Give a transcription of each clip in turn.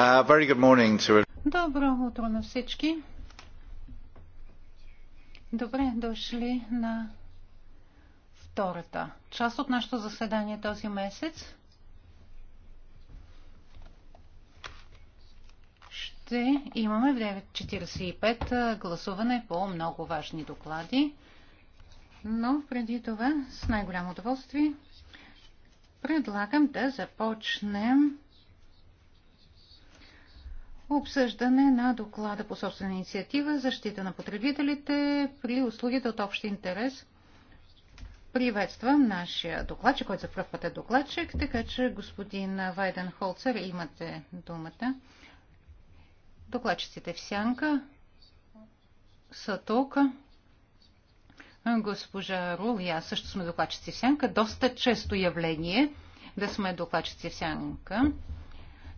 Uh, Добро утро на всички. Добре дошли на втората част от нашето заседание този месец. Ще имаме в 9.45 гласуване по много важни доклади. Но преди това, с най-голямо удоволствие, предлагам да започнем обсъждане на доклада по собствена инициатива защита на потребителите при услугите от общ интерес. Приветствам нашия докладчик, който за първ път е докладчик, така че господин Вайден Холцер, имате думата. Докладчиците в сянка са тук. Госпожа Рул и аз също сме докладчици в сянка. Доста често явление да сме докладчици в сянка.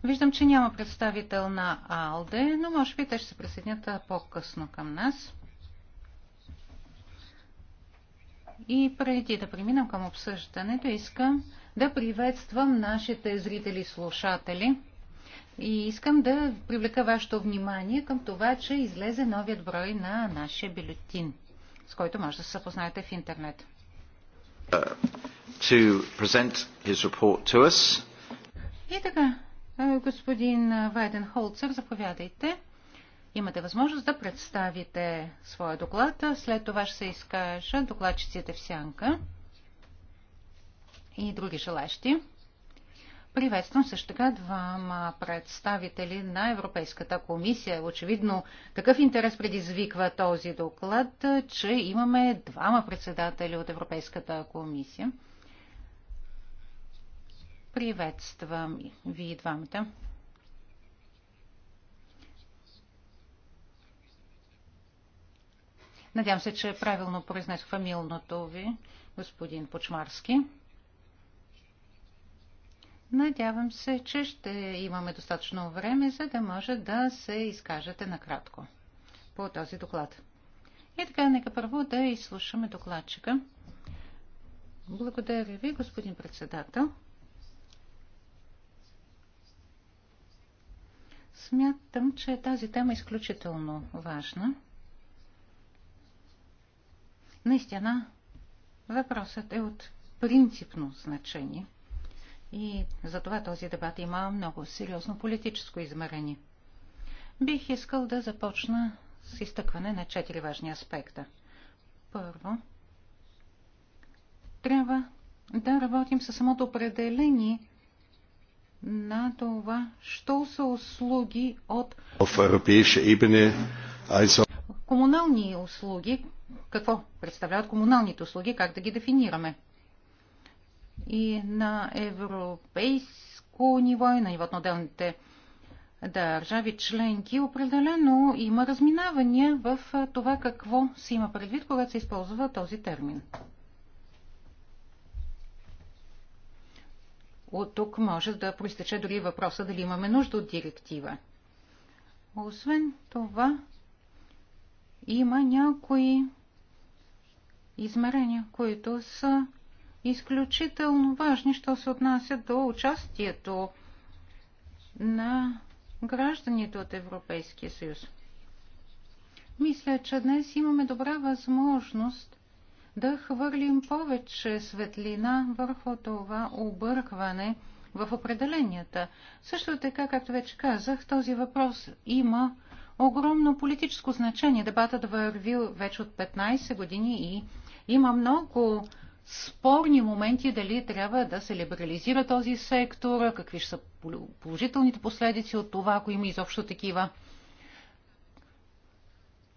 Виждам, че няма представител на АЛДЕ, но може би те ще се присъединят по-късно към нас. И преди да преминем към обсъждането, искам да приветствам нашите зрители и слушатели. И искам да привлека вашето внимание към това, че излезе новият брой на нашия бюлетин, с който може да се запознаете в интернет. Uh, и така, е, господин Вайден Холцер, заповядайте. Имате възможност да представите своя доклад. След това ще се изкажа докладчиците в сянка и други желащи. Приветствам също така двама представители на Европейската комисия. Очевидно, такъв интерес предизвиква този доклад, че имаме двама председатели от Европейската комисия. Приветствам ви и двамата. Надявам се, че правилно произнесох фамилното ви, господин Почмарски. Надявам се, че ще имаме достатъчно време, за да може да се изкажете накратко по този доклад. И така, нека първо да изслушаме докладчика. Благодаря ви, господин председател. Смятам, че тази тема е изключително важна. Наистина, въпросът е от принципно значение и затова този дебат има много сериозно политическо измерение. Бих искал да започна с изтъкване на четири важни аспекта. Първо, трябва да работим със самото определение на това, що са услуги от комунални услуги, какво представляват комуналните услуги, как да ги дефинираме. И на европейско ниво, и на нивото на отделните държави членки, определено има разминавания в това какво се има предвид, когато се използва този термин. От тук може да проистече дори въпроса дали имаме нужда от директива. Освен това, има някои измерения, които са изключително важни, що се отнася до участието на гражданите от Европейския съюз. Мисля, че днес имаме добра възможност да хвърлим повече светлина върху това объркване в определенията. Също така, както вече казах, този въпрос има огромно политическо значение. Дебатът върви вече от 15 години и има много спорни моменти дали трябва да се либерализира този сектор, какви ще са положителните последици от това, ако има изобщо такива.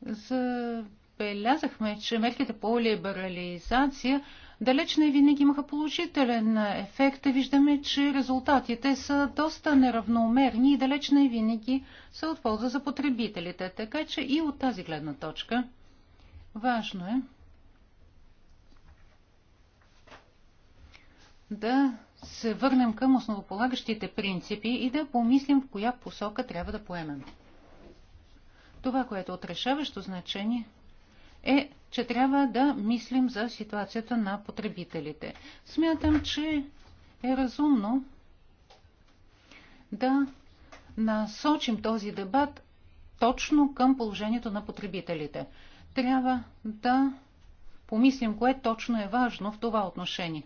За отбелязахме, че мерките по либерализация далеч не винаги имаха положителен ефект. Виждаме, че резултатите са доста неравномерни и далеч не винаги са от полза за потребителите. Така че и от тази гледна точка важно е да се върнем към основополагащите принципи и да помислим в коя посока трябва да поемем. Това, което е от решаващо значение, е, че трябва да мислим за ситуацията на потребителите. Смятам, че е разумно да насочим този дебат точно към положението на потребителите. Трябва да помислим кое точно е важно в това отношение.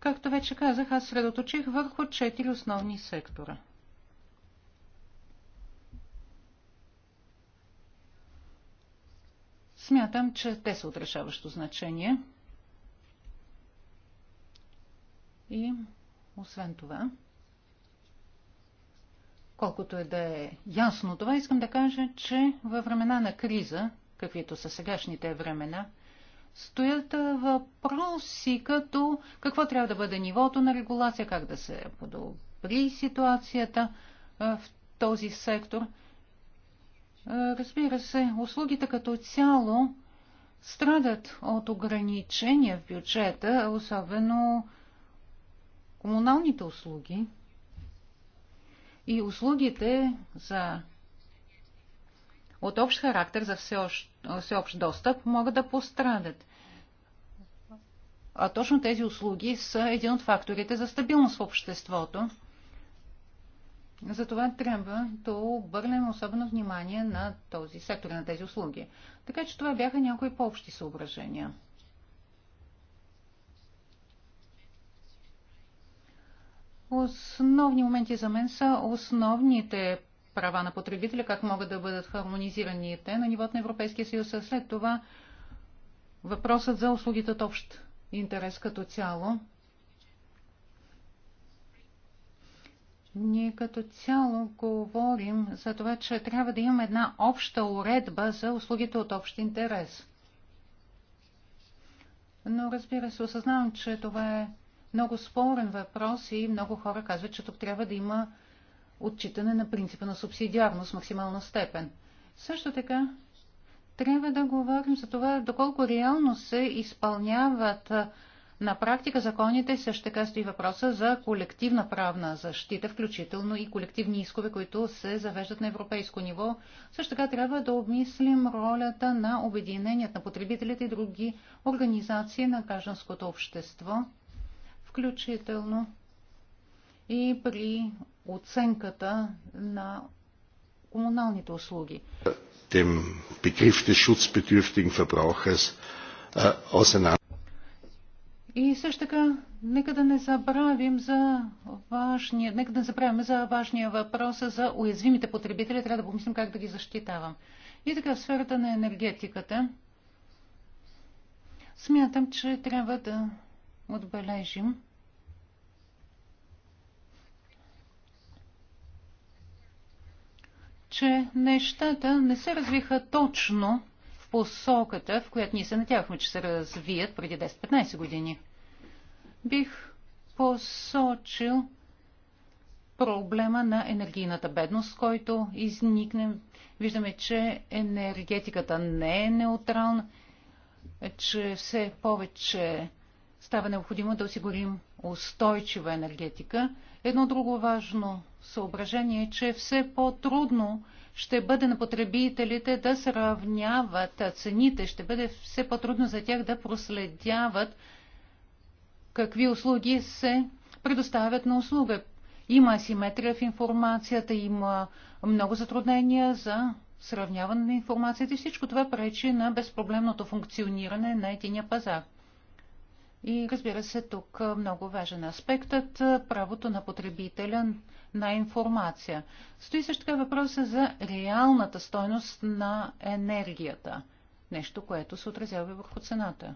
Както вече казах, аз средоточих върху четири основни сектора – Смятам, че те са отрешаващо значение. И освен това, колкото е да е ясно това, искам да кажа, че във времена на криза, каквито са сегашните времена, стоят въпроси като какво трябва да бъде нивото на регулация, как да се подобри ситуацията в този сектор – е, разбира се, услугите като цяло страдат от ограничения в бюджета, особено комуналните услуги и услугите за от общ характер за всеобщ, всеобщ достъп могат да пострадат. А точно тези услуги са един от факторите за стабилност в обществото. Затова трябва да обърнем особено внимание на този сектор, на тези услуги. Така че това бяха някои по-общи съображения. Основни моменти за мен са основните права на потребителя, как могат да бъдат хармонизирани те на нивото на Европейския съюз. След това въпросът за услугите от общ интерес като цяло Ние като цяло говорим за това, че трябва да имаме една обща уредба за услугите от общ интерес. Но разбира се, осъзнавам, че това е много спорен въпрос и много хора казват, че тук трябва да има отчитане на принципа на субсидиарност в максимална степен. Също така, трябва да говорим за това, доколко реално се изпълняват на практика законите също така стои въпроса за колективна правна защита, включително и колективни искове, които се завеждат на европейско ниво. Също така трябва да обмислим ролята на обединеният на потребителите и други организации на гражданското общество, включително и при оценката на комуналните услуги. Тем Begriff des schutzbedürftigen Verbrauchers äh, auseinander и също така, нека да не забравим за важния, нека да не забравим за важния въпрос за уязвимите потребители. Трябва да помислим как да ги защитавам. И така, в сферата на енергетиката, смятам, че трябва да отбележим че нещата не се развиха точно посоката, в която ние се надявахме, че се развият преди 10-15 години. Бих посочил проблема на енергийната бедност, който изникнем. Виждаме, че енергетиката не е неутрална, че все повече става необходимо да осигурим устойчива енергетика. Едно друго важно съображение е, че е все по-трудно ще бъде на потребителите да сравняват цените, ще бъде все по-трудно за тях да проследяват какви услуги се предоставят на услуга. Има асиметрия в информацията, има много затруднения за сравняване на информацията и всичко това пречи на безпроблемното функциониране на единия пазар. И разбира се, тук много важен аспектът е, правото на потребителя на информация. Стои също така въпроса за реалната стойност на енергията. Нещо, което се отразява върху цената.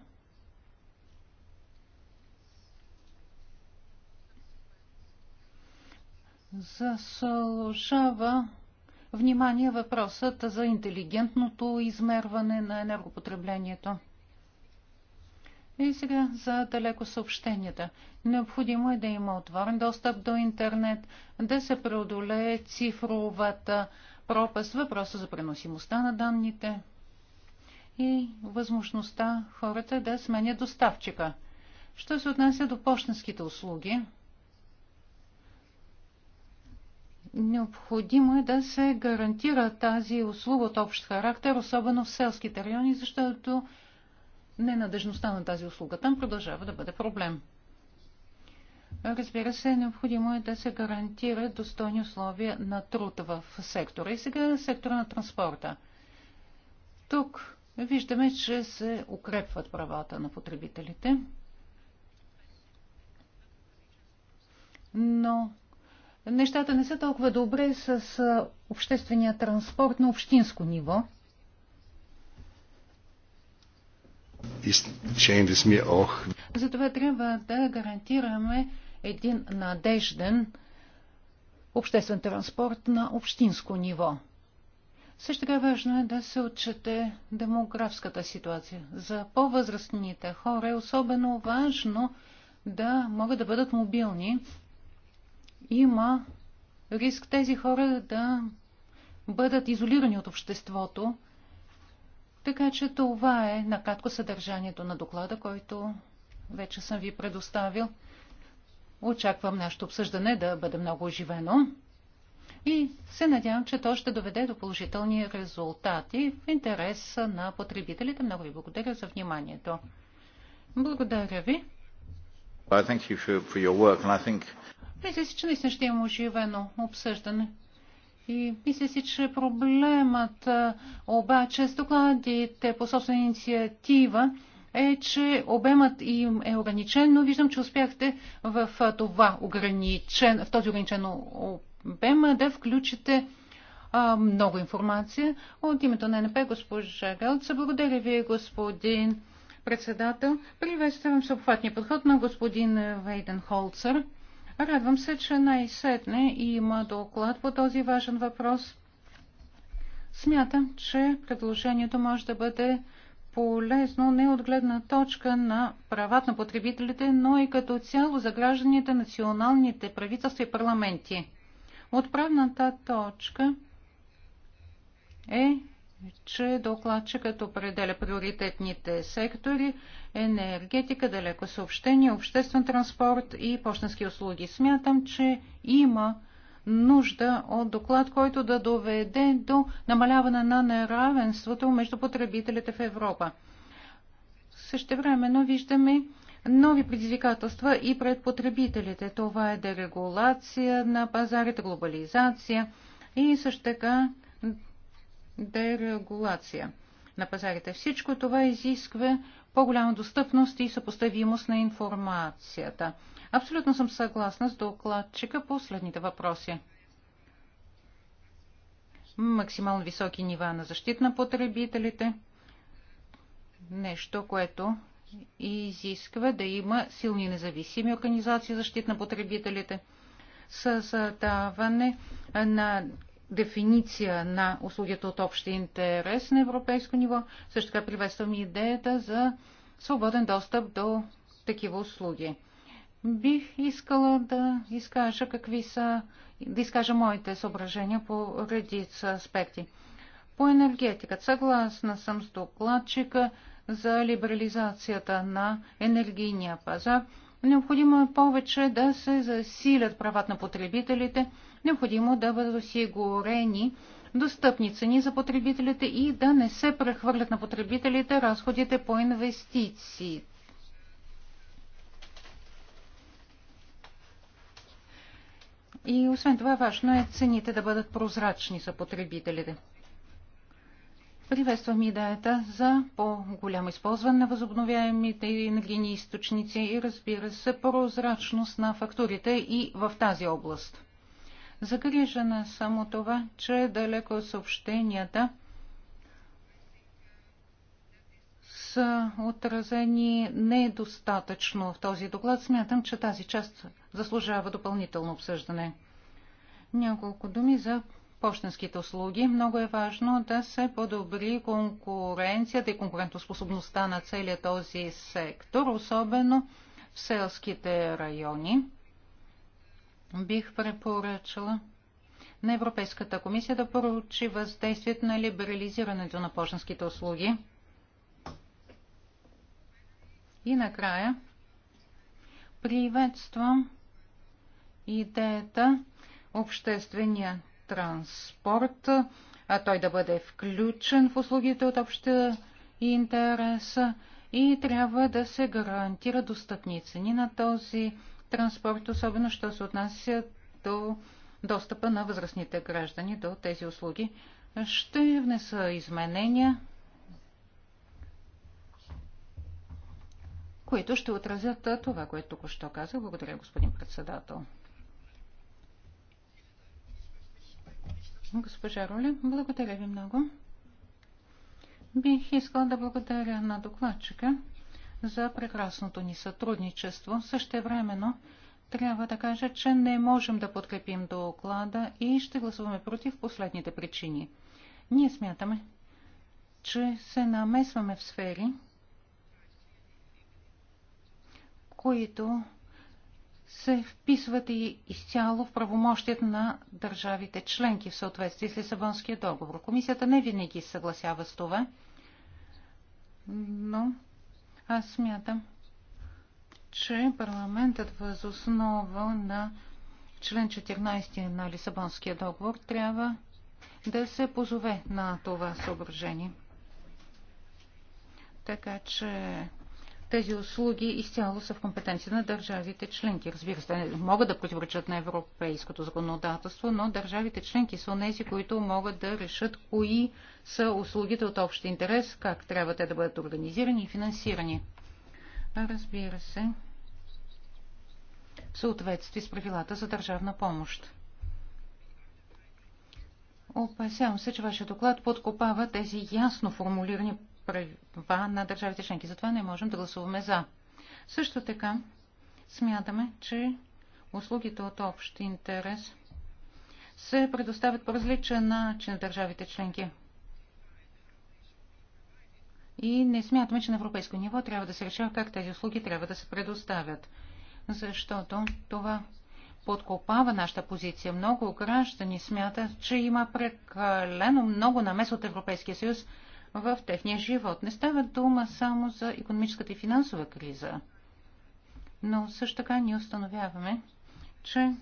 Заслужава внимание въпросът за интелигентното измерване на енергопотреблението. И сега за далеко съобщенията. Необходимо е да има отворен достъп до интернет, да се преодолее цифровата пропаст, въпроса за преносимостта на данните и възможността хората да сменят доставчика. Що се отнася до почтенските услуги, необходимо е да се гарантира тази услуга от общ характер, особено в селските райони, защото ненадежността на тази услуга. Там продължава да бъде проблем. Разбира се, необходимо е да се гарантират достойни условия на труд в сектора. И сега сектора на транспорта. Тук виждаме, че се укрепват правата на потребителите. Но нещата не са толкова добре с обществения транспорт на общинско ниво. Затова трябва да гарантираме един надежден обществен транспорт на общинско ниво. Също така е важно е да се отчете демографската ситуация. За по-възрастните хора е особено важно да могат да бъдат мобилни. Има риск тези хора да бъдат изолирани от обществото така че това е накратко съдържанието на доклада, който вече съм ви предоставил. Очаквам нашето обсъждане да бъде много оживено и се надявам, че то ще доведе до положителни резултати в интерес на потребителите. Много ви благодаря за вниманието. Благодаря ви. Мисля си, че наистина ще има оживено обсъждане. И мисля си, че проблемът обаче с докладите по собствена инициатива е, че обемът им е ограничен, но виждам, че успяхте в, това ограничен, в този ограничен обем да включите а, много информация. От името на НП госпожа Галца, благодаря ви, господин председател. Приветствам съобхватния подход на господин Вейден Холцер. Радвам се, че най-сетне има доклад по този важен въпрос. Смятам, че предложението може да бъде полезно не от гледна точка на правата на потребителите, но и като цяло за гражданите, националните правителства и парламенти. Отправната точка е че докладчикът определя приоритетните сектори енергетика, далеко съобщение, обществен транспорт и почтенски услуги. Смятам, че има нужда от доклад, който да доведе до намаляване на неравенството между потребителите в Европа. Същевременно виждаме нови предизвикателства и пред потребителите. Това е дерегулация на пазарите, глобализация и също така дерегулация на пазарите. Всичко това изисква по-голяма достъпност и съпоставимост на информацията. Абсолютно съм съгласна с докладчика по следните въпроси. Максимално високи нива на защита на потребителите. Нещо, което изисква да има силни независими организации за защита на потребителите. Създаване на дефиниция на услугите от общия интерес на европейско ниво. Също така приветствам идеята за свободен достъп до такива услуги. Бих искала да изкажа какви са, да изкажа моите съображения по редица аспекти. По енергетиката съгласна съм с докладчика за либерализацията на енергийния пазар – Необходимо е повече да се засилят правата на потребителите, необходимо да бъдат осигурени достъпни цени за потребителите и да не се прехвърлят на потребителите разходите по инвестиции. И освен това важно е цените да бъдат прозрачни за потребителите. Приветствам идеята за по-голямо използване на възобновяемите енергийни източници и разбира се прозрачност на фактурите и в тази област. Загрижена само това, че далеко съобщенията са отразени недостатъчно в този доклад. Смятам, че тази част заслужава допълнително обсъждане. Няколко думи за почтенските услуги, много е важно да се подобри конкуренцията и конкурентоспособността на целия този сектор, особено в селските райони. Бих препоръчала на Европейската комисия да поручи въздействието на либерализирането на почтенските услуги. И накрая приветствам идеята обществения транспорт, а той да бъде включен в услугите от общия интерес и трябва да се гарантира достъпни цени на този транспорт, особено що се отнася до достъпа на възрастните граждани до тези услуги. Ще внеса изменения, които ще отразят това, което току-що каза. Благодаря, господин председател. Госпожа Роля, благодаря ви много. Бих искал да благодаря на докладчика за прекрасното ни сътрудничество. Същевременно трябва да кажа, че не можем да подкрепим доклада и ще гласуваме против последните причини. Ние смятаме, че се намесваме в сфери, които се вписват и изцяло в правомощият на държавите членки в съответствие с Лисабонския договор. Комисията не винаги съгласява с това, но аз смятам, че парламентът възоснова на член 14 на Лисабонския договор трябва да се позове на това съображение. Така че тези услуги изцяло са в компетенция на държавите членки. Разбира се, не могат да противоречат на европейското законодателство, но държавите членки са тези, които могат да решат кои са услугите от общ интерес, как трябва те да бъдат организирани и финансирани. Разбира се, в съответствие с правилата за държавна помощ. Опасявам се, че вашия доклад подкопава тези ясно формулирани права на държавите членки. Затова не можем да гласуваме за. Също така смятаме, че услугите от общ интерес се предоставят по различен начин в държавите членки. И не смятаме, че на европейско ниво трябва да се решава как тези услуги трябва да се предоставят. Защото това подкопава нашата позиция. Много граждани смятат, че има прекалено много намес от Европейския съюз в техния живот. Не става дума само за економическата и финансова криза, но също така ние установяваме, че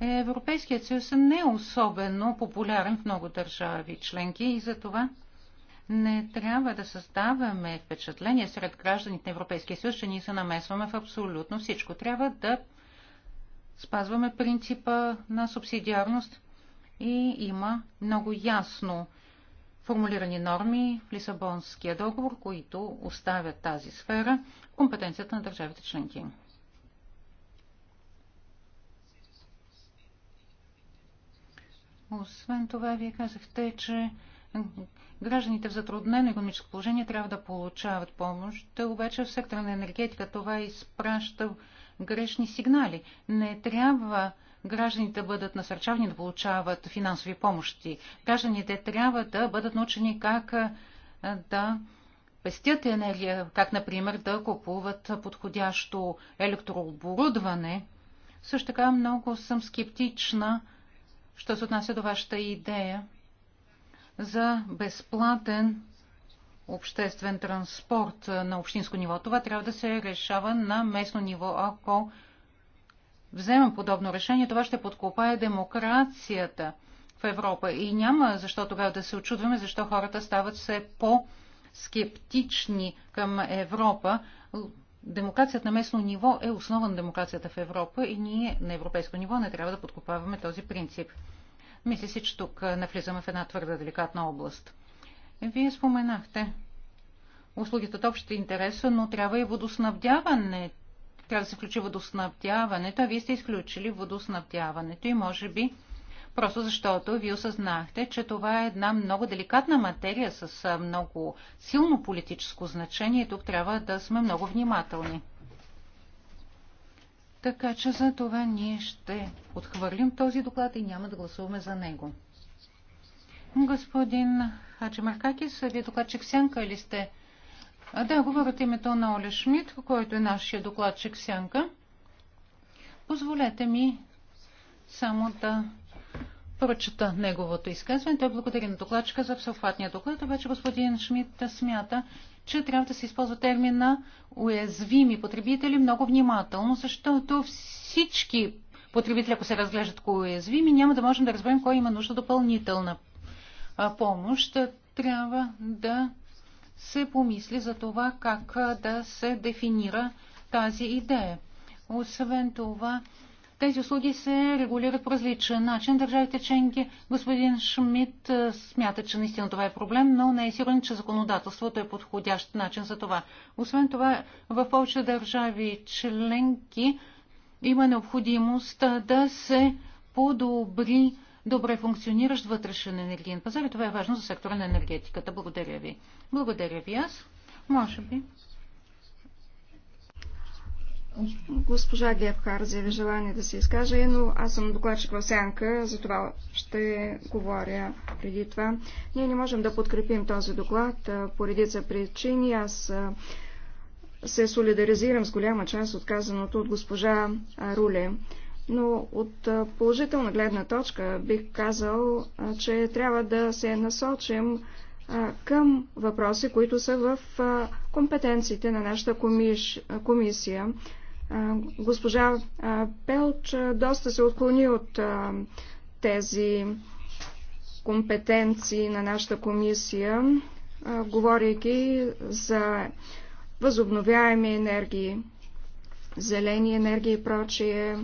Европейският съюз не е особено популярен в много държави членки и за това не трябва да създаваме впечатление сред гражданите на Европейския съюз, че ние се намесваме в абсолютно всичко. Трябва да спазваме принципа на субсидиарност и има много ясно формулирани норми в Лисабонския договор, които оставят тази сфера в компетенцията на държавите членки. Освен това, вие казахте, че гражданите в затруднено економическо положение трябва да получават помощ. Те обаче в сектора на енергетика това изпраща грешни сигнали. Не трябва гражданите бъдат насърчавани да получават финансови помощи. Гражданите трябва да бъдат научени как да пестят енергия, как, например, да купуват подходящо електрооборудване. Също така много съм скептична, що се отнася до вашата идея за безплатен обществен транспорт на общинско ниво. Това трябва да се решава на местно ниво, ако Вземам подобно решение, това ще подкопае демокрацията в Европа. И няма защо тогава да се очудваме, защо хората стават все по-скептични към Европа. Демокрацията на местно ниво е основа на демокрацията в Европа и ние на европейско ниво не трябва да подкопаваме този принцип. Мисля си, че тук навлизаме в една твърда деликатна област. Вие споменахте услугите от общите интереса, но трябва и водоснабдяване трябва да се включи водоснабдяването, а вие сте изключили водоснабдяването и може би просто защото вие осъзнахте, че това е една много деликатна материя с много силно политическо значение и тук трябва да сме много внимателни. Така че за това ние ще отхвърлим този доклад и няма да гласуваме за него. Господин Хаджи Маркакис, вие докладчик сянка ли сте? А, да, говорят името на Оля Шмидт, който е нашия докладчик Сянка. Позволете ми само да прочета неговото изказване. Той благодари на докладчика за всеобхватния доклад, обаче господин Шмидт смята, че трябва да се използва термина уязвими потребители много внимателно, защото всички потребители, ако се разглеждат като уязвими, няма да можем да разберем кой има нужда допълнителна помощ. Трябва да се помисли за това как да се дефинира тази идея. Освен това, тези услуги се регулират по различен начин. Държавите членки, господин Шмидт смята, че наистина това е проблем, но не е сигурен, че законодателството е подходящ начин за това. Освен това, в повече държави членки има необходимост да се подобри добре функциониращ вътрешен енергиен пазар и това е важно за сектора на енергетиката. Благодаря ви. Благодаря ви аз. Може би. Госпожа Гебхар заяви желание да се изкаже, но аз съм докладчик в сянка, затова ще говоря преди това. Ние не можем да подкрепим този доклад по редица причини. Аз се солидаризирам с голяма част от казаното от госпожа Руле но от положителна гледна точка бих казал, че трябва да се насочим към въпроси, които са в компетенциите на нашата комисия. Госпожа Пелч доста се отклони от тези компетенции на нашата комисия, говорейки за възобновяеми енергии, зелени енергии и прочие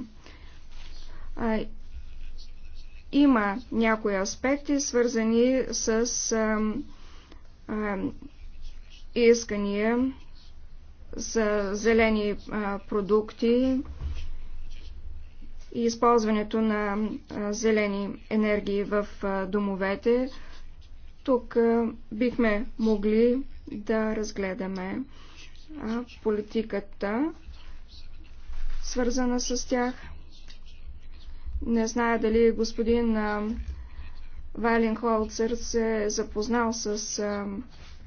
а, има някои аспекти, свързани с а, а, искания за зелени а, продукти и използването на а, зелени енергии в а, домовете. Тук а, бихме могли да разгледаме а, политиката, свързана с тях. Не зная дали господин Вайлен Холцер се е запознал с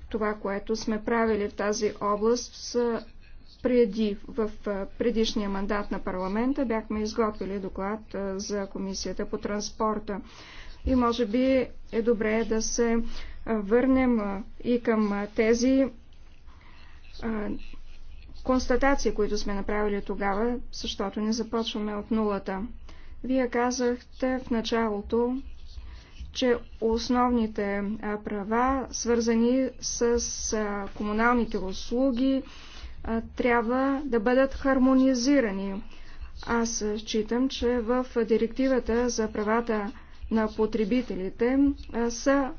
това, което сме правили в тази област преди, в предишния мандат на парламента. Бяхме изготвили доклад за Комисията по транспорта. И може би е добре да се върнем и към тези констатации, които сме направили тогава, защото не започваме от нулата. Вие казахте в началото, че основните права, свързани с комуналните услуги, трябва да бъдат хармонизирани. Аз считам, че в директивата за правата на потребителите са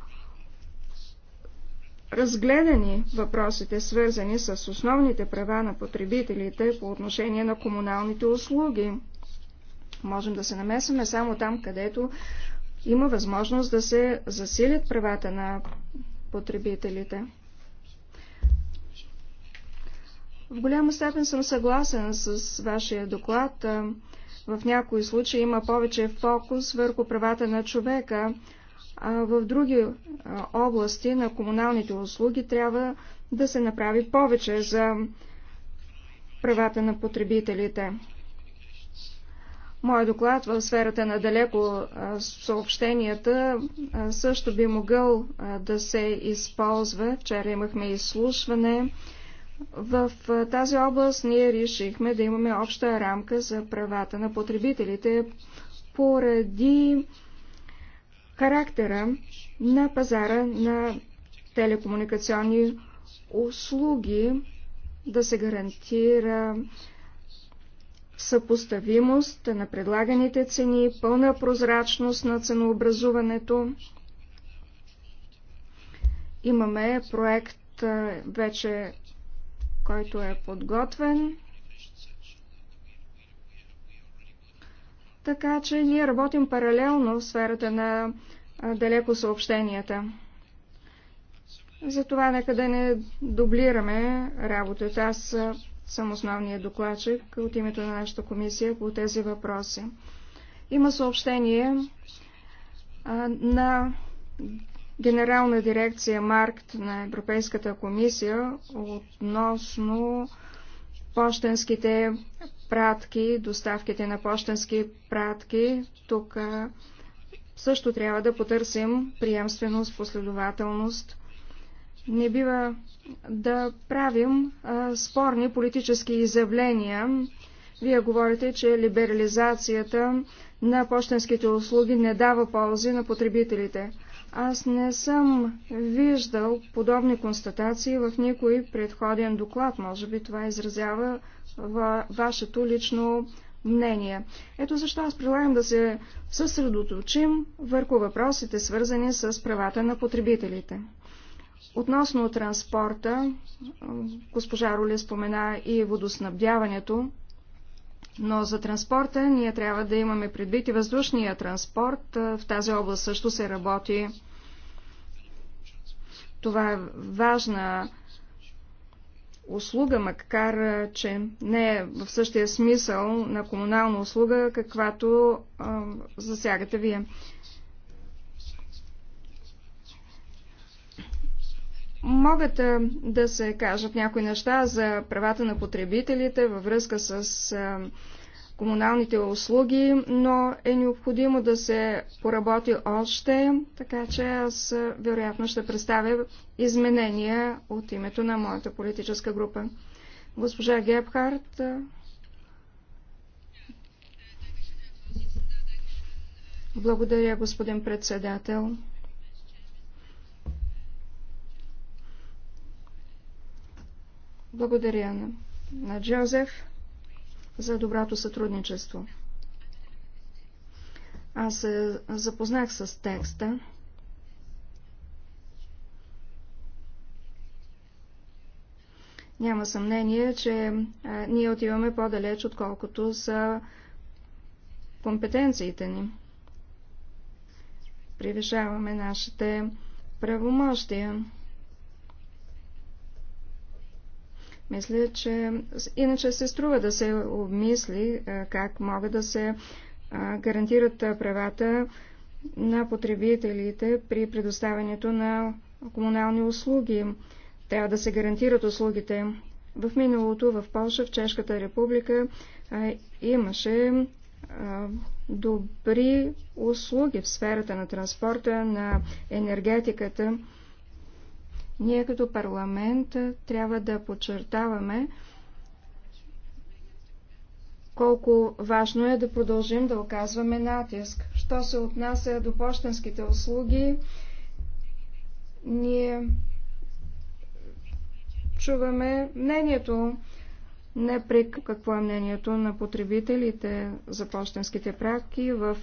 разгледани въпросите, свързани с основните права на потребителите по отношение на комуналните услуги. Можем да се намесваме само там, където има възможност да се засилят правата на потребителите. В голяма степен съм съгласен с вашия доклад. В някои случаи има повече фокус върху правата на човека, а в други области на комуналните услуги трябва да се направи повече за правата на потребителите. Моя доклад в сферата на далеко съобщенията също би могъл да се използва. Вчера имахме изслушване. В тази област ние решихме да имаме обща рамка за правата на потребителите поради характера на пазара на телекомуникационни услуги, да се гарантира съпоставимост на предлаганите цени, пълна прозрачност на ценообразуването. Имаме проект вече, който е подготвен. Така че ние работим паралелно в сферата на далеко съобщенията. Затова нека да не дублираме работата. Аз съм основният докладчик от името на нашата комисия по тези въпроси. Има съобщение а, на Генерална дирекция Маркт на Европейската комисия относно почтенските пратки, доставките на почтенски пратки. Тук също трябва да потърсим приемственост, последователност. Не бива да правим а, спорни политически изявления. Вие говорите, че либерализацията на почтенските услуги не дава ползи на потребителите. Аз не съм виждал подобни констатации в никой предходен доклад. Може би това изразява ва вашето лично мнение. Ето защо аз предлагам да се съсредоточим върху въпросите, свързани с правата на потребителите. Относно транспорта, госпожа Руле спомена и водоснабдяването, но за транспорта ние трябва да имаме предвид и въздушния транспорт. В тази област също се работи. Това е важна услуга, макар че не е в същия смисъл на комунална услуга, каквато а, засягате вие. Могат да се кажат някои неща за правата на потребителите във връзка с комуналните услуги, но е необходимо да се поработи още, така че аз вероятно ще представя изменения от името на моята политическа група. Госпожа Гебхарт. Благодаря, господин председател. Благодаря на, на Джозеф за доброто сътрудничество. Аз се запознах с текста. Няма съмнение, че а, ние отиваме по-далеч, отколкото са компетенциите ни. Превишаваме нашите правомощия. Мисля, че иначе се струва да се обмисли е, как могат да се гарантират правата на потребителите при предоставянето на комунални услуги. Трябва да се гарантират услугите. В миналото в Польша, в Чешката република е, имаше е, добри услуги в сферата на транспорта, на енергетиката. Ние като парламент трябва да подчертаваме колко важно е да продължим да оказваме натиск. Що се отнася до почтенските услуги, ние чуваме мнението не при какво е мнението на потребителите за почтенските пратки в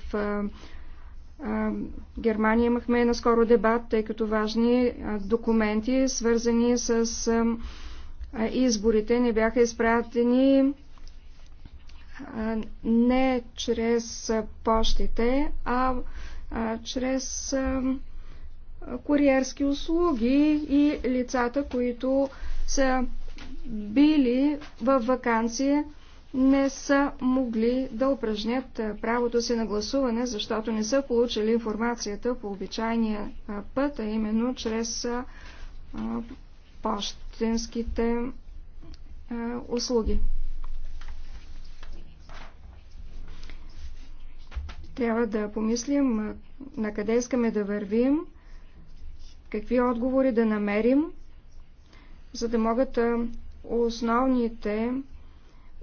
Германия имахме наскоро дебат, тъй като важни документи, свързани с изборите, не бяха изпратени не чрез почтите, а чрез куриерски услуги и лицата, които са били в вакансия не са могли да упражнят правото си на гласуване, защото не са получили информацията по обичайния път, а именно чрез пощенските услуги. Трябва да помислим на къде искаме да вървим, какви отговори да намерим, за да могат основните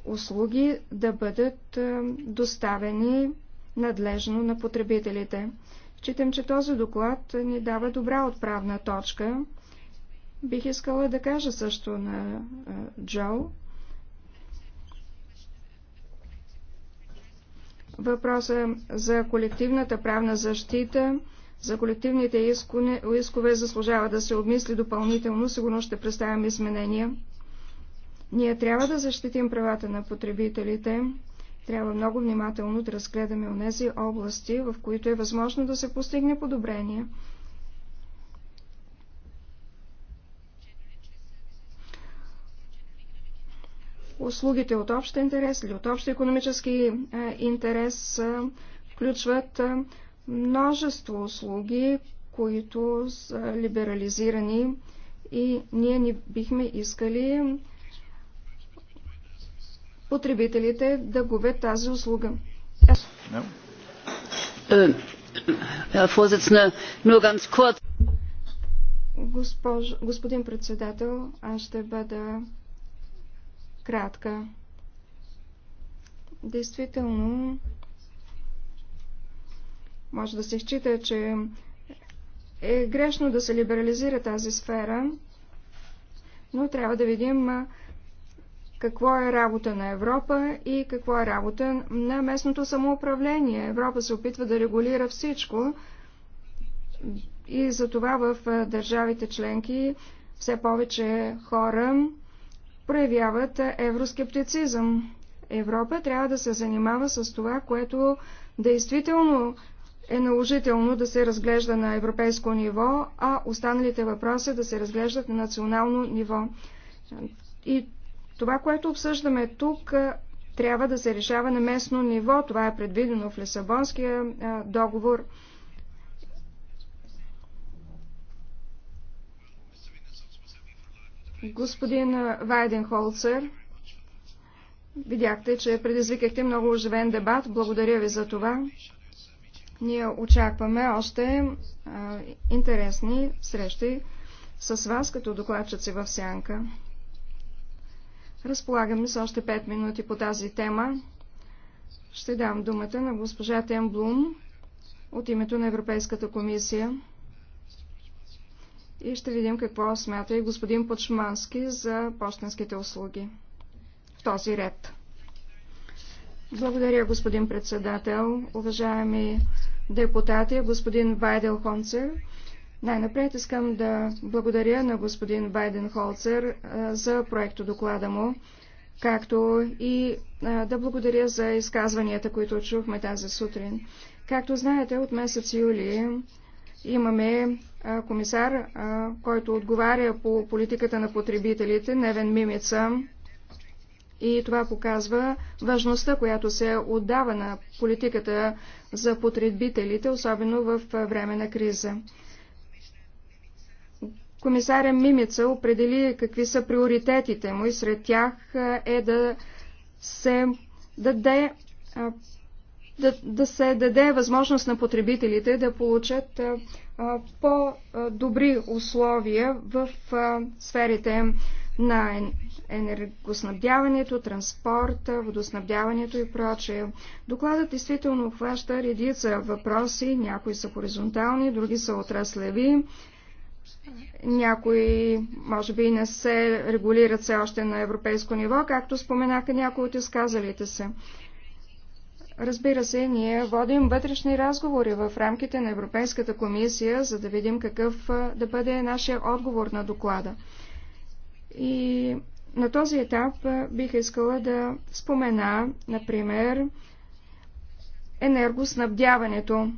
услуги да бъдат е, доставени надлежно на потребителите. Читам, че този доклад ни дава добра отправна точка. Бих искала да кажа също на е, Джо. Въпроса за колективната правна защита, за колективните искове заслужава да се обмисли допълнително. Сигурно ще представям изменения. Ние трябва да защитим правата на потребителите. Трябва много внимателно да разгледаме онези области, в които е възможно да се постигне подобрение. Услугите от общ интерес или от общ економически е, интерес е, включват е, множество услуги, които са либерализирани и ние не бихме искали потребителите да губят тази услуга. Е, господин председател, аз ще бъда кратка. Действително, може да се счита, че е грешно да се либерализира тази сфера, но трябва да видим какво е работа на Европа и какво е работа на местното самоуправление. Европа се опитва да регулира всичко и затова в държавите членки все повече хора проявяват евроскептицизъм. Европа трябва да се занимава с това, което действително е наложително да се разглежда на европейско ниво, а останалите въпроси да се разглеждат на национално ниво. И това, което обсъждаме тук, трябва да се решава на местно ниво. Това е предвидено в Лисабонския договор. Господин Вайденхолцер, видяхте, че предизвикахте много оживен дебат. Благодаря ви за това. Ние очакваме още а, интересни срещи с вас като докладчици в Сянка. Разполагаме с още 5 минути по тази тема. Ще дам думата на госпожа Тен Блум от името на Европейската комисия. И ще видим какво смята и господин Почмански за почтенските услуги. В този ред. Благодаря, господин председател, уважаеми депутати, господин Вайдел Хонцер. Най-напред искам да благодаря на господин Байден Холцер за проекто доклада му, както и да благодаря за изказванията, които чухме тази сутрин. Както знаете, от месец юли имаме комисар, който отговаря по политиката на потребителите, Невен Мимица. И това показва важността, която се отдава на политиката за потребителите, особено в време на криза. Комисаря Мимица определи какви са приоритетите му и сред тях е да се даде да, да се даде възможност на потребителите да получат по-добри условия в а, сферите на енергоснабдяването, транспорта, водоснабдяването и прочее. Докладът действително обхваща редица въпроси, някои са хоризонтални, други са отраслеви, някои, може би, не се регулират все още на европейско ниво, както споменаха някои от изказалите се. Разбира се, ние водим вътрешни разговори в рамките на Европейската комисия, за да видим какъв да бъде нашия отговор на доклада. И на този етап бих искала да спомена, например, енергоснабдяването.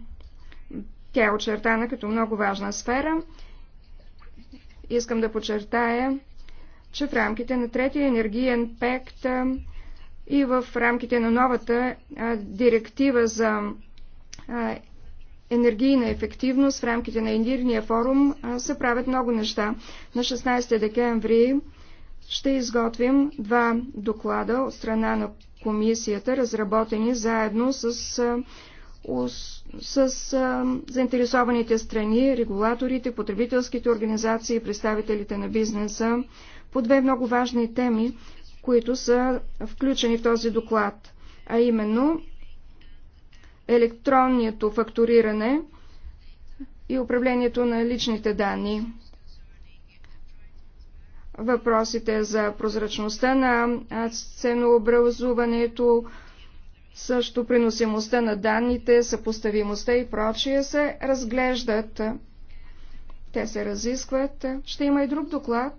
Тя е очертана като много важна сфера. Искам да подчертая, че в рамките на третия енергиен пект и в рамките на новата директива за енергийна ефективност в рамките на Енергийния форум се правят много неща. На 16 декември ще изготвим два доклада от страна на комисията, разработени заедно с с заинтересованите страни, регулаторите, потребителските организации и представителите на бизнеса по две много важни теми, които са включени в този доклад, а именно електронното фактуриране и управлението на личните данни. Въпросите за прозрачността на ценообразуването, също приносимостта на данните, съпоставимостта и прочие се разглеждат. Те се разискват. Ще има и друг доклад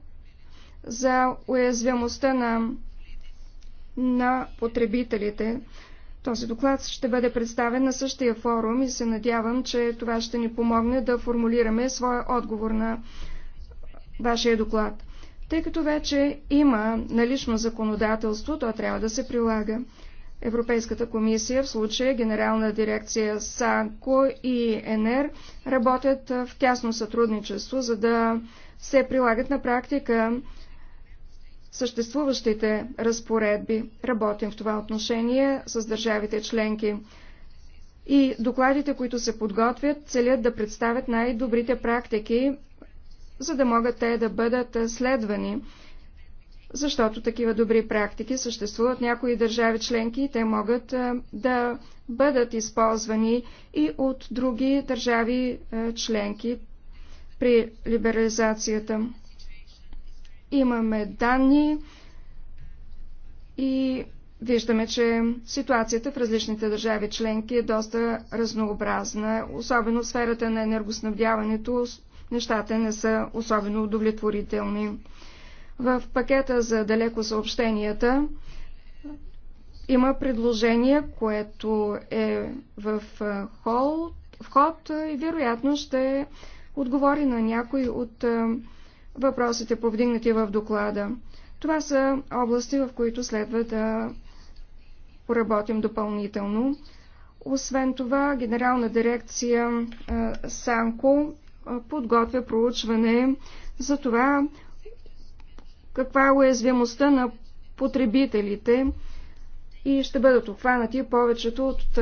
за уязвимостта на, на потребителите. Този доклад ще бъде представен на същия форум и се надявам, че това ще ни помогне да формулираме своя отговор на вашия доклад. Тъй като вече има налично законодателство, то трябва да се прилага. Европейската комисия, в случая Генерална дирекция САНКО и ЕНЕР, работят в тясно сътрудничество, за да се прилагат на практика съществуващите разпоредби. Работим в това отношение с държавите членки. И докладите, които се подготвят, целят да представят най-добрите практики, за да могат те да бъдат следвани защото такива добри практики съществуват някои държави членки и те могат да бъдат използвани и от други държави членки при либерализацията. Имаме данни и виждаме, че ситуацията в различните държави членки е доста разнообразна, особено в сферата на енергоснабдяването нещата не са особено удовлетворителни. В пакета за далеко съобщенията има предложение, което е в ход и вероятно ще отговори на някои от въпросите, повдигнати в доклада. Това са области, в които следва да поработим допълнително. Освен това, Генерална дирекция Санко подготвя проучване за това каква е уязвимостта на потребителите и ще бъдат обхванати повечето от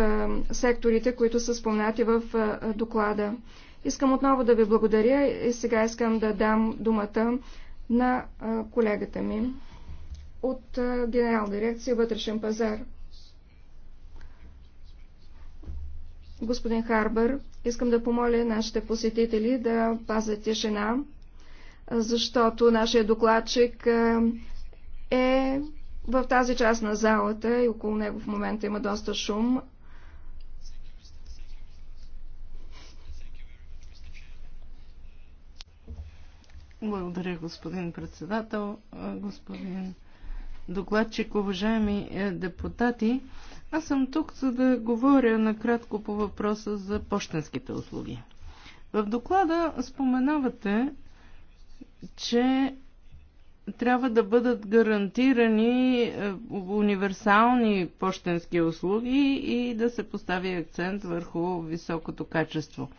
секторите, които са спомнати в доклада. Искам отново да ви благодаря и сега искам да дам думата на колегата ми от Генерал дирекция Вътрешен пазар. Господин Харбър, искам да помоля нашите посетители да пазят тишина защото нашия докладчик е в тази част на залата и около него в момента има доста шум. Благодаря, господин председател, господин докладчик, уважаеми е, депутати. Аз съм тук, за да говоря накратко по въпроса за почтенските услуги. В доклада споменавате, че трябва да бъдат гарантирани е, универсални почтенски услуги и да се постави акцент върху високото качество.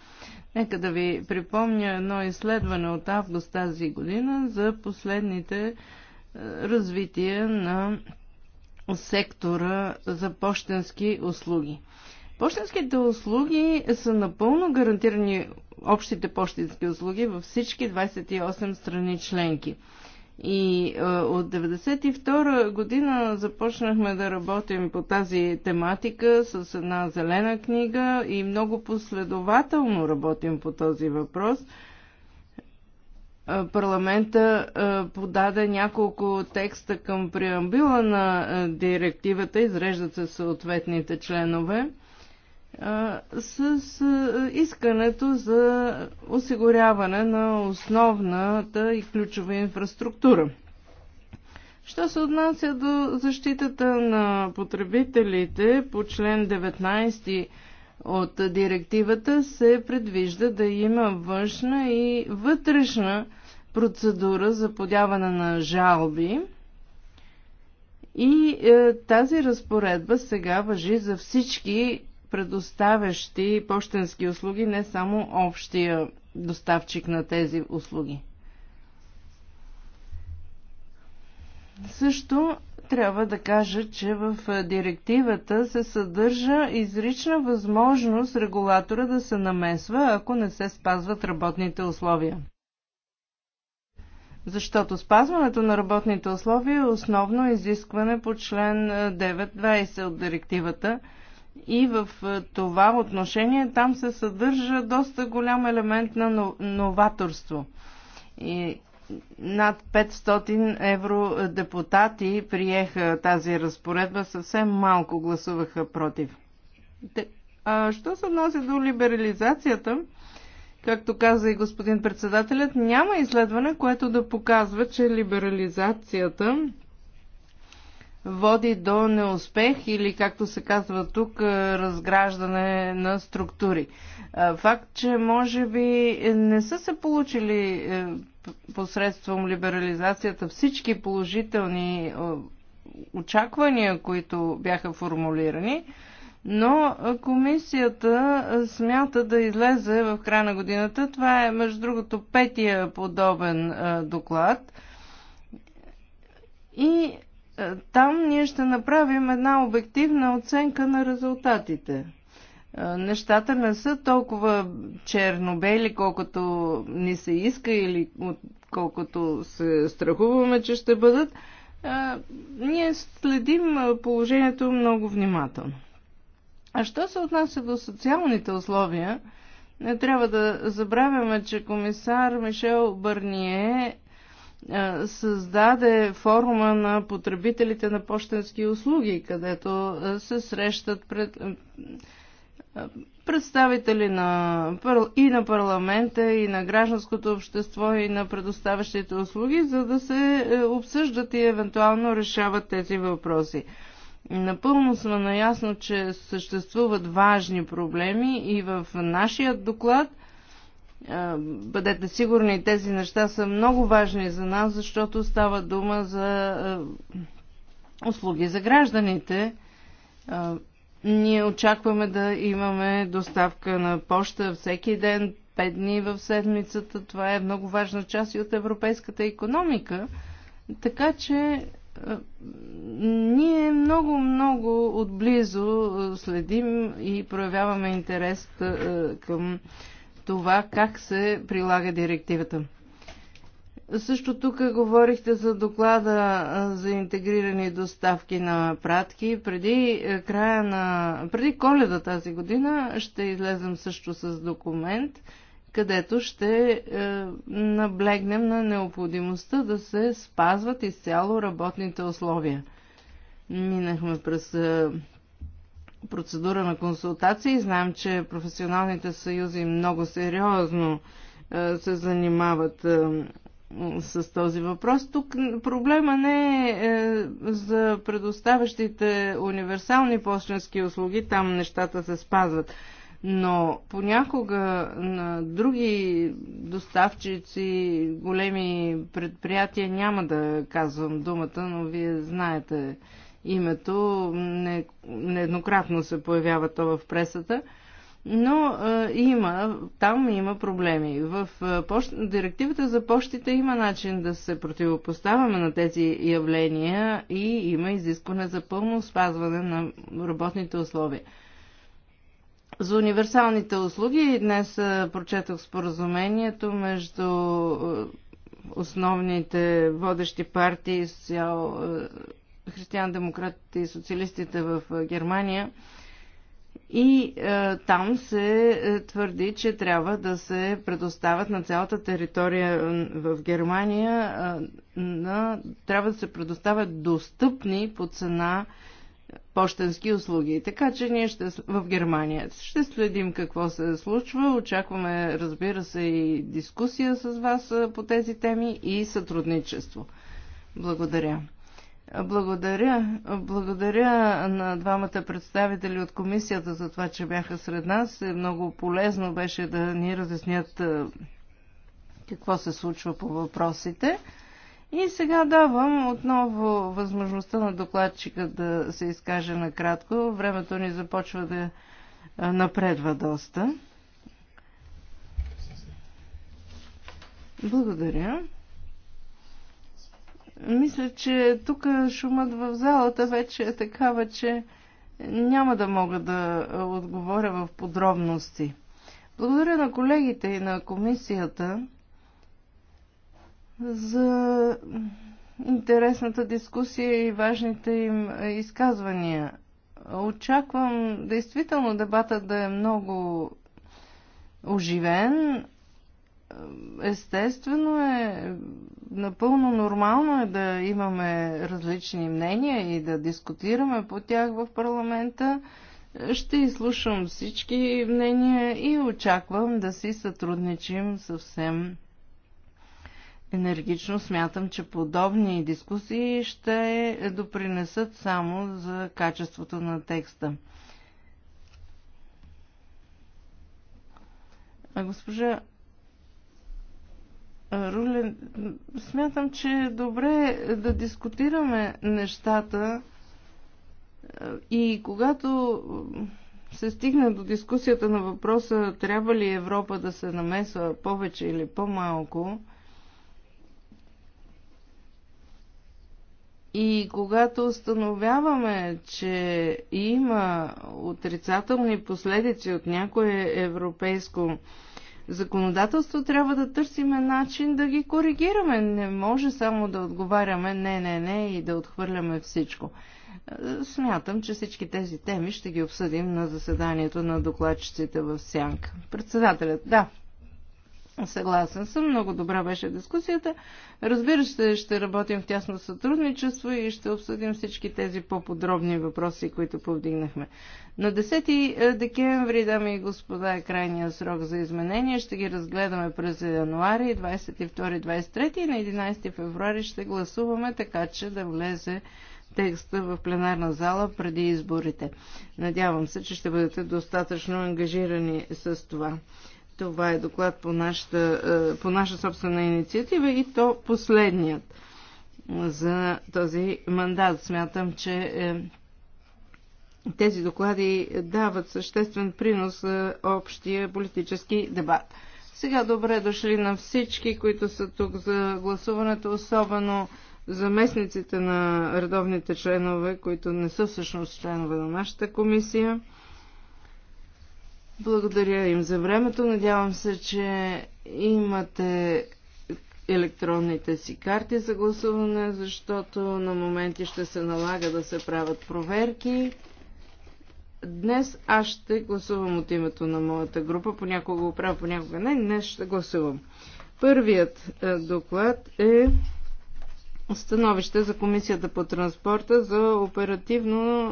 Нека да ви припомня едно изследване от август тази година за последните е, развитие на сектора за почтенски услуги. Почтенските услуги са напълно гарантирани общите почтенски услуги във всички 28 страни членки. И е, от 1992 година започнахме да работим по тази тематика с една зелена книга и много последователно работим по този въпрос. Е, парламента е, подаде няколко текста към преамбила на е, директивата, изреждат се съответните членове с искането за осигуряване на основната и ключова инфраструктура. Що се отнася до защитата на потребителите по член 19 от директивата се предвижда да има външна и вътрешна процедура за подяване на жалби. И е, тази разпоредба сега въжи за всички предоставящи почтенски услуги, не само общия доставчик на тези услуги. Също трябва да кажа, че в директивата се съдържа изрична възможност регулатора да се намесва, ако не се спазват работните условия. Защото спазването на работните условия е основно изискване по член 9.20 е, от директивата – и в това отношение там се съдържа доста голям елемент на новаторство. И над 500 евро депутати приеха тази разпоредба, съвсем малко гласуваха против. А, що се отнася до либерализацията, както каза и господин председателят, няма изследване, което да показва, че либерализацията води до неуспех или, както се казва тук, е, разграждане на структури. Е, факт, че може би не са се получили е, посредством либерализацията всички положителни очаквания, които бяха формулирани, но комисията смята да излезе в края на годината. Това е, между другото, петия подобен доклад. И е, там ние ще направим една обективна оценка на резултатите. Е, нещата не са толкова черно-бели, колкото ни се иска или колкото се страхуваме, че ще бъдат. Е, ние следим положението много внимателно. А що се отнася до социалните условия, не трябва да забравяме, че комисар Мишел Бърние е, създаде форума на потребителите на почтенски услуги, където е, се срещат пред, е, представители на, и на парламента, и на гражданското общество, и на предоставящите услуги, за да се обсъждат и евентуално решават тези въпроси. Напълно сме наясно, че съществуват важни проблеми и в нашия доклад – бъдете сигурни, тези неща са много важни за нас, защото става дума за услуги за гражданите. Ние очакваме да имаме доставка на поща всеки ден, 5 дни в седмицата. Това е много важна част и от европейската економика. Така че ние много, много отблизо следим и проявяваме интерес към това как се прилага директивата. Също тук говорихте за доклада за интегрирани доставки на пратки. Преди е, края на... преди коледа тази година ще излезем също с документ, където ще е, наблегнем на необходимостта да се спазват изцяло работните условия. Минахме през е, процедура на консултации. Знам, че професионалните съюзи много сериозно е, се занимават е, с този въпрос. Тук проблема не е, е за предоставящите универсални почтенски услуги, там нещата се спазват. Но понякога на други доставчици, големи предприятия, няма да казвам думата, но вие знаете името. Не, нееднократно се появява то в пресата. Но е, има, там има проблеми. В е, пощ... директивата за почтите има начин да се противопоставяме на тези явления и има изискване за пълно спазване на работните условия. За универсалните услуги днес прочетох споразумението между основните водещи партии, християн-демократите и социалистите в Германия. И е, там се е, твърди, че трябва да се предоставят на цялата територия в Германия, е, на, трябва да се предоставят достъпни по цена почтенски услуги. Така че ние ще, в Германия ще следим какво се случва. Очакваме, разбира се, и дискусия с вас по тези теми и сътрудничество. Благодаря. Благодаря. Благодаря на двамата представители от комисията за това, че бяха сред нас. Е, много полезно беше да ни разяснят е, какво се случва по въпросите. И сега давам отново възможността на докладчика да се изкаже накратко. Времето ни започва да е, напредва доста. Благодаря. Мисля, че тук шумът в залата вече е такава, че няма да мога да отговоря в подробности. Благодаря на колегите и на комисията за интересната дискусия и важните им изказвания. Очаквам действително дебата да е много оживен естествено е, напълно нормално е да имаме различни мнения и да дискутираме по тях в парламента. Ще изслушам всички мнения и очаквам да си сътрудничим съвсем енергично. Смятам, че подобни дискусии ще допринесат само за качеството на текста. А госпожа Рулен, смятам, че е добре да дискутираме нещата е, и когато се стигне до дискусията на въпроса трябва ли Европа да се намесва повече или по-малко, И когато установяваме, че има отрицателни последици от някое европейско законодателство, трябва да търсиме начин да ги коригираме. Не може само да отговаряме не, не, не и да отхвърляме всичко. Смятам, че всички тези теми ще ги обсъдим на заседанието на докладчиците в Сянка. Председателят, да, Съгласен съм, много добра беше дискусията. Разбира се, ще работим в тясно сътрудничество и ще обсъдим всички тези по-подробни въпроси, които повдигнахме. На 10 е, декември, дами и господа, е крайния срок за изменение. Ще ги разгледаме през януари, 22-23 и на 11 февруари ще гласуваме, така че да влезе текста в пленарна зала преди изборите. Надявам се, че ще бъдете достатъчно ангажирани с това. Това е доклад по, нашата, е, по наша собствена инициатива и то последният за този мандат. Смятам, че е, тези доклади дават съществен принос за е, общия политически дебат. Сега добре дошли на всички, които са тук за гласуването, особено заместниците на редовните членове, които не са всъщност членове на нашата комисия. Благодаря им за времето. Надявам се, че имате електронните си карти за гласуване, защото на моменти ще се налага да се правят проверки. Днес аз ще гласувам от името на моята група. Понякога го правя, понякога не. Днес ще гласувам. Първият е, доклад е становище за Комисията по транспорта за оперативно,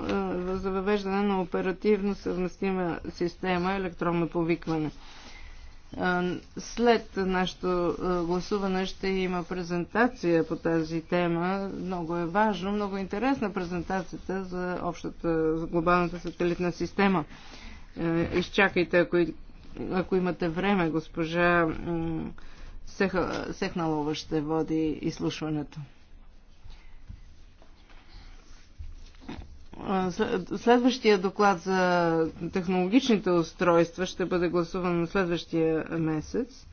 е, за въвеждане на оперативно съвместима система електронно повикване. Е, след нашето е, гласуване ще има презентация по тази тема. Много е важно, много е интересна презентацията за общата, за глобалната сателитна система. Изчакайте, ако, ако имате време, госпожа Сехналова ще води изслушването. Следващия доклад за технологичните устройства ще бъде гласуван на следващия месец.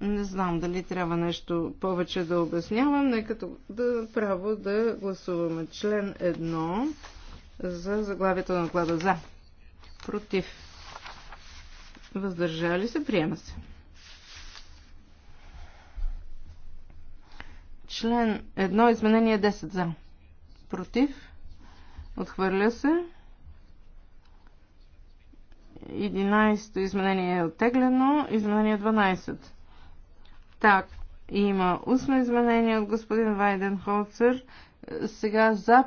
Не знам дали трябва нещо повече да обяснявам. Нека да право да гласуваме член 1 за заглавието на доклада за. Против. Въздържали се, приема се. Член 1, изменение 10 за против, отхвърля се. 11-то изменение е оттеглено, изменение 12. Так, има устно изменение от господин Вайден Холцер. Сега за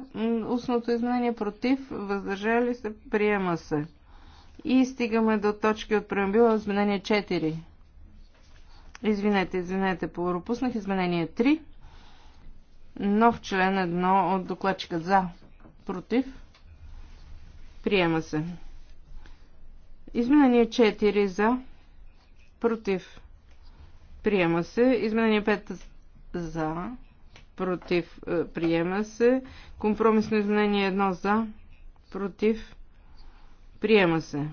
устното изменение против, въздържали се, приема се. И стигаме до точки от преамбила изменение 4. Извинете, извинете, пропуснах изменение 3. Нов член едно от докладчика за. Против. Приема се. Изменение 4 за. Против. Приема се. Изменение 5 за. Против. Е, приема се. Компромисно изменение 1 за. Против. Приема се.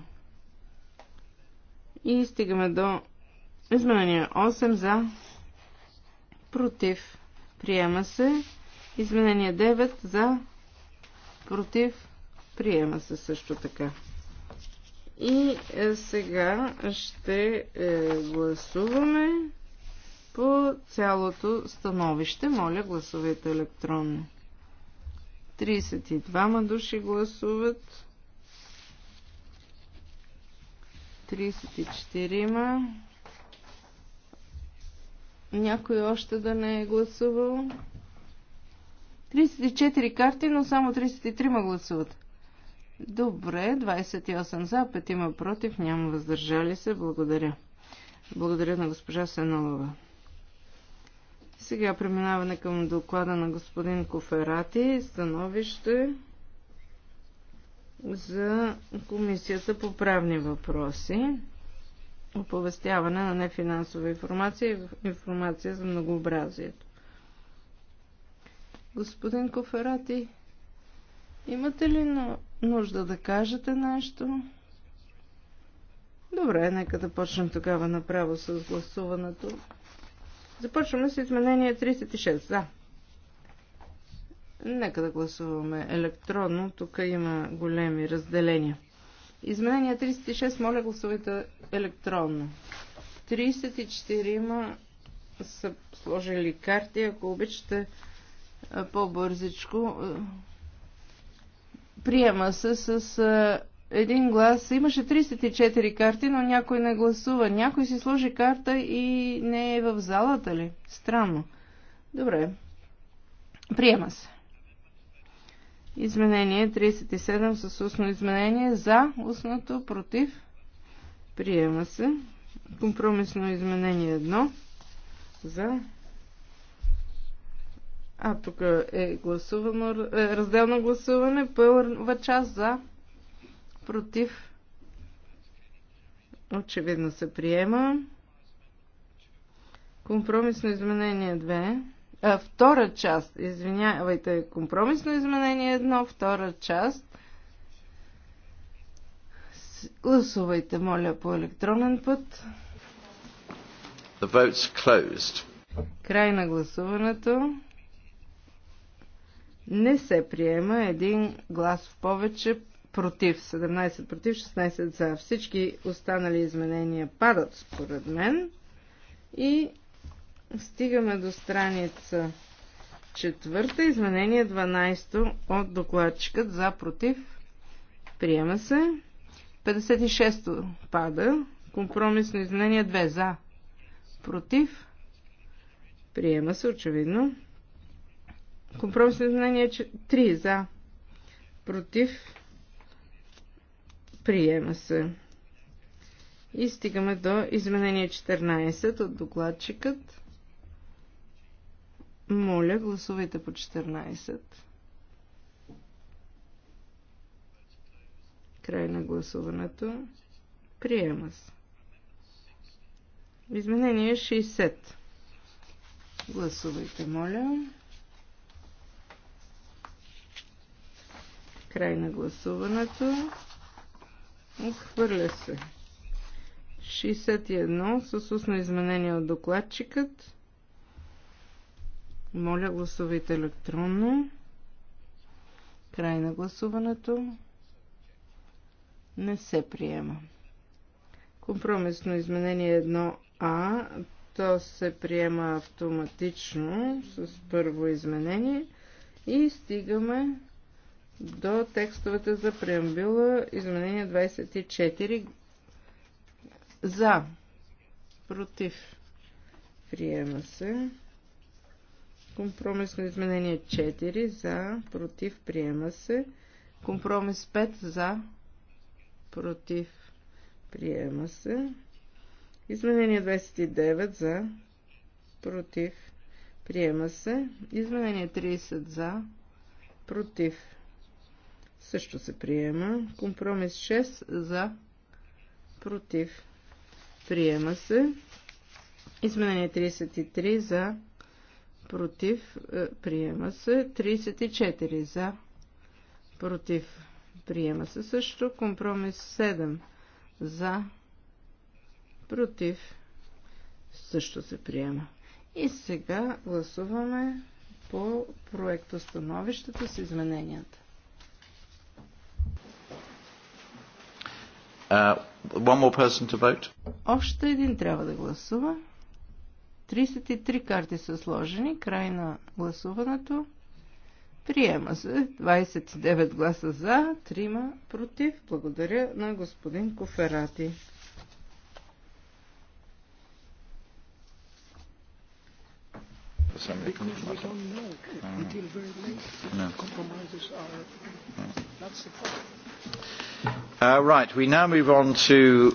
И стигаме до изменение 8 за. Против. Приема се. Изменение 9 за. Против. Приема се също така. И е, сега ще е, гласуваме по цялото становище. Моля, гласувайте електронно. 32 души гласуват. 34 -ма. Някой още да не е гласувал. 34 карти, но само 33 гласуват. Добре, 28 за, 5 има против, няма въздържали се. Благодаря. Благодаря на госпожа Сенолова. Сега преминаване към доклада на господин Коферати, становище за Комисията по правни въпроси оповестяване на нефинансова информация и информация за многообразието. Господин Коферати, имате ли нужда да кажете нещо? Добре, нека да почнем тогава направо с гласуването. Започваме с изменение 36. Да. Нека да гласуваме електронно. Тук има големи разделения. Изменение 36, моля гласовете електронно. 34 са сложили карти, ако обичате по-бързичко. Приема се с един глас. Имаше 34 карти, но някой не гласува. Някой си сложи карта и не е в залата ли? Странно. Добре. Приема се. Изменение 37 с устно изменение за устното, против. Приема се. Компромисно изменение 1 за. А тук е гласувано, е, разделно гласуване, първа част за, против. Очевидно се приема. Компромисно изменение 2 а, втора част, извинявайте, компромисно изменение едно, втора част. Гласувайте, моля, по електронен път. The vote's closed. Край на гласуването. Не се приема един глас в повече против. 17 против, 16 за. Всички останали изменения падат, според мен. И Стигаме до страница четвърта, изменение 12 от докладчикът за против. Приема се. 56 пада. Компромисно изменение 2 за против. Приема се, очевидно. Компромисно изменение 3 за против. Приема се. И стигаме до изменение 14 от докладчикът. Моля, гласувайте по 14. Край на гласуването. Приема се. Изменение 60. Гласувайте, моля. Край на гласуването. Отхвърля се. 61 с устно изменение от докладчикът. Моля, гласувайте електронно. Край на гласуването. Не се приема. Компромисно изменение 1А. То се приема автоматично с първо изменение. И стигаме до текстовете за преамбила. Изменение 24. За. Против. Приема се. Компромисно изменение 4 за, против, приема се. Компромис 5 за, против, приема се. Изменение 29 за, против, приема се. Изменение 30 за, против, също се приема. Компромис 6 за, против, приема се. Изменение 33 за, против, е, приема се. 34 за, против, приема се също. Компромис 7 за, против, също се приема. И сега гласуваме по проекта становището с измененията. Uh, one more person to vote. Още един трябва да гласува. 33 карти са сложени. Край на гласуването. Приема се 29 гласа за, 3 против. Благодаря на господин Коферати. Mm. Mm.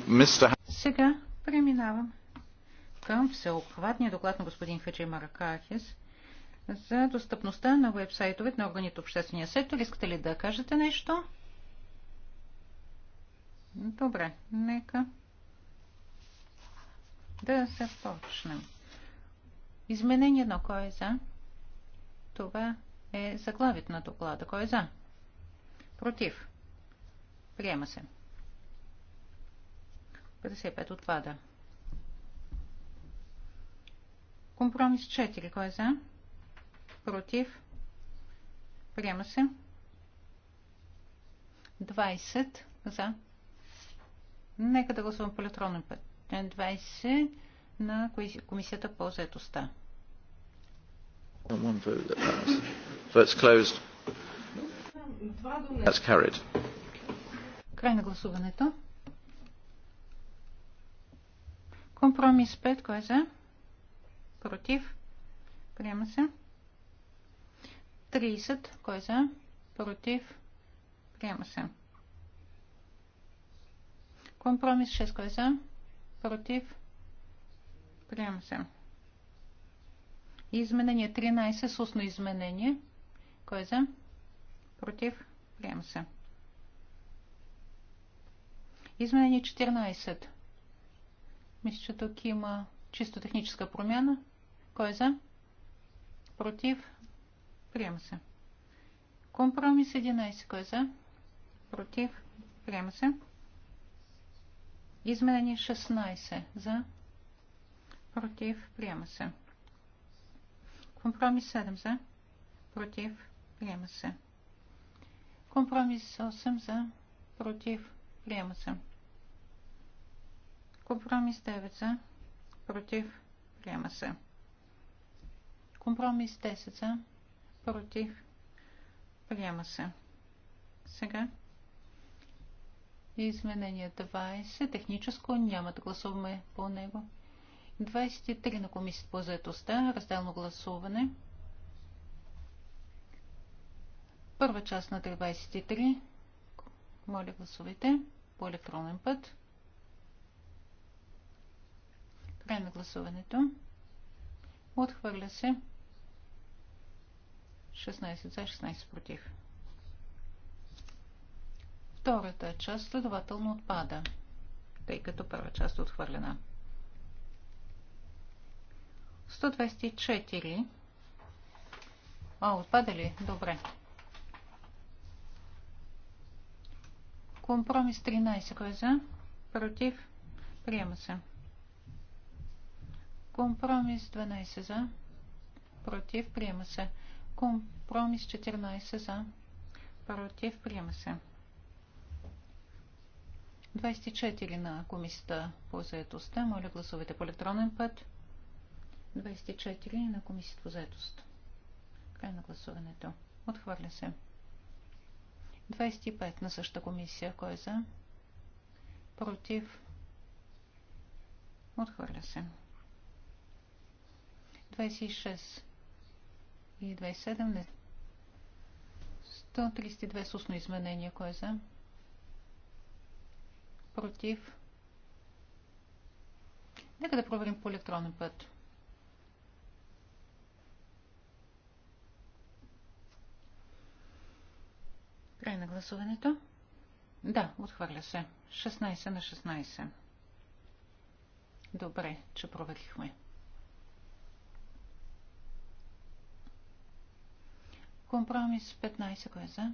Uh, Сега преминавам към всеобхватния доклад на господин Хаджи Маракахис за достъпността на вебсайтовете на органите обществения сектор. Искате ли да кажете нещо? Добре, нека да се почнем. Изменение едно. Кой е за? Това е заглавието на доклада. Кой е за? Против. Приема се. 55 отпада. Компромис 4. Кой е за? Против? Приема се. 20 за. Нека да гласувам по електронен път. 20 на комисията по заедостта. Край на гласуването. Компромис 5. Кой е за? Против. Приема се. 30. Кой е за? Против. Приема се. Компромис 6. Кой е за? Против. Приема се. Изменение 13. Сусно изменение. Кой е за? Против. Приема се. Изменение 14. Мисля, че тук има чисто техническа промяна. Кой е за? Против? Приема се. Компромис 11. Кой е за? Против? Приема се. Изменение 16. За? Против? Приема се. Компромис 7. За? Против? Приема се. Компромис 8. За? Против? Приема се. Компромис 9. За? Против? Приема се. Компромис 10 за, против, приема се. Сега. Изменение 20. Техническо няма да гласуваме по него. 23 на комисията по заедостта. Разделно гласуване. Първа част на 23. Моля гласувайте по електронен път. Край на гласуването. Отхвърля се. 16 за, 16 против. Втората част следователно отпада, тъй като първа част е отхвърлена. 124. А, отпада ли? Добре. Компромис 13. Кой е за? Против? Приема се. Компромис 12 за. Против? Приема се. Компромис 14 за. Против. Приема се. 24 на комисията по заедостта. Моля гласовете по електронен път. 24 на комисията по заедост. Край на гласуването. Отхвърля се. 25 на същата комисия. Кой е за? Против. Отхвърля се. 26 и 27. Не. 132 с устно изменение. Кое е за? Против. Нека да проверим по електронен път. Край на гласуването. Да, отхвърля се. 16 на 16. Добре, че проверихме. Компромис 15. Кой е за?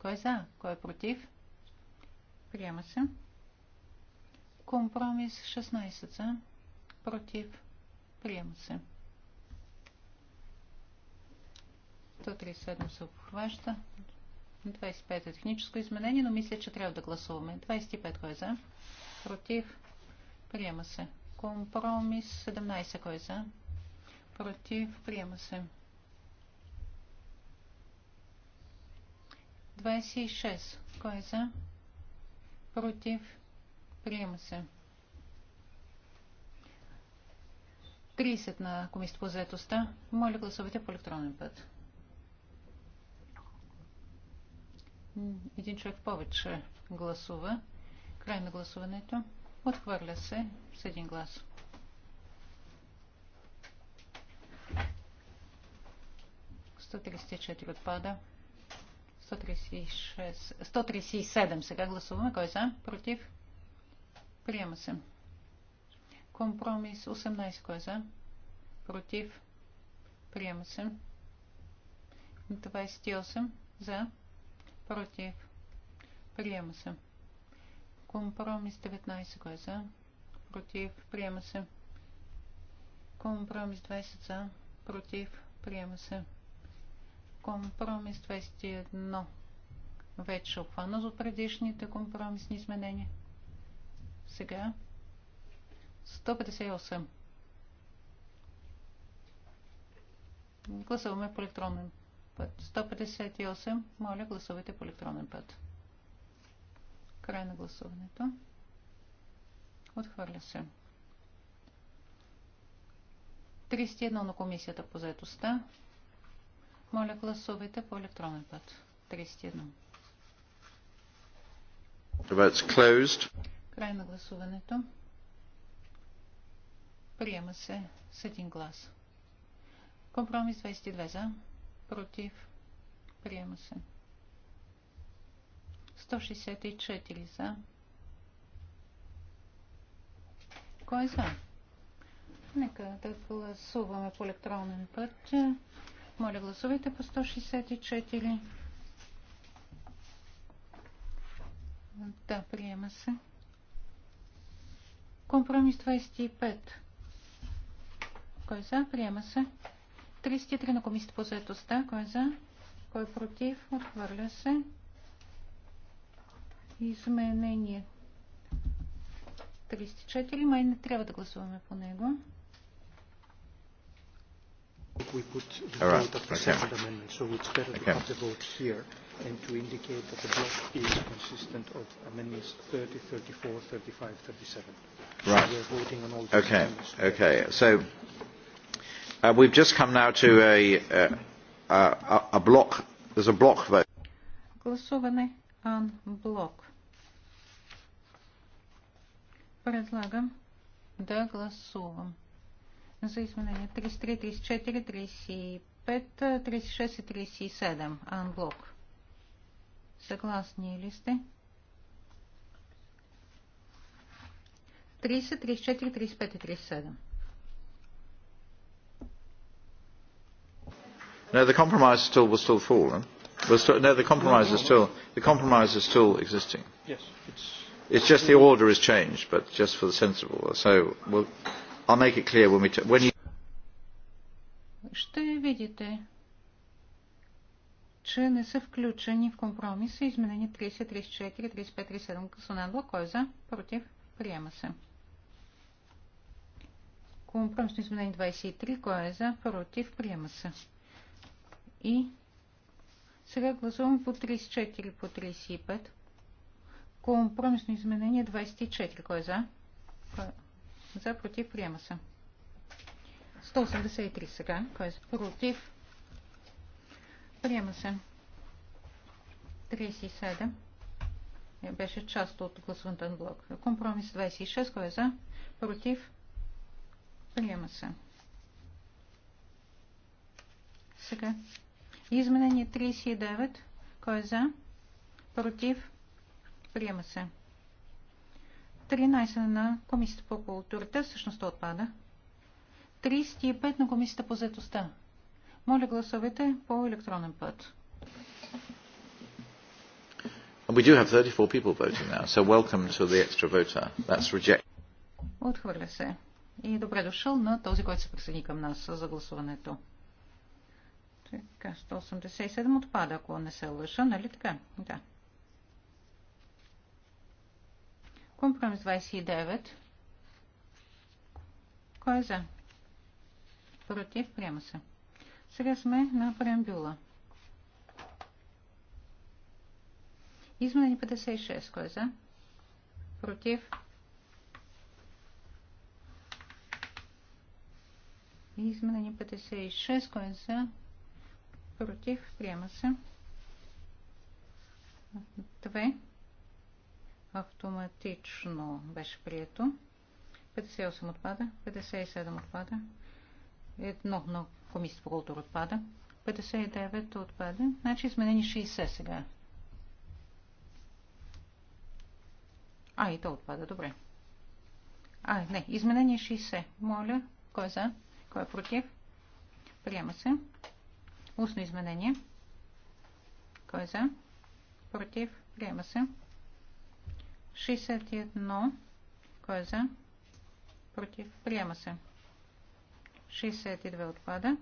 Кой е за? Кой е против? Приема се. Компромис 16 за. Против. Приема се. 137 се обхваща. 25 е техническо изменение, но мисля, че трябва да гласуваме. 25 кой е за? Против. Приема се. Компромис 17 кой е за? Против. Приема се. 26. Кой е за? Против. Приема се. 30 на Комисията по заедостта. Моля гласовете по електронен път. Един човек повече гласува. Край на гласуването. Отхвърля се с един глас. Сто отпада. 136, 137 сега гласуваме. Кой е за? Против? Приема се. Компромис 18. Кой е за? Против? Приема се. 28. За? Против? Приема се. Компромис 19. Кой е за? Против? Приема се. Компромис 20. За? Против? Приема се. Компромис 201 вече е обхванат за предишните компромисни изменения. Сега 158. Гласуваме по електронен път. 158. Моля, гласувайте по електронен път. Край на гласуването. Отхвърля се. 31 на комисията по заедостта. Моля, гласувайте по електронен път. 31. Край на гласуването. Приема се с един глас. Компромис 22 за. Против. Приема се. 164 за. Кой е за? Нека да гласуваме по електронен път. Моля, гласувайте по 164. Да, приема се. Компромис 25. Кой е за? Приема се. 33 на комисията по заедостта. Кой е за? Кой е против? Отхвърля се. Изменение 34. Май не трябва да гласуваме по него. We put the All right. vote of the okay. second amendment, so it's better okay. to have the vote here and to indicate that the block is consistent of amendments 30, 34, 35, 37. Right. So we're voting on all these okay. amendments. Okay. So uh, we've just come now to a, a, a, a block. There's a block vote. Голосуване ан блок. Предлагам да гласувам за изменение 33, 34, 35, 36 и 37. Анблок. Съгласни ли сте? 30, 34, 35 и 37. No, the compromise still was still fallen. Was still, no, the compromise is still the compromise is still existing. Yes, it's. It's just the order is changed, but just for the sensible. So we'll, I'll make it clear when we t- when you... Ще видите, че не са включени в компромиса изменени 30, 34, 35, 37 Касонан блок. Кой е за? Против? Приема се. Компромис на изменение 23. Кой е за? Против? Приема се. И сега гласуваме по 34, по 35. Компромисно изменение 24. Кой е за? Кой е- за против приема се. 183 сега. Кой е за против? Приема се. 37 е, беше част от гласуването на блок. Компромис 26. Кой е за? Против? Приема се. Сега. Изменение 39. Кой е за? Против? Приема се. 13 на Комисията по културата, всъщност отпада. 35 на Комисията по заедостта. Моля гласовете по електронен път. And We do have 34 people voting now, so welcome to the extra voter. That's reject. Отхвърля се. И добре дошъл на този, който се присъедини към нас за гласуването. Така, 187 отпада, ако не се лъжа, нали така? Да. Компромис 29. Кой е за? Против. Приема се. Сега сме на преамбюла. Изменени 56. Кой е за? Против. Изменени 56. Кой е за? Против. Приема се. 2 автоматично беше прието. 58 отпада, 57 отпада, едно на комисията по култура отпада, 59 отпада, значи изменени 60 сега. А, и то отпада, добре. А, не, изменение 60. Моля, кой е за, кой е против? Приема се. Устно изменение. Кой е за? Против? Приема се. 61. Кой е за? Против. Приема се. 62 отпада.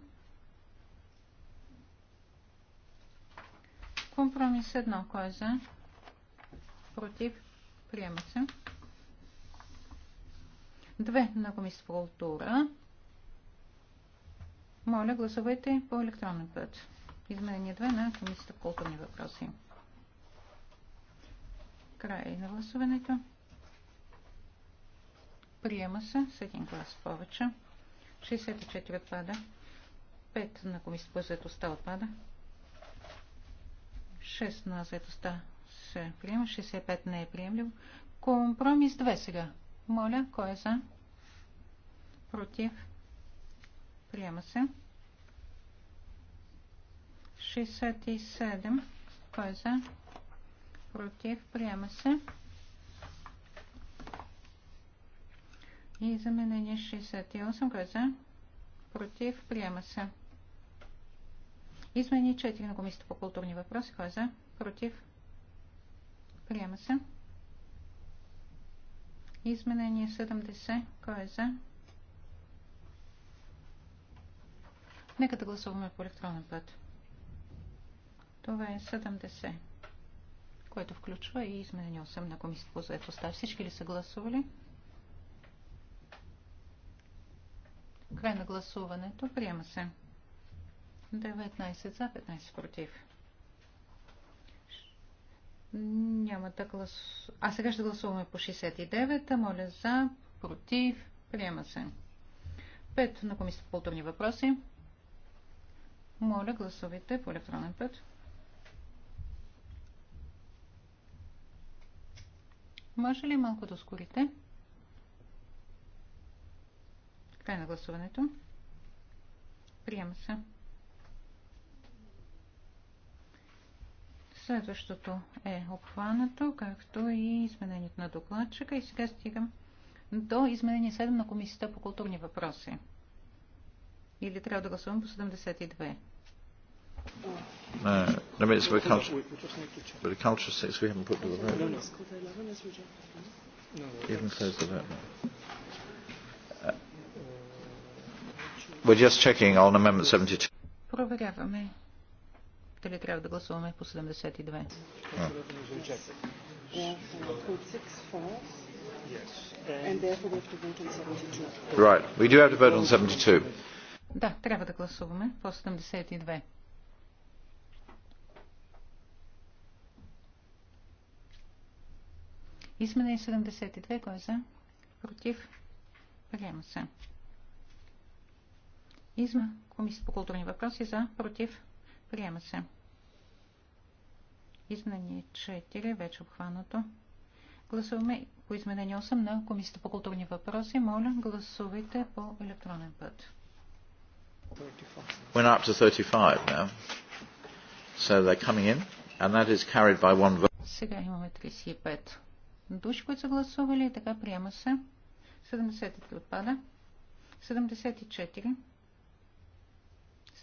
Компромис 1. Кой е за? Против. Приема се. 2 на комисия по култура. Моля, гласувайте по електронен път. Изменение 2 на комисията по културни въпроси. Край на гласуването. Приема се с един глас повече. 64 отпада. 5 на комисията по заедостта отпада. 6 на заедостта се приема. 65 не е приемливо. Компромис 2 сега. Моля, кой е за? Против. Приема се. 67. Кой е за? против, приема се. И заменение 68, кой е за, против, приема се. Измени 4 на комисията по културни въпроси, кой е за, против, приема се. Изменение 70, кой е за? Нека да гласуваме по електронен път. Това е 70 което включва и изменение 8 на комисията по заедостта. Всички ли са гласували? Край на гласуването. Приема се. 19 за, 15 против. Няма да гласуваме. А сега ще гласуваме по 69. Моля за, против. Приема се. 5 на комисията по културни въпроси. Моля, гласувайте по електронен път. Може ли малко да ускорите? Край на гласуването. Приема се. Следващото е обхванато, както и изменението на докладчика. И сега стигам до изменение 7 на Комисията по културни въпроси. Или трябва да гласувам по 72. No, no, it's for But the culture six we haven't put to the vote. No, no. the vote. Uh, we're just checking on amendment 72. Проверяваме. Дали трябва да гласуваме по 72? No. Right. We do have to vote on 72. Да, трябва да гласуваме по 72. Измене 72. Кой е за? Против? Приема се. Изма. Комисия по културни въпроси за. Против? Приема се. Изменение 4. Вече обхванато. Гласуваме по изменение 8 на Комисията по културни въпроси. Моля, гласувайте по електронен път. We're up to 35 now. So they're coming in, and that is carried by one vote. Сега имаме 35 души, които са гласували. Така приема се. 73 отпада. 74.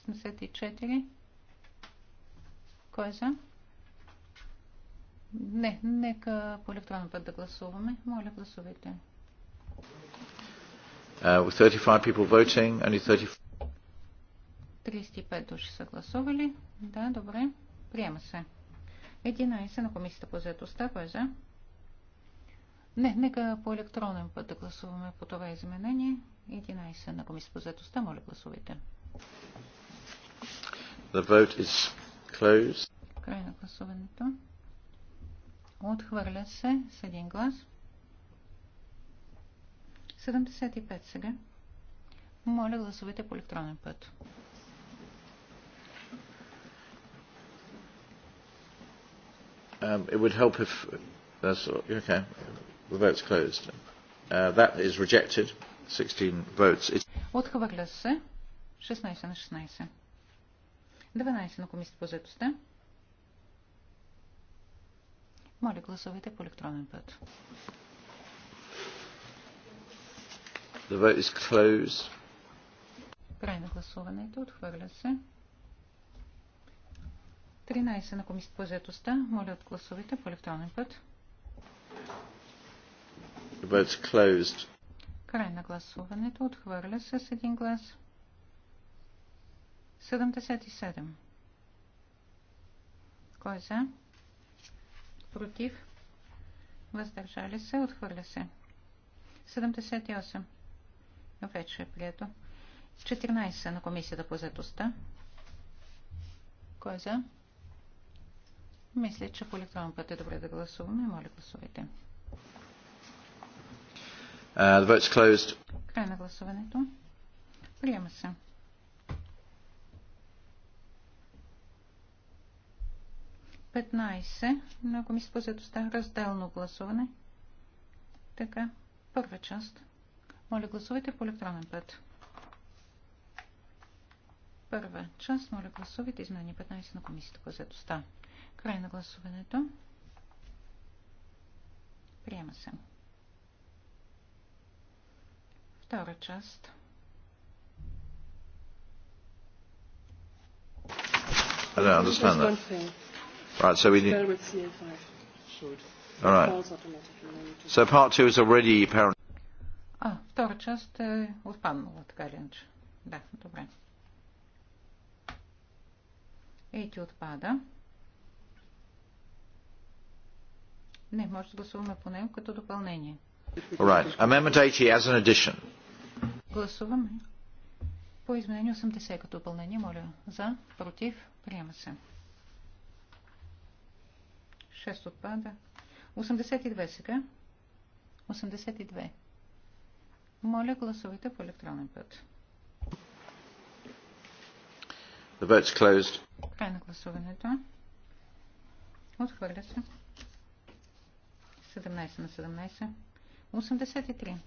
74. Кой е за? Не, нека по електронен път да гласуваме. Моля, гласувайте. Uh, 35 people voting, only 35... 35 души са гласували. Да, добре. Приема се. 11 на комисията по заедостта. Кой е за? Не, нека по електронен път да гласуваме по това изменение. 11 на комисия по заедостта. Моля, гласувайте. The vote is closed. Край на гласуването. Отхвърля се с един глас. 75 сега. Моля, гласувайте по електронен път. Um, it would help if uh, that's okay. The vote's closed. Uh, that is rejected. 16 votes. It's... Отхвърля се. 16 на 16. 12 на комисията по заедостта. Моля, гласувайте по електронен път. The vote is closed. Край на гласуването. Отхвърля се. 13 на комисията по заедостта. Моля, гласувайте по електронен път. The vote's closed. Край на гласуването. Отхвърля с един глас. 77. Кой е за? Против? Въздържали се? Отхвърля се. 78. Вече е прието. 14 на комисията по заедостта. Кой е за? Мисля, че по електронен път е добре да гласуваме. Моля, гласувайте. Uh, the vote's closed. Край на гласуването. Приема се. Петнайсе на комисията по заедостта. Разделно гласуване. Така, първа част. Моля, гласувайте по електронен път. Първа част. Моля, гласувайте изменение 15 на комисията по заедостта. Край на гласуването. Приема се. Втора част. I don't understand that. Right, so we need... All right. So part two is already apparent. А, втора част е отпаднала, така ли иначе? Да, добре. ти отпада. Не, може да гласуваме по него като допълнение. Right. Гласуваме. По изменение 80 като допълнение, моля. За, против, приема се. 6 отпада. 82 сега. 82. Моля, гласувайте по електронен път. The vote's closed. Край на гласуването. Отхвърля се. 17 на 17. 83.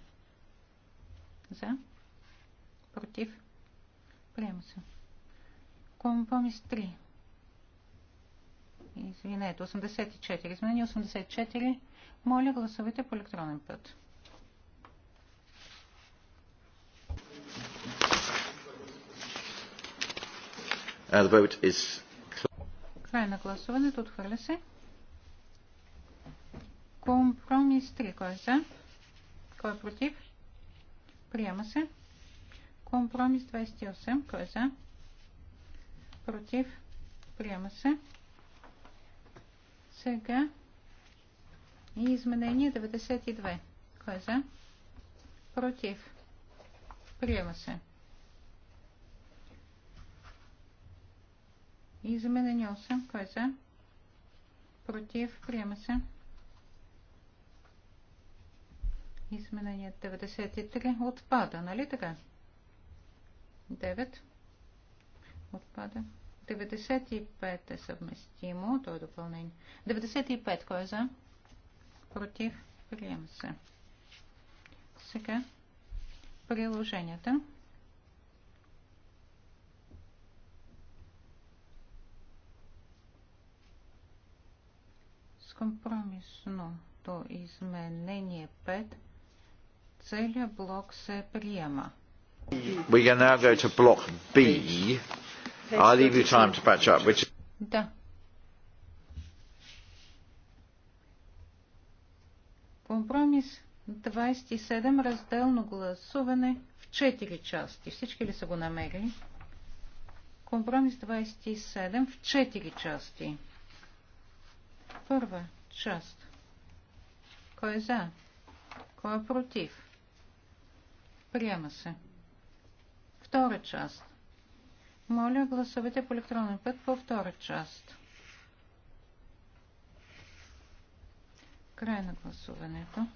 За. Против. Приема се. Компромис 3. Извинете, 84. Измени 84. Моля, гласовете по електронен път. And the vote is Край на гласуването. Отхвърля се. Компромис 3. Кой е за? Кой е против? Приема се. Компромис 28. Кой е за? Против? Приема се. Сега и изменение 92. Кой е за? Против? Приема се. Изменение 8. Кой е за? Против? Приема се. Изменение 93 отпада, нали така? 9 отпада. 95 е съвместимо, то е допълнение. 95, кой е за? Против, прием се. Сега приложенията. С компромисното изменение 5 Целият блок се приема. We can now go to block B. I'll leave you time to patch up, which... Да. Компромис 27 разделно гласуване в 4 части. Всички ли са го намерили? Компромис 27 в 4 части. Първа част. Кой е за? Кой е против? Приема се. Втора част. Моля, гласувайте по електронен път по втора част. Край на гласуването.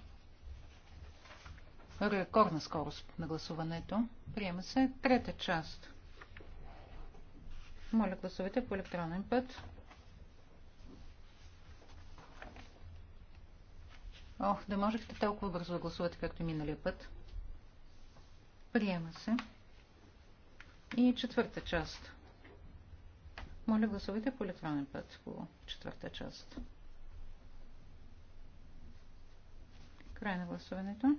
Рекордна скорост на гласуването. Приема се трета част. Моля, гласувайте по електронен път. Ох, да можехте толкова бързо да гласувате, както миналия път. Приема се. И четвърта част. Моля, гласувайте по електронен път по четвърта част. Край на гласуването.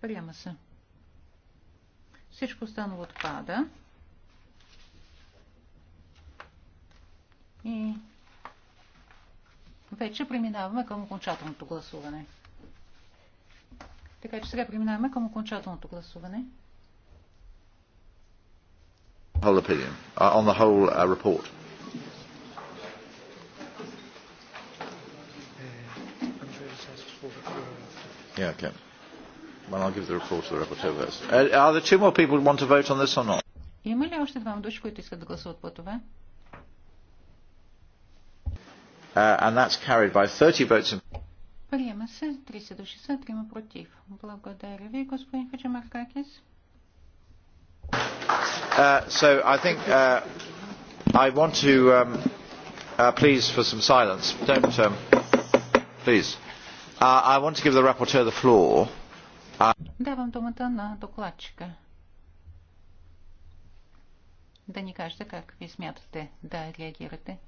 Приема се. Всичко останало отпада. И вече преминаваме към окончателното гласуване. Така че сега преминаваме към окончателното гласуване. Whole opinion, uh, on the whole uh, report. Yeah, okay. Well, I'll give the report to the rapporteur first. Uh, are there two more people who want to vote on this or not? Има ли още двама души, които искат да гласуват по това? Uh, and that's carried by 30 votes in Приема се 30 до 60, Трима против. Благодаря ви, господин Хаджамаркакис. Uh, so I think uh, I want to um, uh, please for some silence. Don't um, please. Uh, I want to give the rapporteur the floor. Uh, Давам думата на докладчика. Да ни кажете как ви смятате да реагирате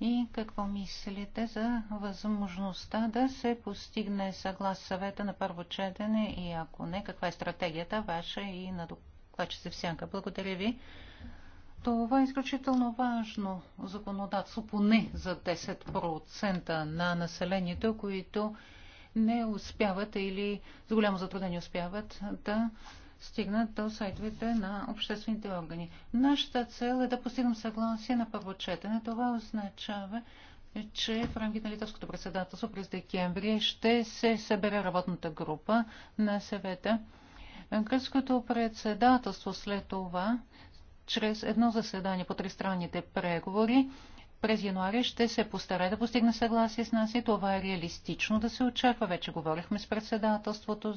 и какво мислите за възможността да се постигне съглас съвета на първо четене и ако не, каква е стратегията ваша и на се всяка? Благодаря ви. Това е изключително важно законодателство, поне за 10% на населението, които не успяват или с голямо затруднение успяват да стигнат до сайтовете на обществените органи. Нашата цел е да постигнем съгласие на първо четене. Това означава, че в рамките на Литовското председателство през декември ще се събере работната група на съвета. Гръцкото председателство след това, чрез едно заседание по тристранните преговори, през януари ще се постара да постигне съгласие с нас и това е реалистично да се очаква. Вече говорихме с председателството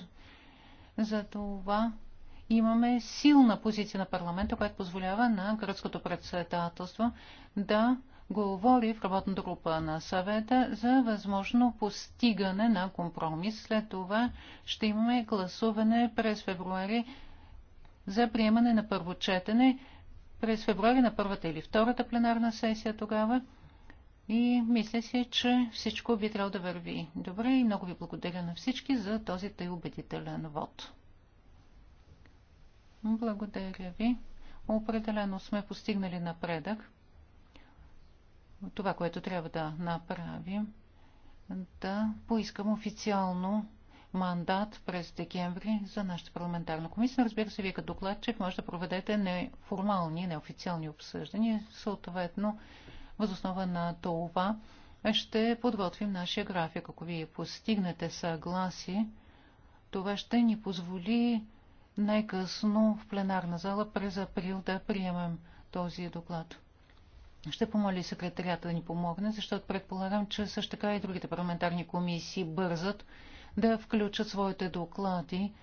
за това имаме силна позиция на парламента, която позволява на гръцкото председателство да говори в работната група на съвета за възможно постигане на компромис. След това ще имаме гласуване през февруари за приемане на първо четене през февруари на първата или втората пленарна сесия тогава. И мисля си, че всичко би трябвало да върви добре и много ви благодаря на всички за този тъй убедителен вод. Благодаря ви. Определено сме постигнали напредък. Това, което трябва да направим, да поискам официално мандат през декември за нашата парламентарна комисия. Разбира се, вие като докладчик може да проведете неформални, неофициални обсъждания. Съответно, възоснова на това ще подготвим нашия график. Ако вие постигнете съгласие, това ще ни позволи най-късно в пленарна зала през април да приемем този доклад. Ще помоли секретарията да ни помогне, защото предполагам, че също така и другите парламентарни комисии бързат да включат своите доклади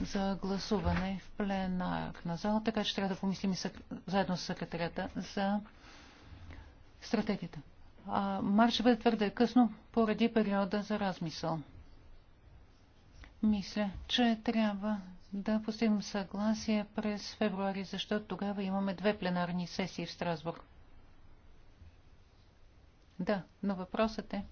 за гласуване в пленарна зала, така че трябва да помислим и заедно с секретарята за стратегията. А, марш ще бъде твърде късно поради периода за размисъл. Мисля, че трябва да постигнем съгласие през февруари, защото тогава имаме две пленарни сесии в Страсбург. Да, но въпросът е,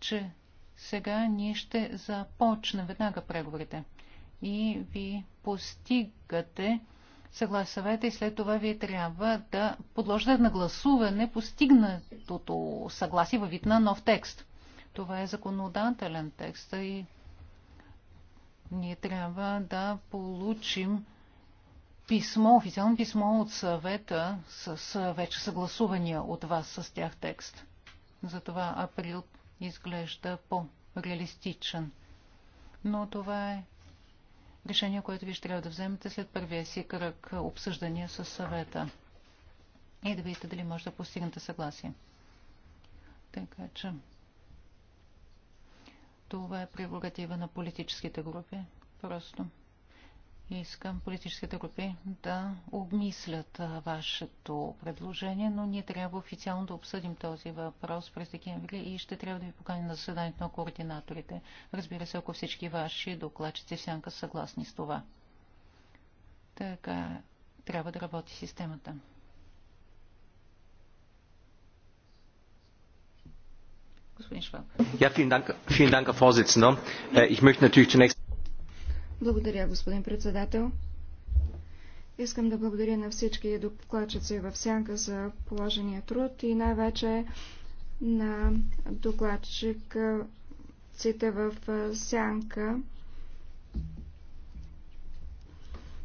че сега ние ще започнем веднага преговорите и ви постигате съгласие съвета и след това вие трябва да подложите на гласуване постигнатото съгласие във вид на нов текст. Това е законодателен текст и ние трябва да получим писмо, официално писмо от съвета с вече съгласувания от вас с тях текст. Затова април изглежда по-реалистичен. Но това е решение, което ви ще трябва да вземете след първия си кръг обсъждания с съвета. И да видите дали може да постигнете съгласие. Така че това е прерогатива на политическите групи. Просто искам политическите групи да обмислят вашето предложение, но ние трябва официално да обсъдим този въпрос през декември и ще трябва да ви поканим на заседанието на координаторите. Разбира се, ако всички ваши докладчици в сянка са съгласни с това. Така трябва да работи системата. Äh, благодаря, господин председател. Искам да благодаря на всички докладчици в сянка за положения труд и най-вече на докладчиците в сянка.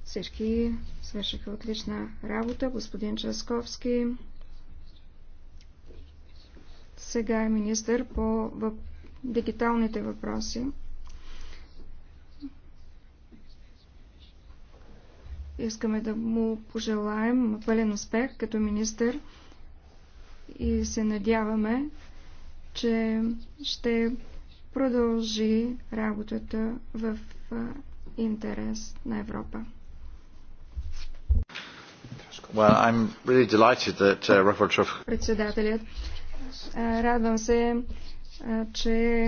Всички свършиха отлична работа. Господин Часковски, сега е министър по въп... дигиталните въпроси. Искаме да му пожелаем пълен успех като министър и се надяваме, че ще продължи работата в интерес на Европа. Well, really that, uh, Председателят, Радвам се, че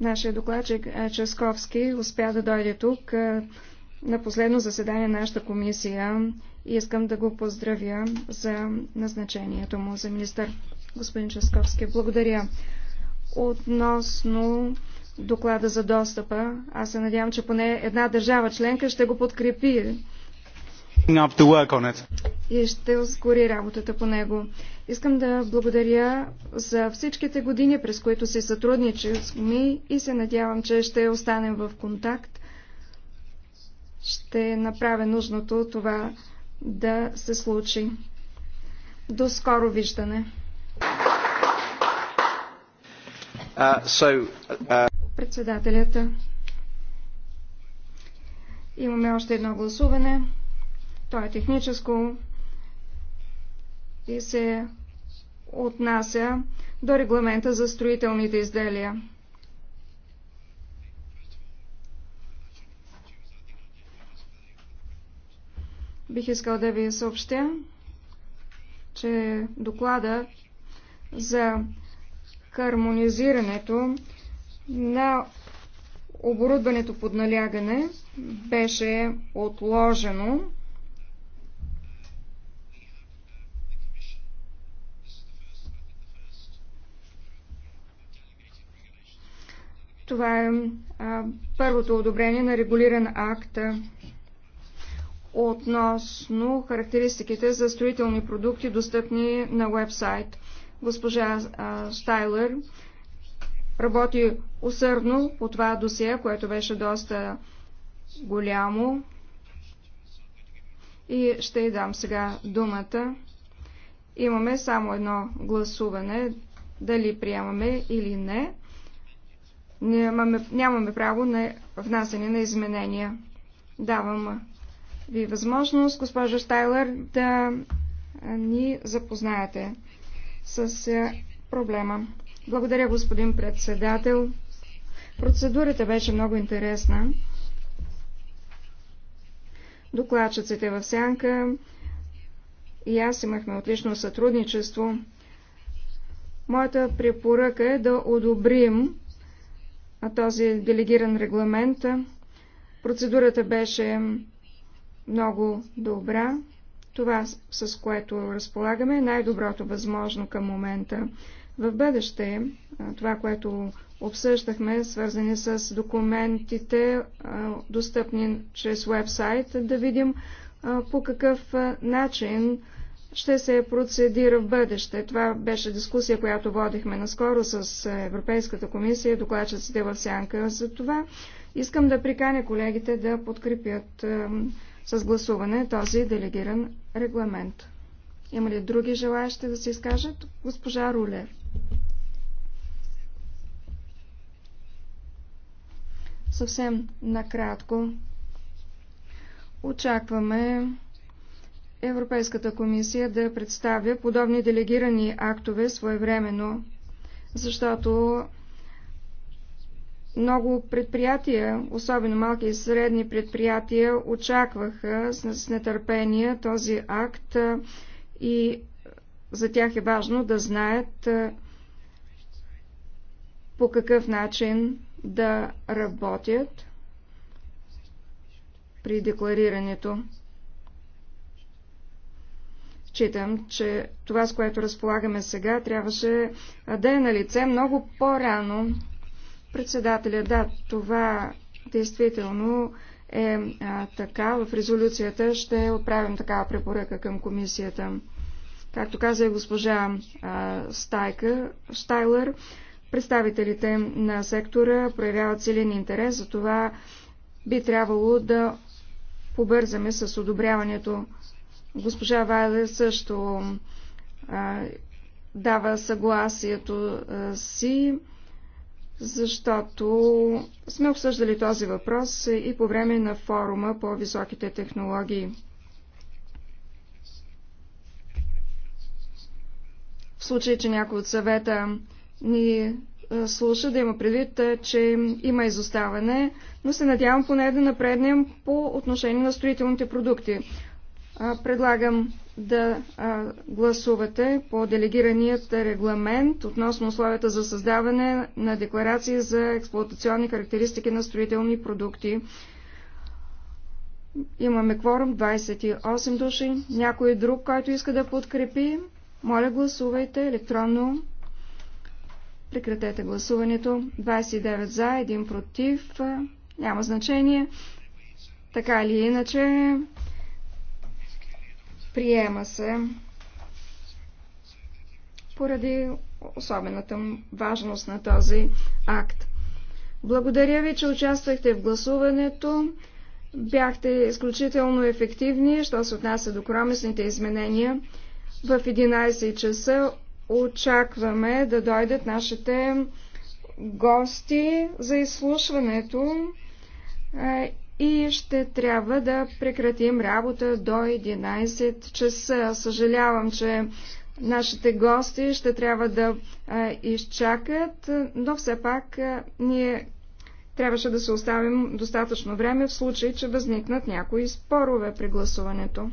нашия докладчик Ческовски успя да дойде тук на последно заседание на нашата комисия и искам да го поздравя за назначението му за министър. Господин Ческовски, благодаря. Относно доклада за достъпа, аз се надявам, че поне една държава членка ще го подкрепи и ще ускори работата по него. Искам да благодаря за всичките години, през които се сътрудничахме и се надявам, че ще останем в контакт. Ще направя нужното това да се случи. До скоро виждане! Uh, so, uh... Председателята. Имаме още едно гласуване. То е техническо и се отнася до регламента за строителните изделия. Бих искал да ви съобщя, че доклада за хармонизирането на оборудването под налягане беше отложено Това е а, първото одобрение на регулиран акт относно характеристиките за строителни продукти, достъпни на вебсайт. Госпожа а, Штайлер работи усърдно по това досие, което беше доста голямо. И ще й дам сега думата. Имаме само едно гласуване, дали приемаме или не нямаме, нямаме право на внасяне на изменения. Давам ви възможност, госпожа Штайлер, да ни запознаете с проблема. Благодаря, господин председател. Процедурата беше много интересна. Докладчиците в сянка и аз имахме отлично сътрудничество. Моята препоръка е да одобрим този делегиран регламент. Процедурата беше много добра. Това, с което разполагаме, е най-доброто възможно към момента. В бъдеще, това, което обсъждахме, свързани с документите, достъпни чрез вебсайт, да видим по какъв начин ще се процедира в бъдеще. Това беше дискусия, която водихме наскоро с е, Европейската комисия, докладчиците в сянка. За това искам да приканя колегите да подкрепят е, с гласуване този делегиран регламент. Има ли други желаящи да се изкажат? Госпожа Рулер. Съвсем накратко. Очакваме Европейската комисия да представя подобни делегирани актове своевременно, защото много предприятия, особено малки и средни предприятия, очакваха с нетърпение този акт и за тях е важно да знаят по какъв начин да работят при декларирането. Считам, че това, с което разполагаме сега, трябваше да е на лице много по-рано. Председателя, да, това действително е а, така. В резолюцията ще отправим такава препоръка към комисията. Както каза и госпожа а, Стайка, Штайлер, представителите на сектора проявяват силен интерес, за това би трябвало да побързаме с одобряването Госпожа Вайле също а, дава съгласието а, си, защото сме обсъждали този въпрос и по време на форума по високите технологии. В случай, че някой от съвета ни слуша, да има предвид, че има изоставане, но се надявам поне да напреднем по отношение на строителните продукти. Предлагам да гласувате по делегираният регламент относно условията за създаване на декларации за експлуатационни характеристики на строителни продукти. Имаме кворум 28 души. Някой друг, който иска да подкрепи, моля гласувайте електронно. Прекратете гласуването. 29 за, 1 против. Няма значение. Така или иначе, Приема се поради особената важност на този акт. Благодаря ви, че участвахте в гласуването. Бяхте изключително ефективни, що се отнася до кромесните изменения. В 11 часа очакваме да дойдат нашите гости за изслушването е, и ще трябва да прекратим работа до 11 часа. Съжалявам, че нашите гости ще трябва да а, изчакат, но все пак а, ние трябваше да се оставим достатъчно време в случай, че възникнат някои спорове при гласуването.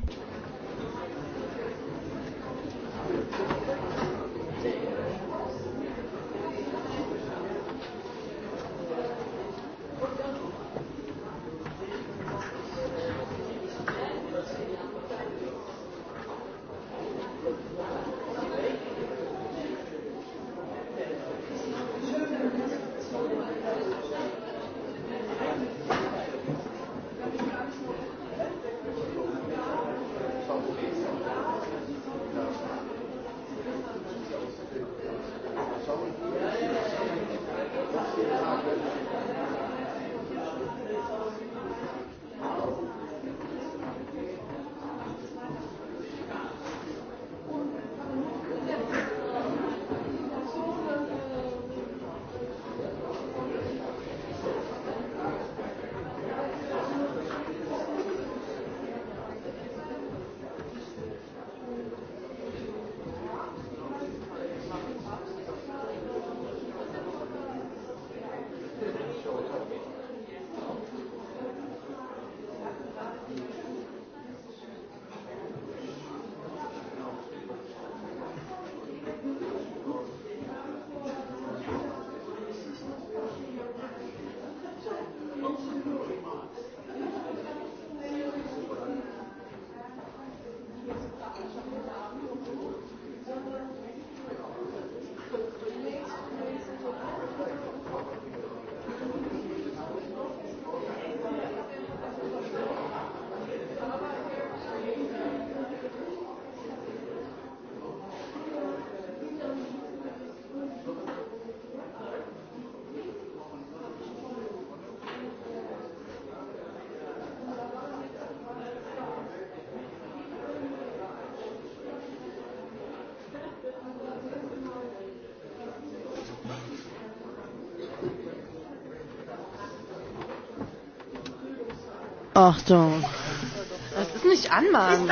Achtung. Das ist nicht anmachen.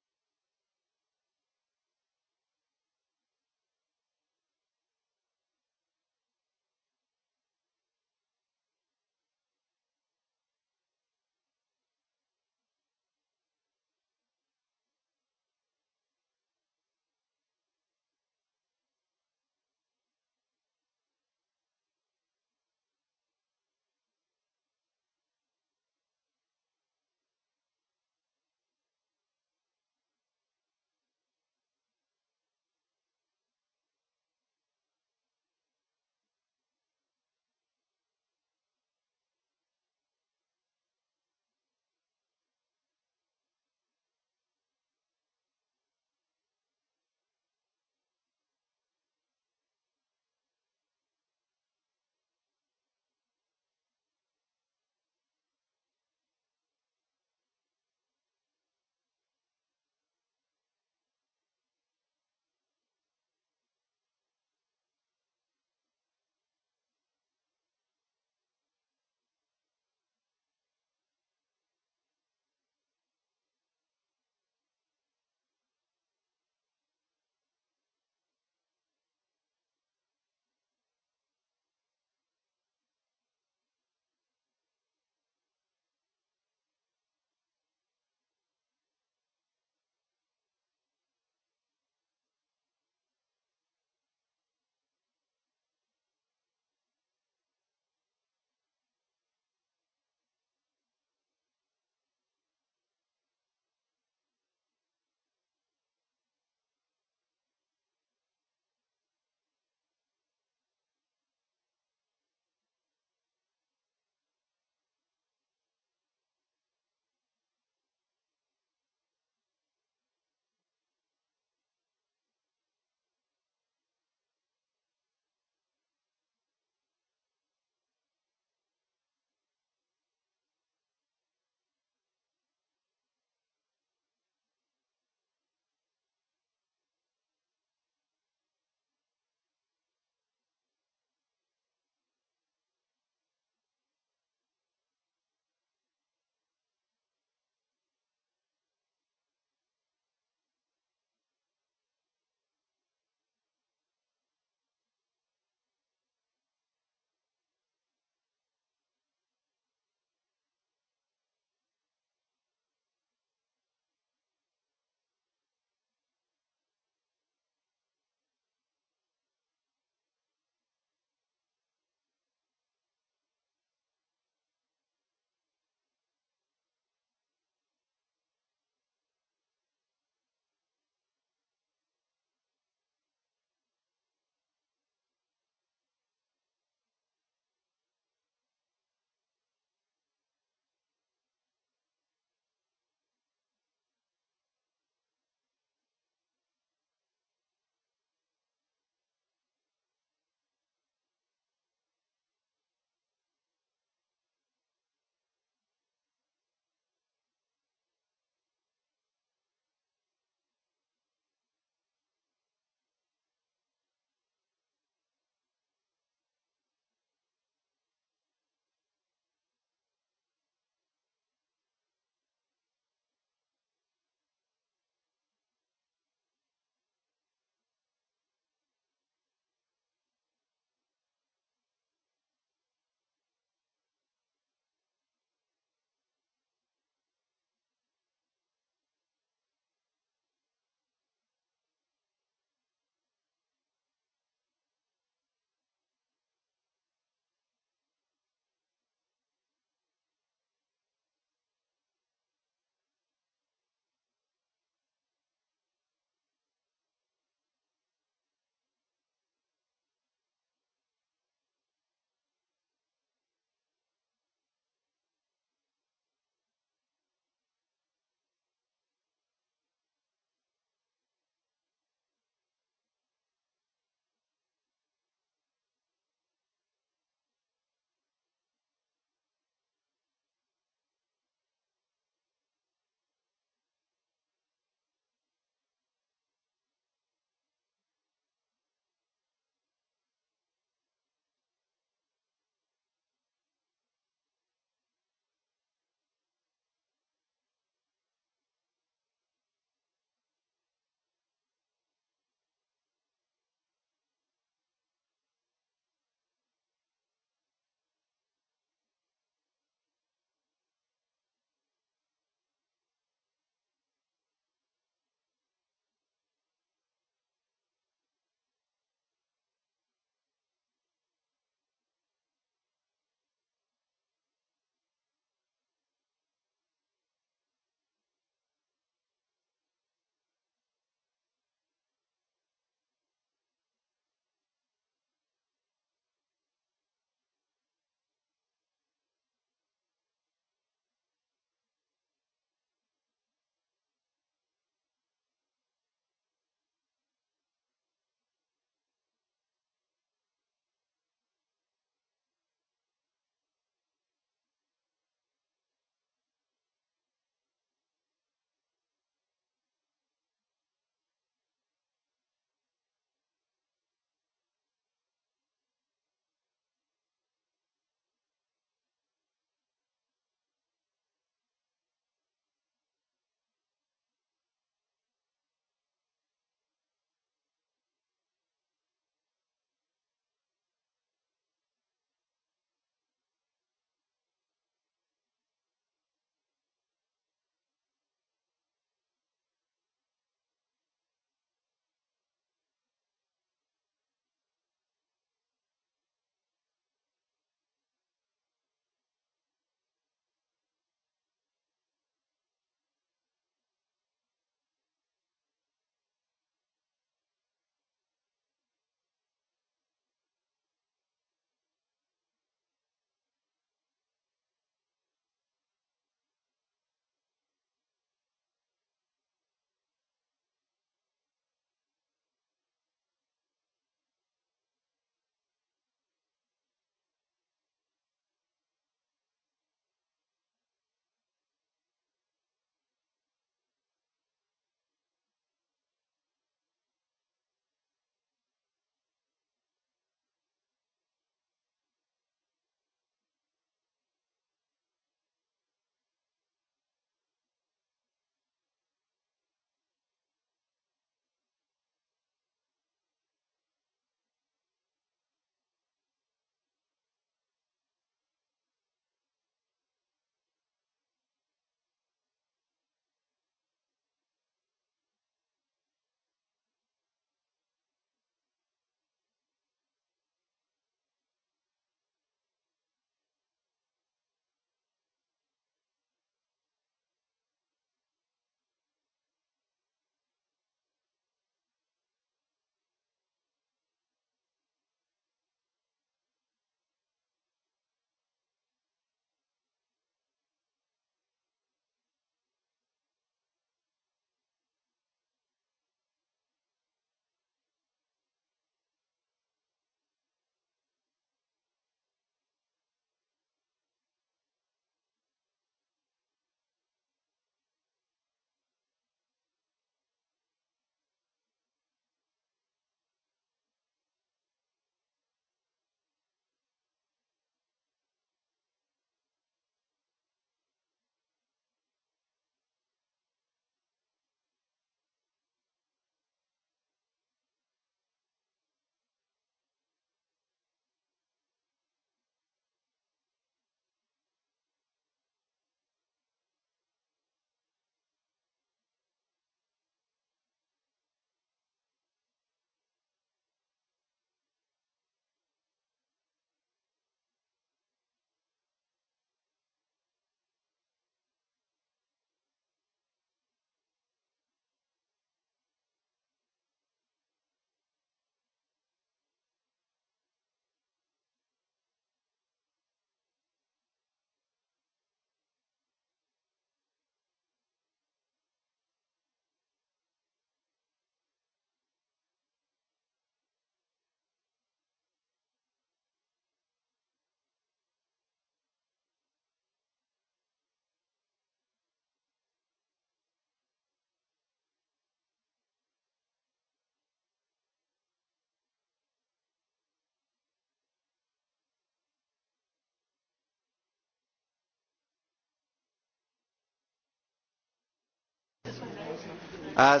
Uh,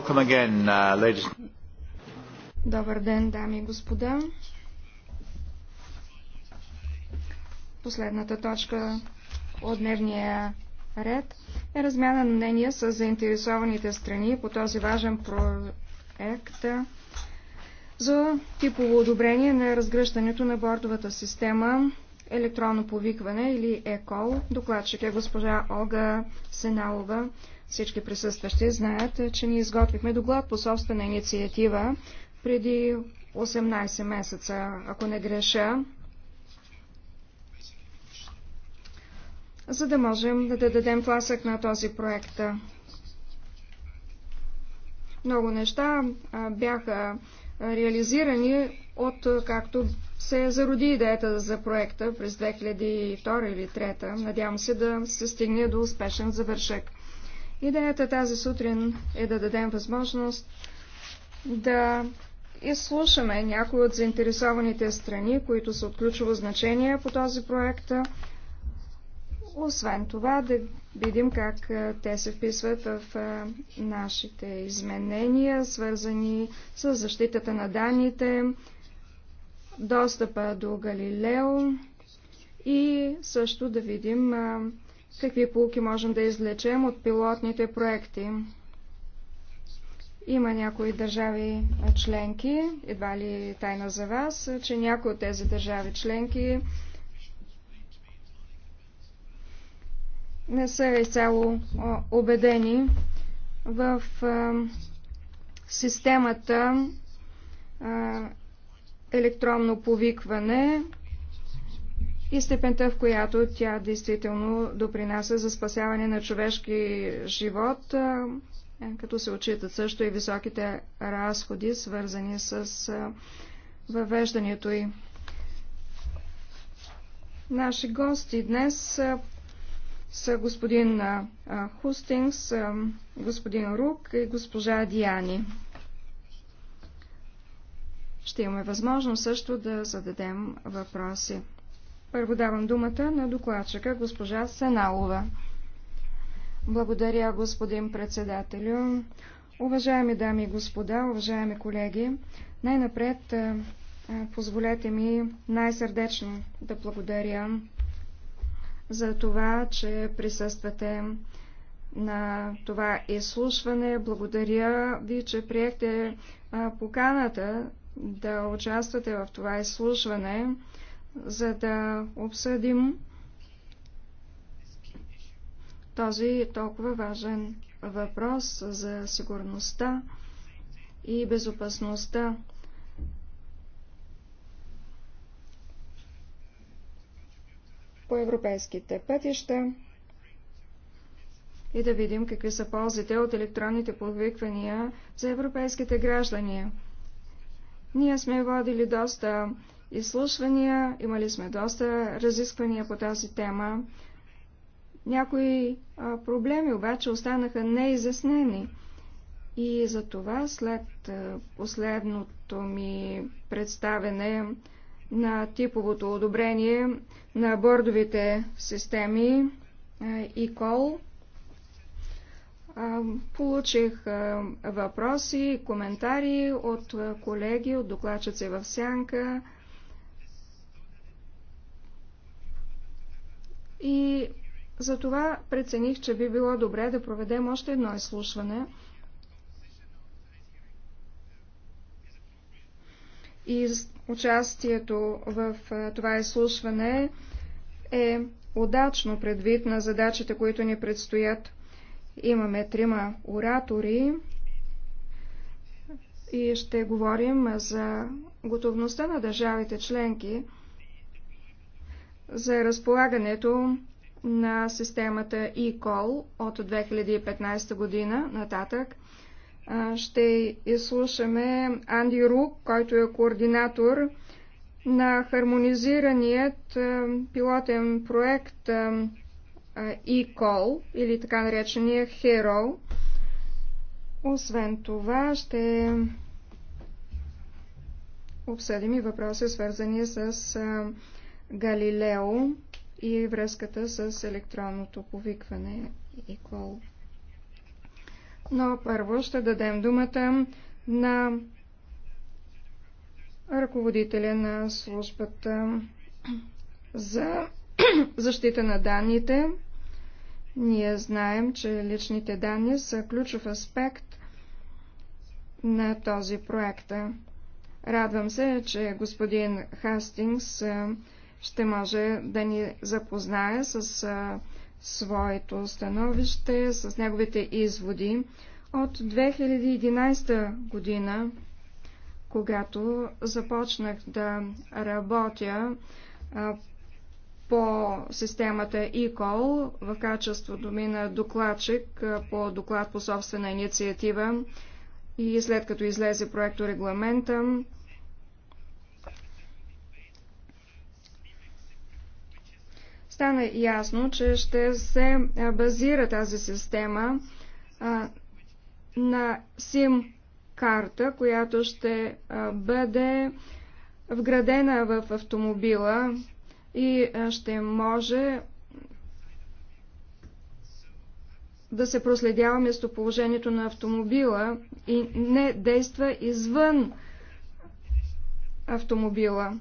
um, uh, Добър ден, дами и господа. Последната точка от дневния ред е размяна на мнения с заинтересованите страни по този важен проект за типово одобрение на разгръщането на бордовата система електронно повикване или ЕКОЛ. Докладчик е госпожа Олга Сеналова. Всички присъстващи знаят, че ние изготвихме доклад по собствена инициатива преди 18 месеца, ако не греша, за да можем да дадем класък на този проект. Много неща бяха реализирани от както се зароди идеята за проекта през 2002 или 2003. Надявам се да се стигне до успешен завършък. Идеята тази сутрин е да дадем възможност да изслушаме някои от заинтересованите страни, които са от ключово значение по този проект. Освен това, да видим как те се вписват в нашите изменения, свързани с защитата на данните, достъпа до Галилео и също да видим какви полуки можем да излечем от пилотните проекти. Има някои държави членки, едва ли тайна за вас, че някои от тези държави членки не са изцяло убедени в системата електронно повикване и степента, в която тя действително допринася за спасяване на човешки живот, като се отчитат също и високите разходи, свързани с въвеждането й. Наши гости днес са господин Хустингс, господин Рук и госпожа Диани. Ще имаме възможност също да зададем въпроси. Първо давам думата на докладчика госпожа Сеналова. Благодаря, господин председателю. Уважаеми дами и господа, уважаеми колеги, най-напред позволете ми най-сърдечно да благодаря за това, че присъствате на това изслушване. Благодаря ви, че приехте поканата да участвате в това изслушване, за да обсъдим този толкова важен въпрос за сигурността и безопасността. по европейските пътища и да видим какви са ползите от електронните повиквания за европейските граждани. Ние сме водили доста изслушвания, имали сме доста разисквания по тази тема. Някои а, проблеми обаче останаха неизяснени. И за това след а, последното ми представене на типовото одобрение на бордовите системи а, и кол, Получих въпроси, коментари от колеги, от докладчици в Сянка. И затова прецених, че би било добре да проведем още едно изслушване. И участието в това изслушване е удачно предвид на задачите, които ни предстоят. Имаме трима оратори и ще говорим за готовността на държавите членки за разполагането на системата eCall от 2015 година нататък. Ще изслушаме Анди Рук, който е координатор на хармонизираният пилотен проект e-call или така наречения hero. Освен това ще обсъдим и въпроси свързани с Галилео и връзката с електронното повикване и кол. Но първо ще дадем думата на ръководителя на службата за защита на данните, ние знаем, че личните данни са ключов аспект на този проект. Радвам се, че господин Хастингс ще може да ни запознае с своето становище, с неговите изводи от 2011 година, когато започнах да работя по системата ECOL в качеството ми на докладчик по доклад по собствена инициатива и след като излезе проекто регламента, стана ясно, че ще се базира тази система на SIM-карта, която ще бъде вградена в автомобила и ще може да се проследява местоположението на автомобила и не действа извън автомобила.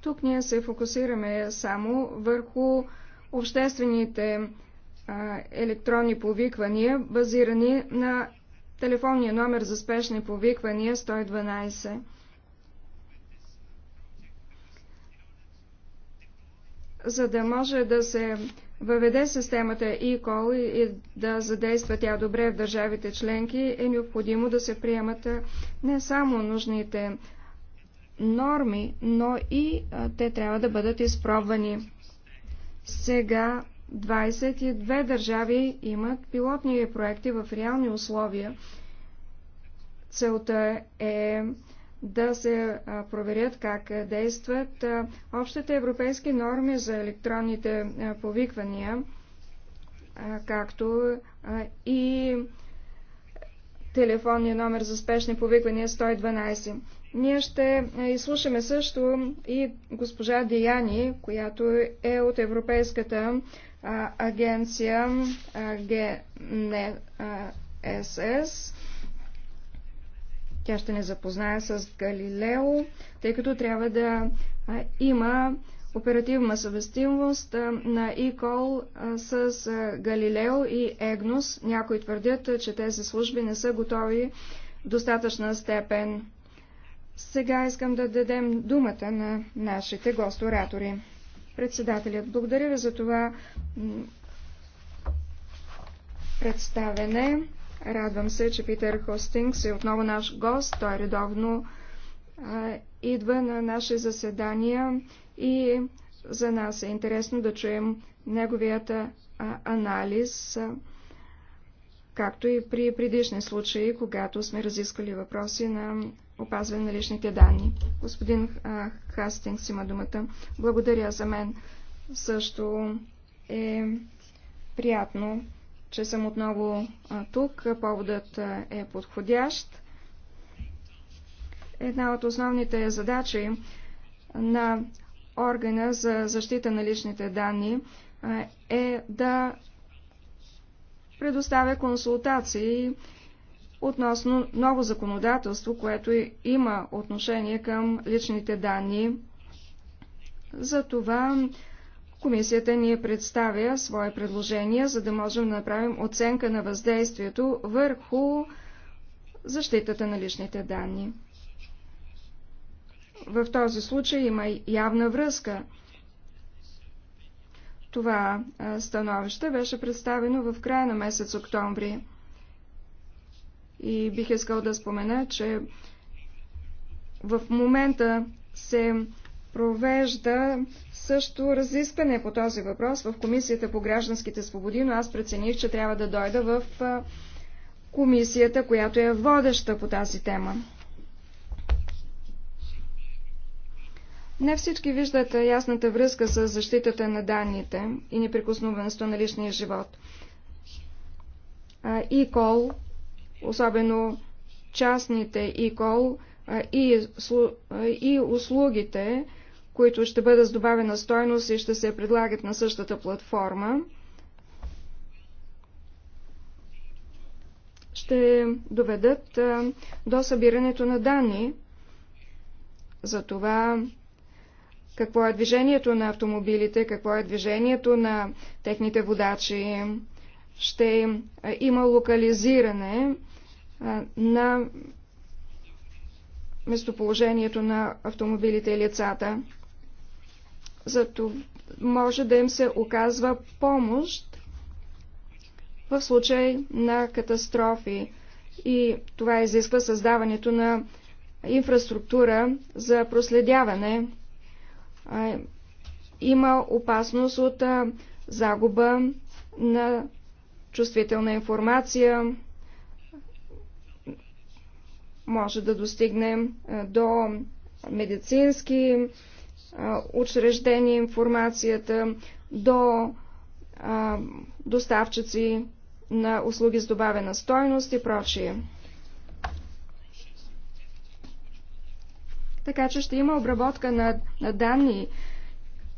Тук ние се фокусираме само върху обществените а, електронни повиквания, базирани на телефонния номер за спешни повиквания 112. за да може да се въведе системата e-call и да задейства тя добре в държавите членки, е необходимо да се приемат не само нужните норми, но и те трябва да бъдат изпробвани. Сега 22 държави имат пилотни проекти в реални условия. Целта е да се проверят как действат общите европейски норми за електронните повиквания, както и телефонния номер за спешни повиквания 112. Ние ще изслушаме също и госпожа Деяни, която е от Европейската агенция ГНСС е тя ще не запознае с Галилео, тъй като трябва да има оперативна а, на ИКОЛ e с Галилео и ЕГНОС. Някои твърдят, че тези служби не са готови в достатъчна степен. Сега искам да дадем думата на нашите госторатори. Председателят, благодаря ви за това представене. Радвам се, че Питер Хостингс е отново наш гост. Той редовно а, идва на наши заседания и за нас е интересно да чуем неговият а, анализ, а, както и при предишни случаи, когато сме разискали въпроси на опазване на личните данни. Господин а, Хастингс има думата. Благодаря за мен. Също е приятно че съм отново тук. Поводът е подходящ. Една от основните задачи на органа за защита на личните данни е да предоставя консултации относно ново законодателство, което има отношение към личните данни. За това. Комисията ни е представя свое предложение, за да можем да направим оценка на въздействието върху защитата на личните данни. В този случай има явна връзка. Това становище беше представено в края на месец октомври. И бих искал да спомена, че в момента се провежда също разискване по този въпрос в Комисията по гражданските свободи, но аз прецених, че трябва да дойда в комисията, която е водеща по тази тема. Не всички виждат ясната връзка с защитата на данните и неприкосновеността на личния живот. ИКОЛ, особено частните ИКОЛ и услугите които ще бъдат с добавена стойност и ще се предлагат на същата платформа. ще доведат до събирането на данни за това какво е движението на автомобилите, какво е движението на техните водачи. Ще има локализиране на местоположението на автомобилите и лицата за това може да им се оказва помощ в случай на катастрофи. И това изисква създаването на инфраструктура за проследяване. Има опасност от загуба на чувствителна информация, може да достигнем до медицински учреждения, информацията до доставчици на услуги с добавена стойност и прочие. Така че ще има обработка на, на данни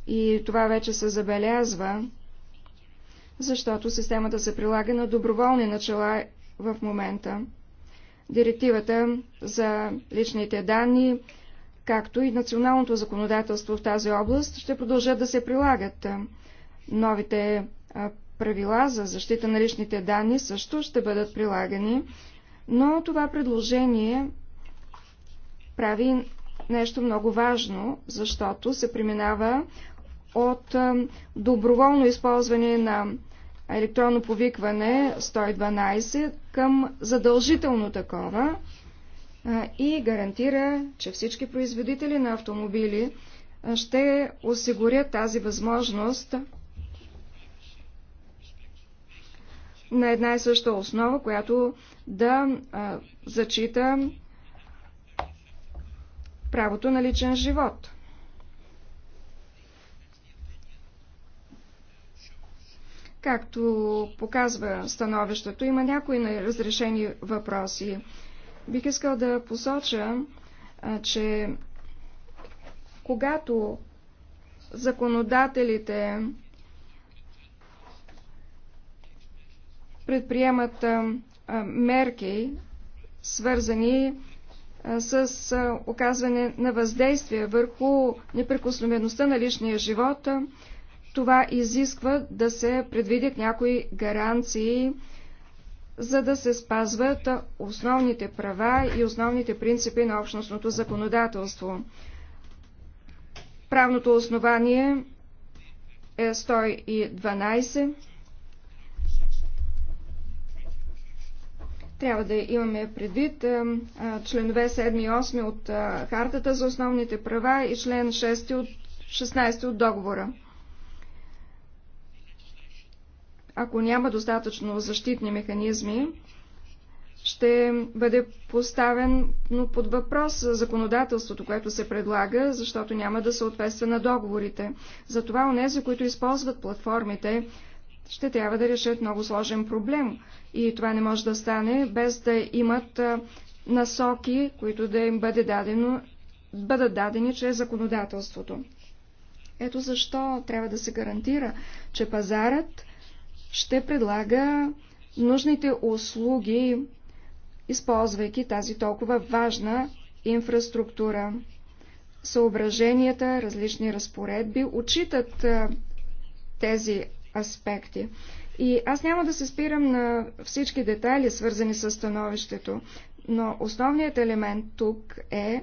и това вече се забелязва, защото системата се прилага на доброволни начала в момента. Директивата за личните данни както и националното законодателство в тази област, ще продължат да се прилагат. Новите правила за защита на личните данни също ще бъдат прилагани, но това предложение прави нещо много важно, защото се преминава от доброволно използване на електронно повикване 112 към задължително такова и гарантира, че всички производители на автомобили ще осигурят тази възможност на една и съща основа, която да а, зачита правото на личен живот. Както показва становището, има някои неразрешени въпроси. Бих искал да посоча, че когато законодателите предприемат мерки, свързани с оказване на въздействие върху неприкосновеността на личния живот, това изисква да се предвидят някои гаранции за да се спазват основните права и основните принципи на общностното законодателство. Правното основание е 112. Трябва да имаме предвид членове 7 и 8 от Хартата за основните права и член 6 от 16 от договора. ако няма достатъчно защитни механизми, ще бъде поставен под въпрос законодателството, което се предлага, защото няма да съответства на договорите. Затова нези, които използват платформите, ще трябва да решат много сложен проблем. И това не може да стане без да имат насоки, които да им бъде дадено, бъдат дадени чрез законодателството. Ето защо трябва да се гарантира, че пазарът ще предлага нужните услуги, използвайки тази толкова важна инфраструктура. Съображенията, различни разпоредби отчитат тези аспекти. И аз няма да се спирам на всички детайли, свързани с становището, но основният елемент тук е,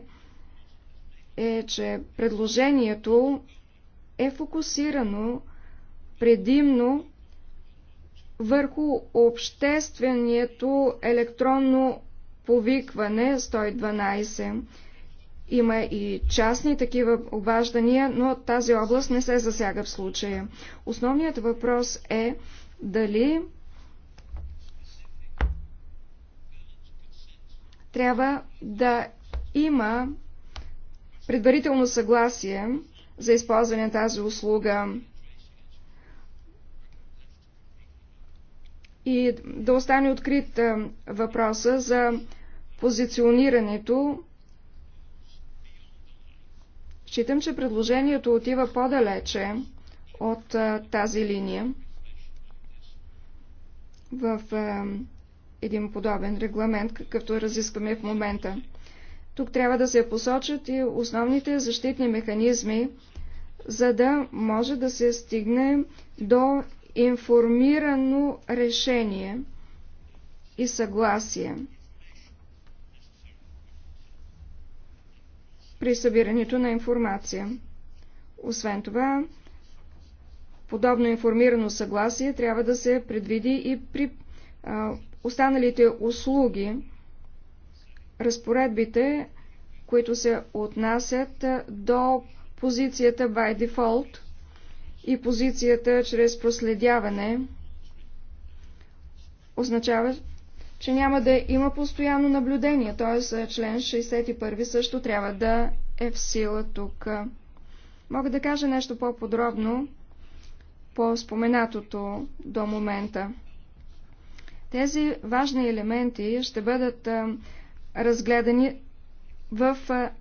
е че предложението е фокусирано предимно върху общественото електронно повикване 112. Има и частни такива обаждания, но тази област не се засяга в случая. Основният въпрос е дали трябва да има предварително съгласие за използване на тази услуга и да остане открит е, въпроса за позиционирането. Считам, че предложението отива по-далече от е, тази линия в е, един подобен регламент, какъвто разискваме в момента. Тук трябва да се посочат и основните защитни механизми, за да може да се стигне до информирано решение и съгласие при събирането на информация. Освен това, подобно информирано съгласие трябва да се предвиди и при а, останалите услуги, разпоредбите, които се отнасят до позицията by default – и позицията чрез проследяване означава, че няма да има постоянно наблюдение, т.е. член 61 също трябва да е в сила тук. Мога да кажа нещо по-подробно по споменатото до момента. Тези важни елементи ще бъдат разгледани в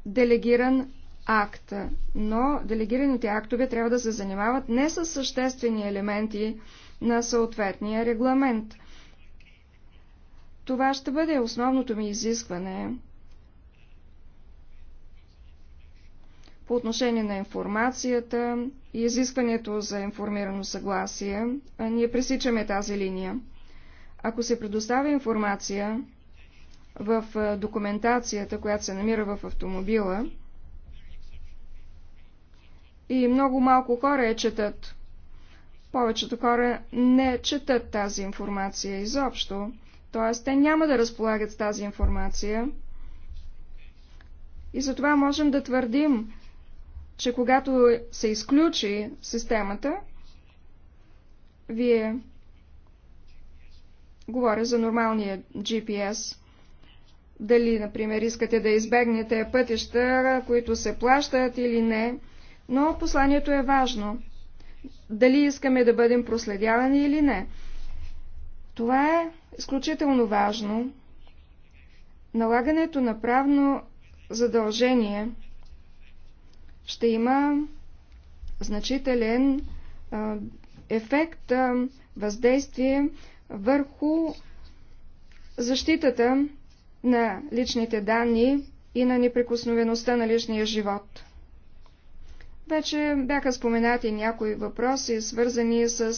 делегиран акта, но делегираните актове трябва да се занимават не с съществени елементи на съответния регламент. Това ще бъде основното ми изискване по отношение на информацията и изискването за информирано съгласие. Ние пресичаме тази линия. Ако се предоставя информация в документацията, която се намира в автомобила, и много малко хора я четат. Повечето хора не четат тази информация изобщо, т.е. те няма да разполагат с тази информация. И затова можем да твърдим, че когато се изключи системата, вие говоря за нормалния GPS, дали, например, искате да избегнете пътища, които се плащат или не – но посланието е важно. Дали искаме да бъдем проследявани или не. Това е изключително важно. Налагането на правно задължение ще има значителен ефект, въздействие върху защитата на личните данни и на неприкосновеността на личния живот. Вече бяха споменати някои въпроси, свързани с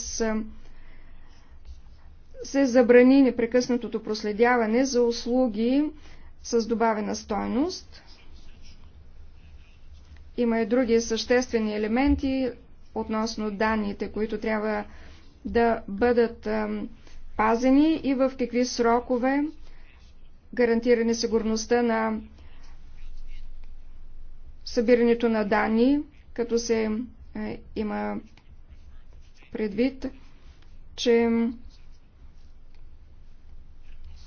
се забрани непрекъснатото проследяване за услуги с добавена стойност. Има и други съществени елементи относно данните, които трябва да бъдат пазени и в какви срокове гарантиране сигурността на събирането на данни, като се е, има предвид, че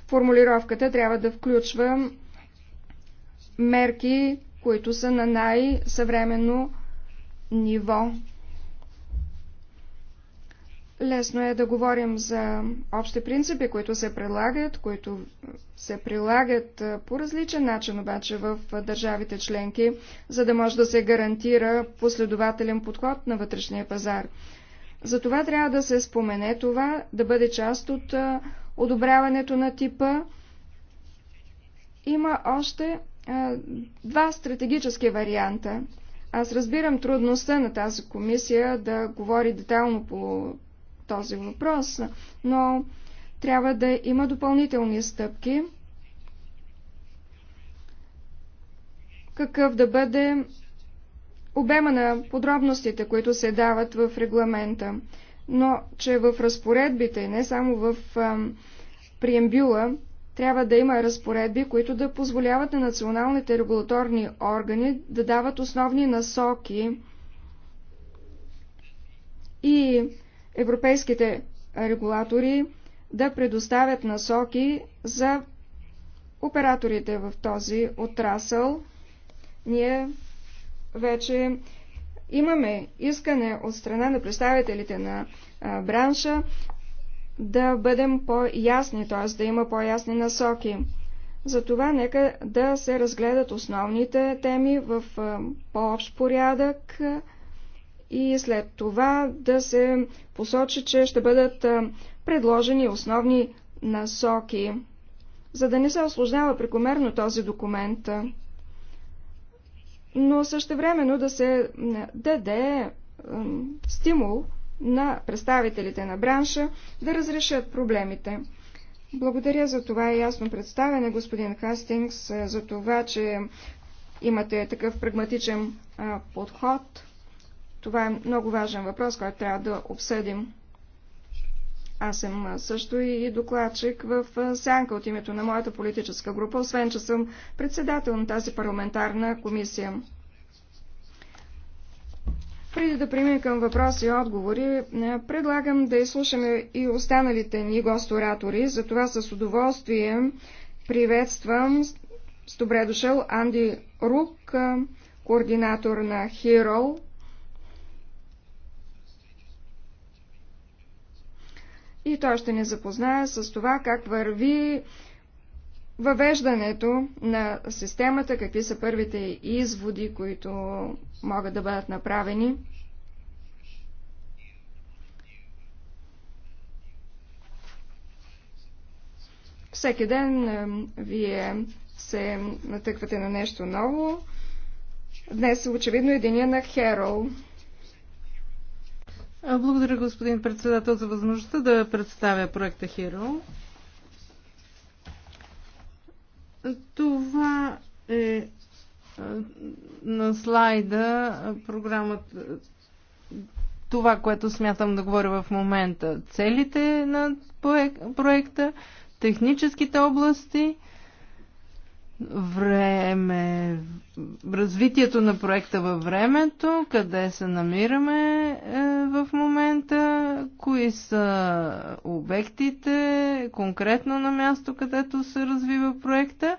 формулировката трябва да включва мерки, които са на най-съвременно ниво. Лесно е да говорим за общи принципи, които се прилагат, които се прилагат по различен начин обаче в държавите членки, за да може да се гарантира последователен подход на вътрешния пазар. Затова трябва да се спомене това, да бъде част от одобряването на типа. Има още а, два стратегически варианта. Аз разбирам трудността на тази комисия да говори детално по този въпрос, но трябва да има допълнителни стъпки. Какъв да бъде обема на подробностите, които се дават в регламента, но че в разпоредбите, не само в приембюла, трябва да има разпоредби, които да позволяват на националните регулаторни органи да дават основни насоки и европейските регулатори да предоставят насоки за операторите в този отрасъл. Ние вече имаме искане от страна на представителите на бранша да бъдем по-ясни, т.е. да има по-ясни насоки. Затова нека да се разгледат основните теми в по-общ порядък и след това да се посочи, че ще бъдат предложени основни насоки, за да не се осложнява прекомерно този документ, но същевременно да се даде стимул на представителите на бранша да разрешат проблемите. Благодаря за това ясно представяне, господин Хастингс, за това, че имате такъв прагматичен подход. Това е много важен въпрос, който трябва да обсъдим. Аз съм също и докладчик в сянка от името на моята политическа група, освен че съм председател на тази парламентарна комисия. Преди да преминем към въпроси и отговори, предлагам да изслушаме и останалите ни госторатори. Затова с удоволствие приветствам с добре дошъл Анди Рук, координатор на Хирол, и той ще ни запознае с това как върви въвеждането на системата, какви са първите изводи, които могат да бъдат направени. Всеки ден е, вие се натъквате на нещо ново. Днес очевидно е деня на Херол. Благодаря, господин председател, за възможността да представя проекта Hero. Това е на слайда програмата това, което смятам да говоря в момента. Целите на проекта, техническите области – време, развитието на проекта във времето, къде се намираме е, в момента, кои са обектите конкретно на място, където се развива проекта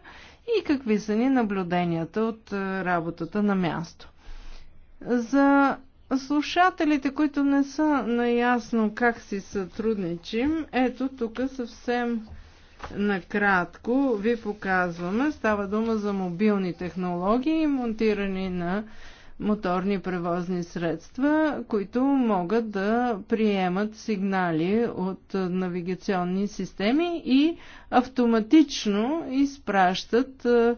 и какви са ни наблюденията от е, работата на място. За слушателите, които не са наясно как си сътрудничим, ето тук съвсем накратко ви показваме. Става дума за мобилни технологии, монтирани на моторни превозни средства, които могат да приемат сигнали от навигационни системи и автоматично изпращат е,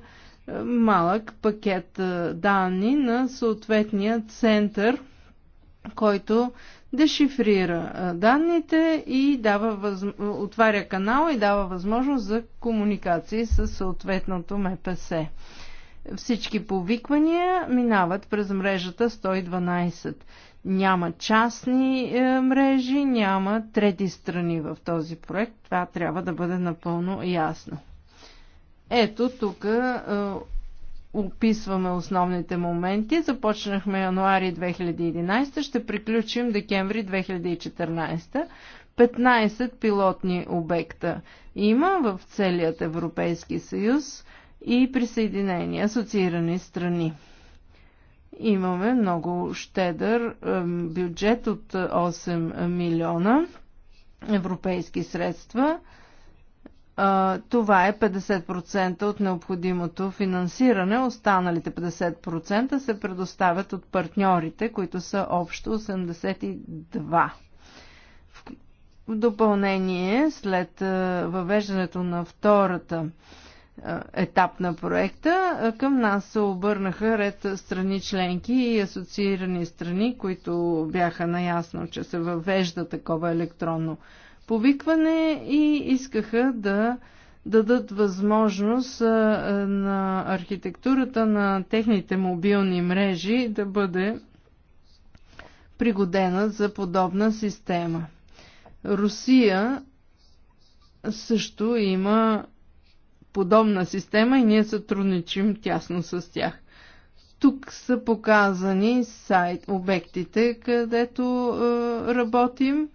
малък пакет е, данни на съответния център, който дешифрира данните и дава възм... отваря канала и дава възможност за комуникации с съответното МПС. Всички повиквания минават през мрежата 112. Няма частни е, мрежи, няма трети страни в този проект. Това трябва да бъде напълно ясно. Ето тук е, описваме основните моменти. Започнахме януари 2011, ще приключим декември 2014. 15 пилотни обекта има в целият Европейски съюз и присъединени, асоциирани страни. Имаме много щедър бюджет от 8 милиона европейски средства – това е 50% от необходимото финансиране. Останалите 50% се предоставят от партньорите, които са общо 82. В допълнение, след въвеждането на втората етап на проекта, към нас се обърнаха ред страни членки и асоциирани страни, които бяха наясно, че се въвежда такова електронно повикване и искаха да дадат възможност на архитектурата на техните мобилни мрежи да бъде пригодена за подобна система. Русия също има подобна система и ние сътрудничим тясно с тях. Тук са показани сайт, обектите, където е, работим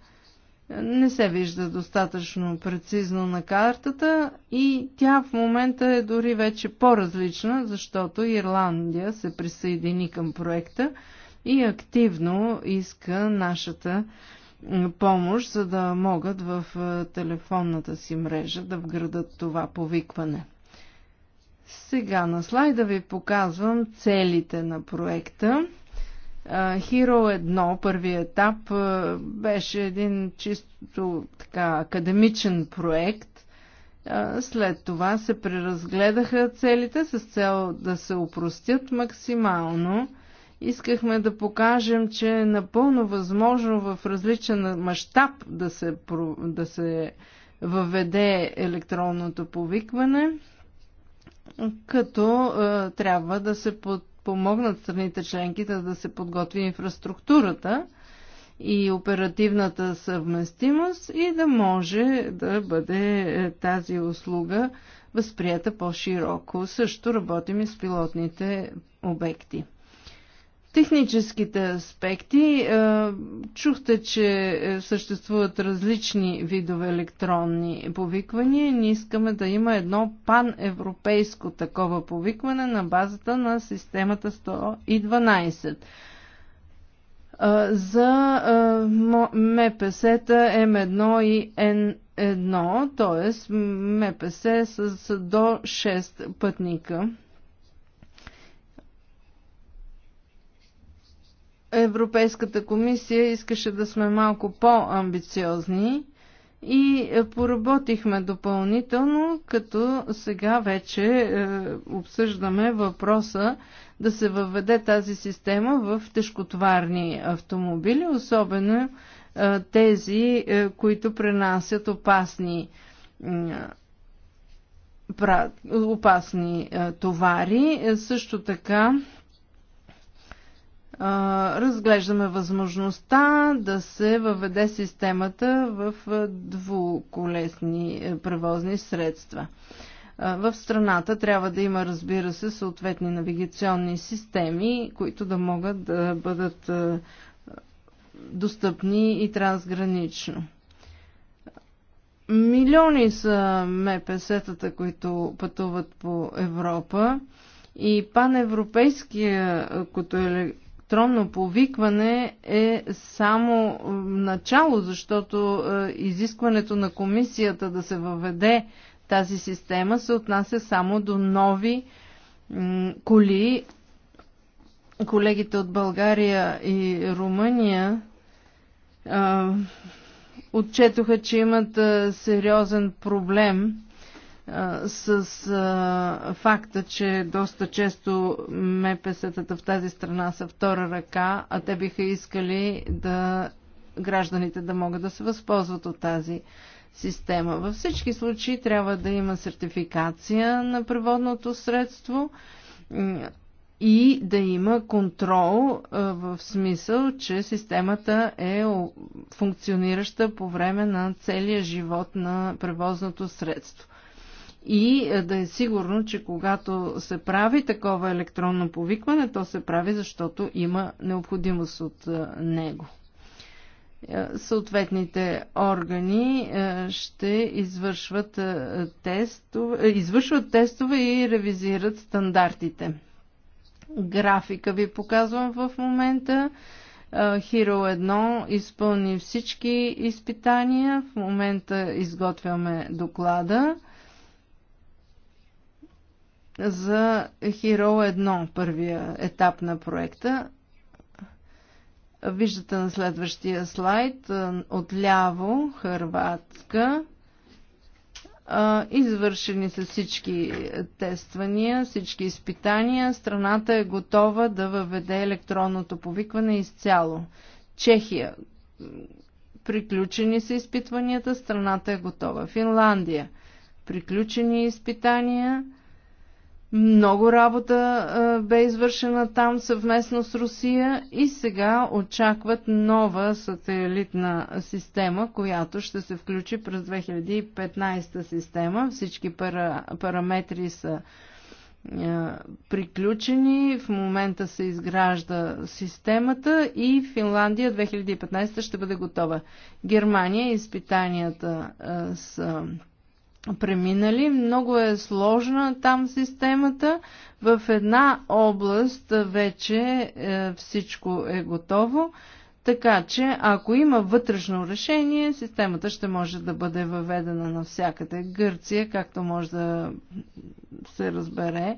не се вижда достатъчно прецизно на картата и тя в момента е дори вече по-различна, защото Ирландия се присъедини към проекта и активно иска нашата помощ, за да могат в телефонната си мрежа да вградат това повикване. Сега на слайда ви показвам целите на проекта. Хиро 1, първият етап, беше един чисто така академичен проект. След това се преразгледаха целите с цел да се упростят максимално. Искахме да покажем, че е напълно възможно в различен мащаб да се, да се въведе електронното повикване, като е, трябва да се под помогнат страните членки да се подготви инфраструктурата и оперативната съвместимост и да може да бъде е, тази услуга възприята по-широко. Също работим и с пилотните обекти техническите аспекти. Е, чухте, че е, съществуват различни видове електронни повиквания. Ние искаме да има едно паневропейско такова повикване на базата на системата 112. Е, за МПС-та М1 и Н1, т.е. МПС с до 6 пътника Европейската комисия искаше да сме малко по-амбициозни и е, поработихме допълнително, като сега вече е, обсъждаме въпроса да се въведе тази система в тежкотоварни автомобили, особено е, тези, е, които пренасят опасни, е, опасни е, товари. Също така разглеждаме възможността да се въведе системата в двуколесни е, превозни средства. В страната трябва да има, разбира се, съответни навигационни системи, които да могат да бъдат достъпни и трансгранично. Милиони са МПС-тата, които пътуват по Европа и паневропейския като електронно повикване е само начало, защото е, изискването на комисията да се въведе тази система се отнася само до нови коли. Колегите от България и Румъния отчетоха, че имат сериозен проблем с а, факта, че доста често МПС-тата в тази страна са втора ръка, а те биха искали да гражданите да могат да се възползват от тази система. Във всички случаи трябва да има сертификация на преводното средство и да има контрол в смисъл, че системата е функционираща по време на целия живот на превозното средство и е, да е сигурно, че когато се прави такова електронно повикване, то се прави, защото има необходимост от е, него. Е, съответните органи ще извършват, тестове, извършват тестове и ревизират стандартите. Графика ви показвам в момента. Hero 1 изпълни всички изпитания. В момента изготвяме доклада за Hero 1, първия етап на проекта. Виждате на следващия слайд отляво Хърватска. Извършени са всички тествания, всички изпитания. Страната е готова да въведе електронното повикване изцяло. Чехия. Приключени са изпитванията, страната е готова. Финландия. Приключени изпитания много работа а, бе извършена там съвместно с Русия и сега очакват нова сателитна система, която ще се включи през 2015 система. Всички пара, параметри са а, приключени. В момента се изгражда системата и Финландия 2015 ще бъде готова. Германия изпитанията а, са преминали. Много е сложна там системата. В една област вече е, всичко е готово. Така че, ако има вътрешно решение, системата ще може да бъде въведена навсякъде. Гърция, както може да се разбере, е,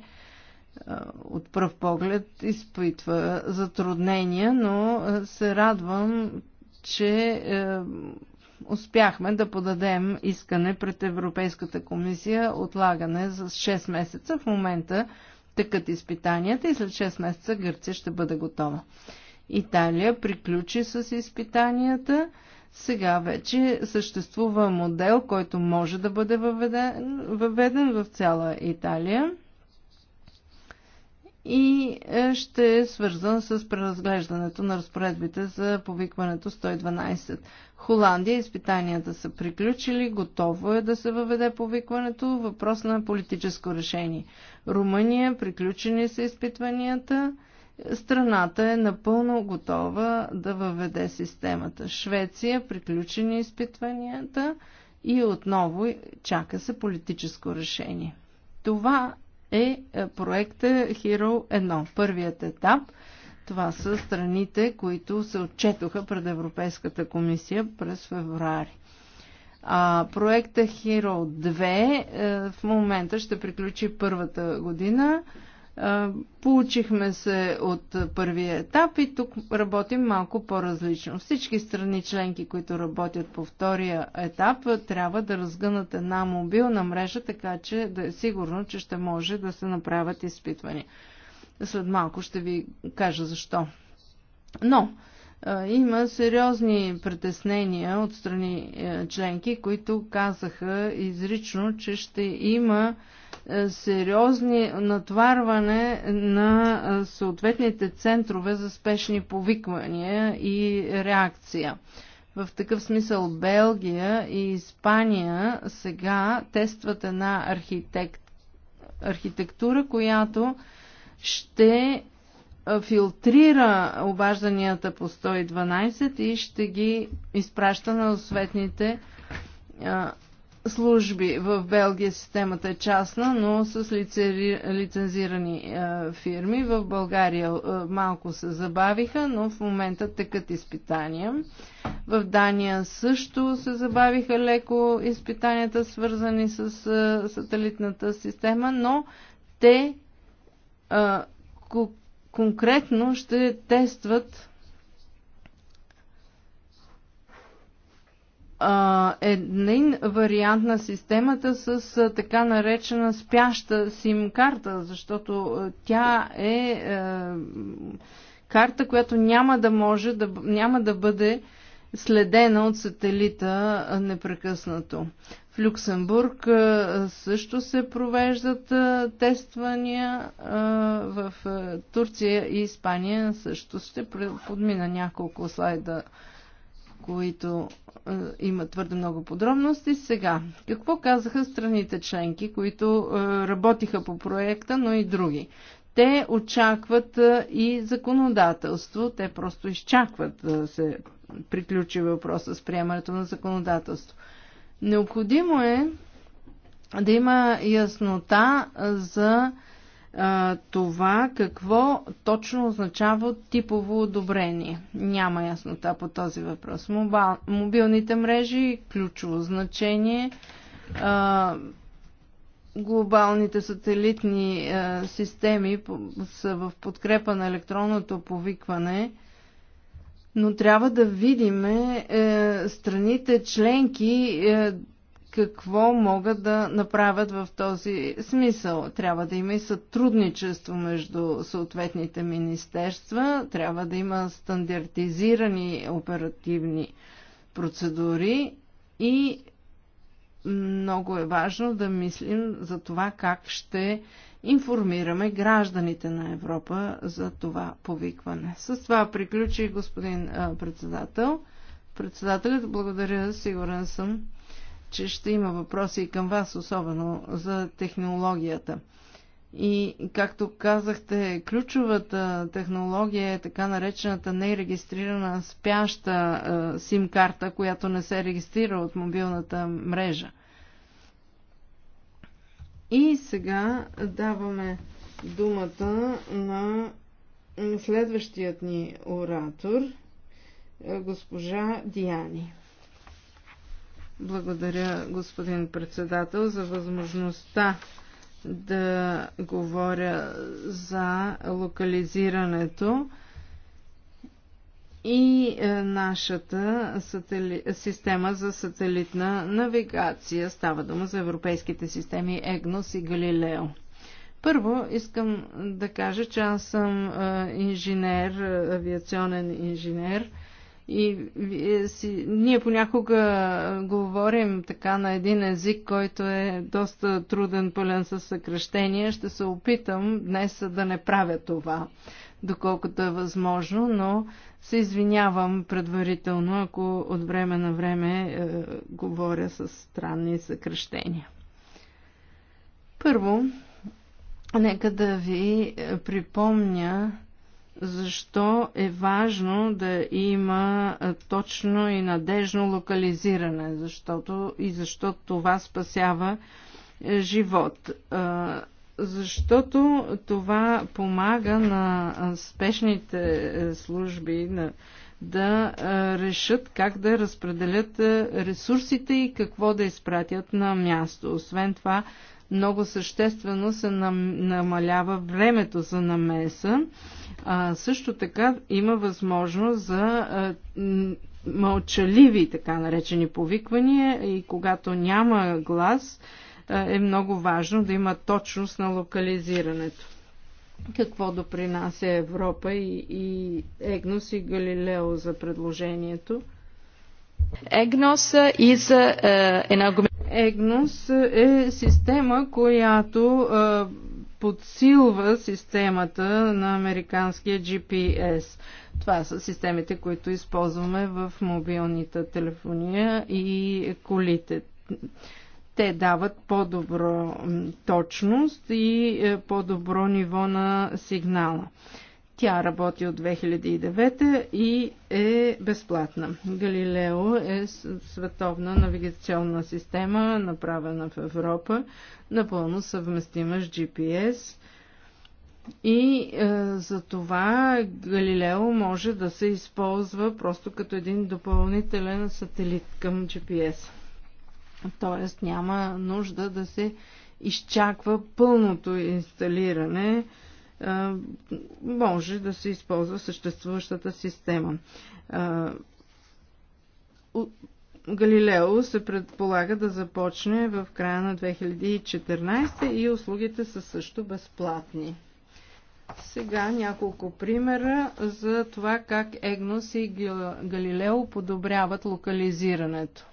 от пръв поглед изпитва затруднения, но е, се радвам, че успяхме да подадем искане пред Европейската комисия отлагане за 6 месеца. В момента тъкат изпитанията и след 6 месеца Гърция ще бъде готова. Италия приключи с изпитанията. Сега вече съществува модел, който може да бъде въведен, въведен в цяла Италия и е, ще е свързан с преразглеждането на разпоредбите за повикването 112. Холандия изпитанията са приключили, готово е да се въведе повикването, въпрос на политическо решение. Румъния, приключени са изпитванията, страната е напълно готова да въведе системата. Швеция, приключени изпитванията и отново чака се политическо решение. Това е, е проекта Hero 1, първият етап. Това са страните, които се отчетоха пред Европейската комисия през февруари. А проекта Hero 2 е, в момента ще приключи първата година. Получихме се от първия етап и тук работим малко по-различно. Всички страни членки, които работят по втория етап, трябва да разгънат една мобилна мрежа, така че да е сигурно, че ще може да се направят изпитвания. След малко ще ви кажа защо. Но има сериозни притеснения от страни е, членки, които казаха изрично, че ще има сериозни натварване на съответните центрове за спешни повиквания и реакция. В такъв смисъл Белгия и Испания сега тестват една архитект, архитектура, която ще филтрира обажданията по 112 и ще ги изпраща на съответните служби. В Белгия системата е частна, но с лицензирани е, фирми. В България е, малко се забавиха, но в момента текат изпитания. В Дания също се забавиха леко изпитанията, свързани с е, сателитната система, но те конкретно ще тестват един вариант на системата с така наречена спяща сим карта, защото тя е, е карта, която няма да може да, няма да бъде следена от сателита непрекъснато. В Люксембург също се провеждат тествания, в Турция и Испания също ще подмина няколко слайда които е, има твърде много подробности. Сега, какво казаха страните членки, които е, работиха по проекта, но и други? Те очакват е, и законодателство, те просто изчакват да се приключи въпроса с приемането на законодателство. Необходимо е да има яснота за е, това какво точно означава типово одобрение. Няма яснота по този въпрос. мобилните мрежи ключово значение. А, глобалните сателитни а, системи са в подкрепа на електронното повикване. Но трябва да видим е, страните членки е, какво могат да направят в този смисъл. Трябва да има и сътрудничество между съответните министерства, трябва да има стандартизирани оперативни процедури и много е важно да мислим за това как ще информираме гражданите на Европа за това повикване. С това приключи господин председател. Председателят, благодаря, сигурен съм че ще има въпроси и към вас, особено за технологията. И, както казахте, ключовата технология е така наречената нерегистрирана спяща е, сим-карта, която не се регистрира от мобилната мрежа. И сега даваме думата на следващият ни оратор, е, госпожа Диани. Благодаря, господин председател, за възможността да говоря за локализирането и е, нашата сатели... система за сателитна навигация. Става дума за европейските системи EGNOS и Галилео. Първо искам да кажа, че аз съм е, инженер, е, авиационен инженер – и е, си, ние понякога е, говорим така на един език, който е доста труден, пълен със съкръщения. Ще се опитам днес да не правя това, доколкото е възможно, но се извинявам предварително, ако от време на време е, говоря с странни съкръщения. Първо, нека да ви е, припомня защо е важно да има точно и надежно локализиране, защото и защо това спасява е, живот. Защото това помага на спешните е, служби на да решат как да разпределят ресурсите и какво да изпратят на място. Освен това, много съществено се намалява времето за намеса. А, също така има възможност за мълчаливи, така наречени повиквания и когато няма глас, е много важно да има точност на локализирането. Какво допринася Европа и, и Егнос и Галилео за предложението? EGNOS is an EGNOS е система, която е, подсилва системата на американския GPS. Това са системите, които използваме в мобилната телефония и колите. Те дават по-добро точност и е, по-добро ниво на сигнала. Тя работи от 2009 и е безплатна. Галилео е световна навигационна система, направена в Европа, напълно съвместима с GPS. И е, за това Галилео може да се използва просто като един допълнителен сателит към GPS. Тоест няма нужда да се изчаква пълното инсталиране. Е, може да се използва съществуващата система. Галилео се предполага да започне в края на 2014 и услугите са също безплатни. Сега няколко примера за това как Егнос и Галилео подобряват локализирането.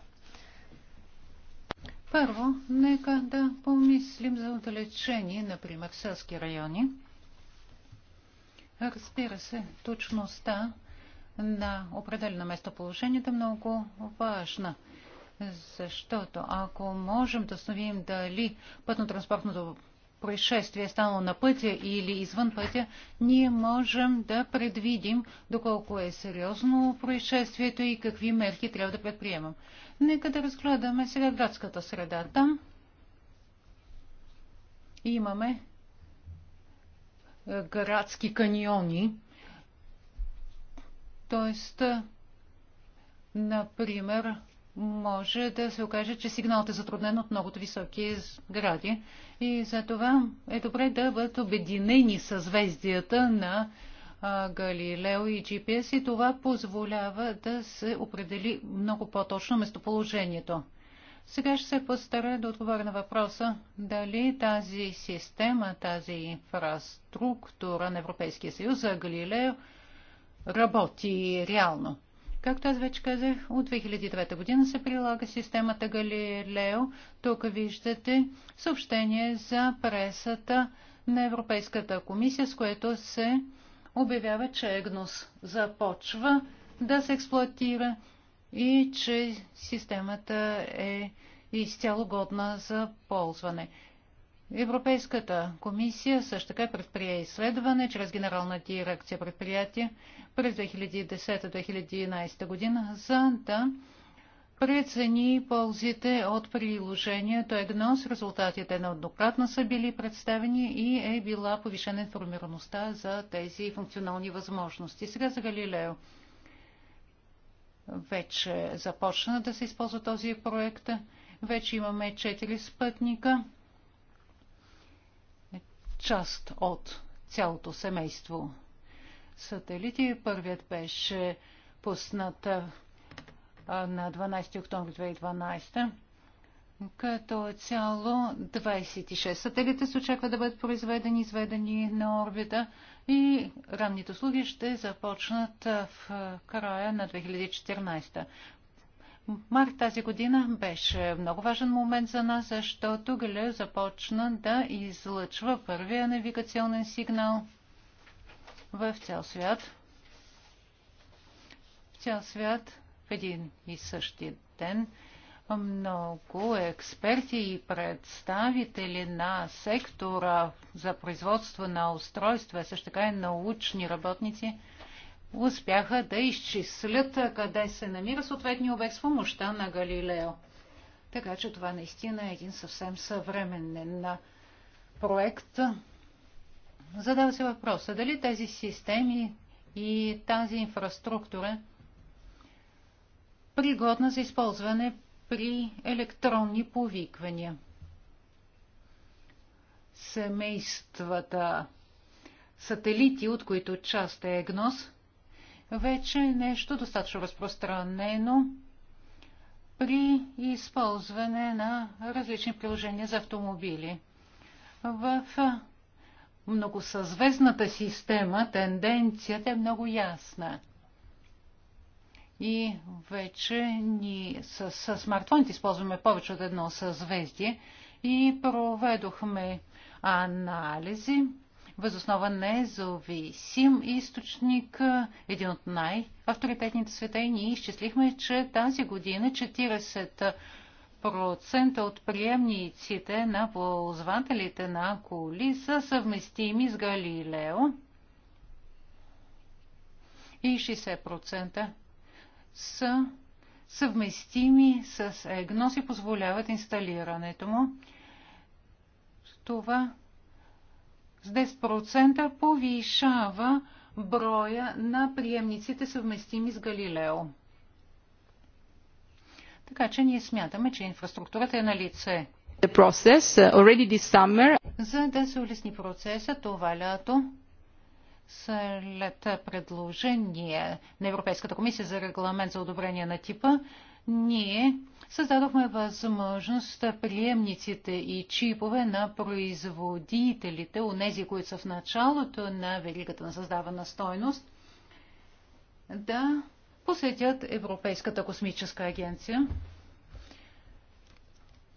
Първо, нека да помислим за отдалечение, например, в селски райони – Разбира се, точността на определено местоположението е много важна. Защото ако можем да установим дали пътно-транспортното происшествие е станало на пътя или извън пътя, ние можем да предвидим доколко е сериозно происшествието и какви мерки трябва да предприемам. Нека да разгледаме сега градската среда. Там имаме градски каньони. Тоест, например, може да се окаже, че сигналът е затруднен от многото високи сгради. И за това е добре да бъдат обединени съзвездията на Галилео и GPS и това позволява да се определи много по-точно местоположението. Сега ще се постарая да отговоря на въпроса дали тази система, тази инфраструктура на Европейския съюз за Галилео работи реално. Както аз вече казах, от 2009 година се прилага системата Галилео. Тук виждате съобщение за пресата на Европейската комисия, с което се обявява, че ЕГНОС започва да се експлуатира и че системата е изцяло годна за ползване. Европейската комисия също така предприе изследване чрез Генерална дирекция предприятия през 2010-2011 година, за да прецени ползите от приложението едно с резултатите на еднократно са били представени и е била повишена информираността за тези функционални възможности. Сега за Галилео вече започна да се използва този проект. Вече имаме 4 спътника, част от цялото семейство сателити. Първият беше пуснат на 12 октомври 2012 като цяло 26 сателита се очаква да бъдат произведени, изведени на орбита и ранните услуги ще започнат в края на 2014. Март тази година беше много важен момент за нас, защото Галео започна да излъчва първия навигационен сигнал в цял свят. В цял свят в един и същи ден – много експерти и представители на сектора за производство на устройства, също така и научни работници, успяха да изчислят къде се намира съответния обект с помощта на Галилео. Така че това наистина е един съвсем съвременен проект. Задава се въпроса дали тези системи и тази инфраструктура пригодна за използване при електронни повиквания. Семействата сателити, от които част е ЕГНОС, вече е нещо достатъчно разпространено при използване на различни приложения за автомобили. В многосъзвездната система тенденцията е много ясна – и вече ни с, с смартфоните използваме повече от едно съзвездие и проведохме анализи възоснова независим източник, един от най-авторитетните света и ние изчислихме, че тази година 40 процента от приемниците на ползвателите на коли са съвместими с Галилео и 60% са съвместими с EGNOS и позволяват инсталирането му. Това с 10% повишава броя на приемниците съвместими с Галилео. Така че ние смятаме, че инфраструктурата е на лице. Process, uh, summer... За да се улесни процеса това лято, след предложение на Европейската комисия за регламент за одобрение на типа, ние създадохме възможност приемниците и чипове на производителите, у нези, които са в началото на веригата на създавана стойност, да посетят Европейската космическа агенция,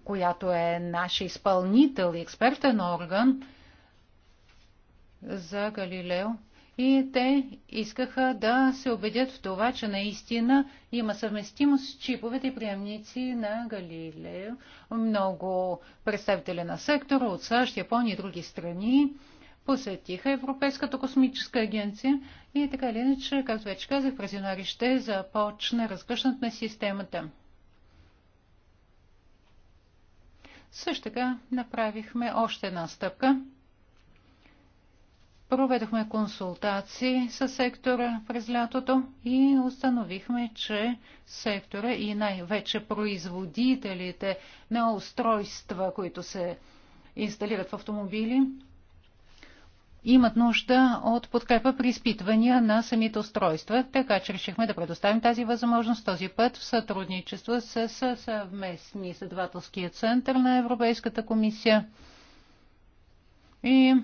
която е наш изпълнител и експертен орган – за Галилео и те искаха да се убедят в това, че наистина има съвместимост с чиповете и приемници на Галилео. Много представители на сектора от САЩ, Япония и други страни посетиха Европейската космическа агенция и така или иначе, както вече казах, през януари ще започне разгръщането на системата. Също така направихме още една стъпка – Проведохме консултации с сектора през лятото и установихме, че сектора и най-вече производителите на устройства, които се инсталират в автомобили, имат нужда от подкрепа при изпитвания на самите устройства, така че решихме да предоставим тази възможност този път в сътрудничество с съвместни изследователския център на Европейската комисия и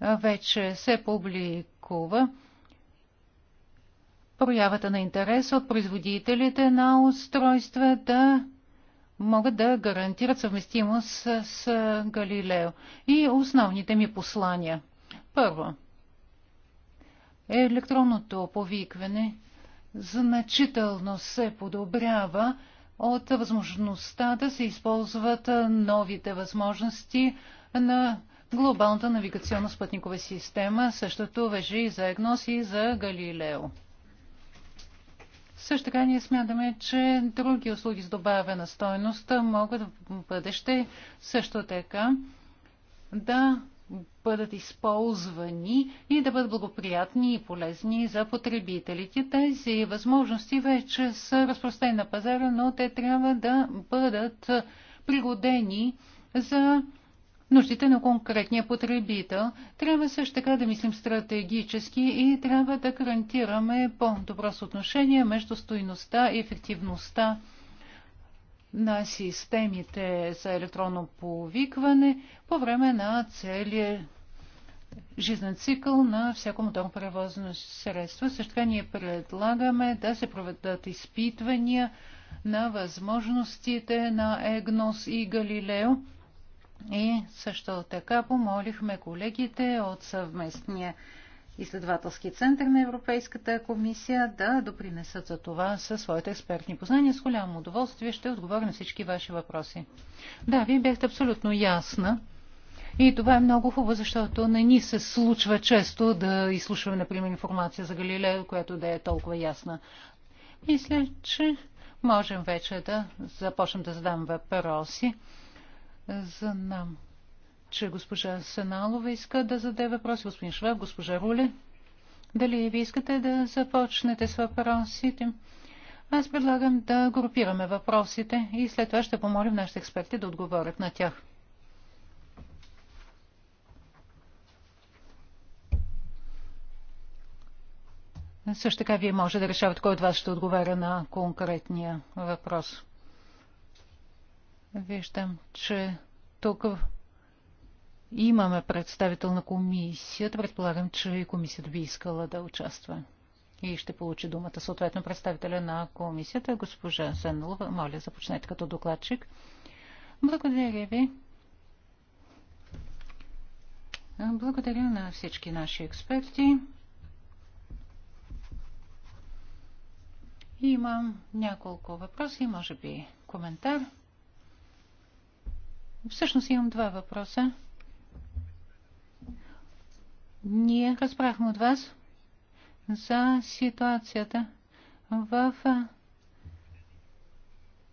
вече се публикува проявата на интерес от производителите на устройства да могат да гарантират съвместимост с, с Галилео. И основните ми послания. Първо, електронното повикване значително се подобрява от възможността да се използват новите възможности на глобалната навигационна спътникова система. Същото въжи и за Егнос и за Галилео. Също така ние смятаме, че други услуги с добавена стойност могат в бъдеще също така да бъдат използвани и да бъдат благоприятни и полезни за потребителите. Тези възможности вече са разпространени на пазара, но те трябва да бъдат пригодени за нуждите на конкретния потребител. Трябва също така да мислим стратегически и трябва да гарантираме по-добро съотношение между стоиността и ефективността на системите за електронно повикване по време на целия жизнен цикъл на всяко моторно превозно средство. Също така ние предлагаме да се проведат изпитвания на възможностите на ЕГНОС и Галилео и също така помолихме колегите от съвместния изследователски център на Европейската комисия да допринесат за това със своите експертни познания. С голямо удоволствие ще отговоря на всички ваши въпроси. Да, вие бяхте абсолютно ясна. И това е много хубаво, защото не ни се случва често да изслушваме, например, информация за Галилео, която да е толкова ясна. Мисля, че можем вече да започнем да задам въпроси. Знам, че госпожа Саналова иска да зададе въпроси. Господин Швев, госпожа Руле, дали ви искате да започнете с въпросите? Аз предлагам да групираме въпросите и след това ще помолим нашите експерти да отговорят на тях. Също така вие може да решавате кой от вас ще отговаря на конкретния въпрос. Виждам, че тук имаме представител на комисията. Предполагам, че и комисията би искала да участва. И ще получи думата съответно представителя на комисията. Госпожа Сенлова, моля, започнете като докладчик. Благодаря ви. Благодаря на всички наши експерти. Имам няколко въпроси, може би коментар. Всъщност имам два въпроса. Ние разбрахме от вас за ситуацията в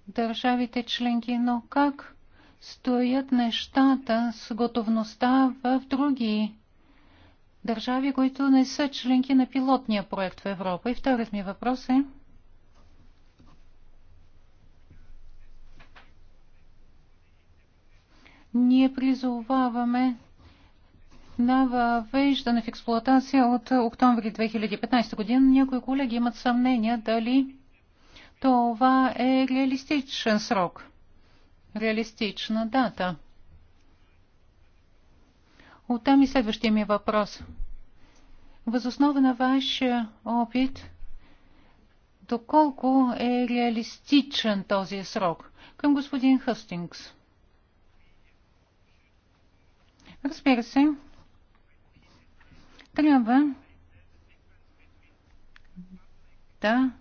държавите членки, но как стоят нещата с готовността в други държави, които не са членки на пилотния проект в Европа? И вторият ми въпрос е ние призоваваме на въвеждане в експлуатация от октомври 2015 година. Някои колеги имат съмнение дали това е реалистичен срок, реалистична дата. Оттам и следващия ми въпрос. Възоснова на вашия опит, доколко е реалистичен този срок? Към господин Хъстингс. Разбира се, трябва да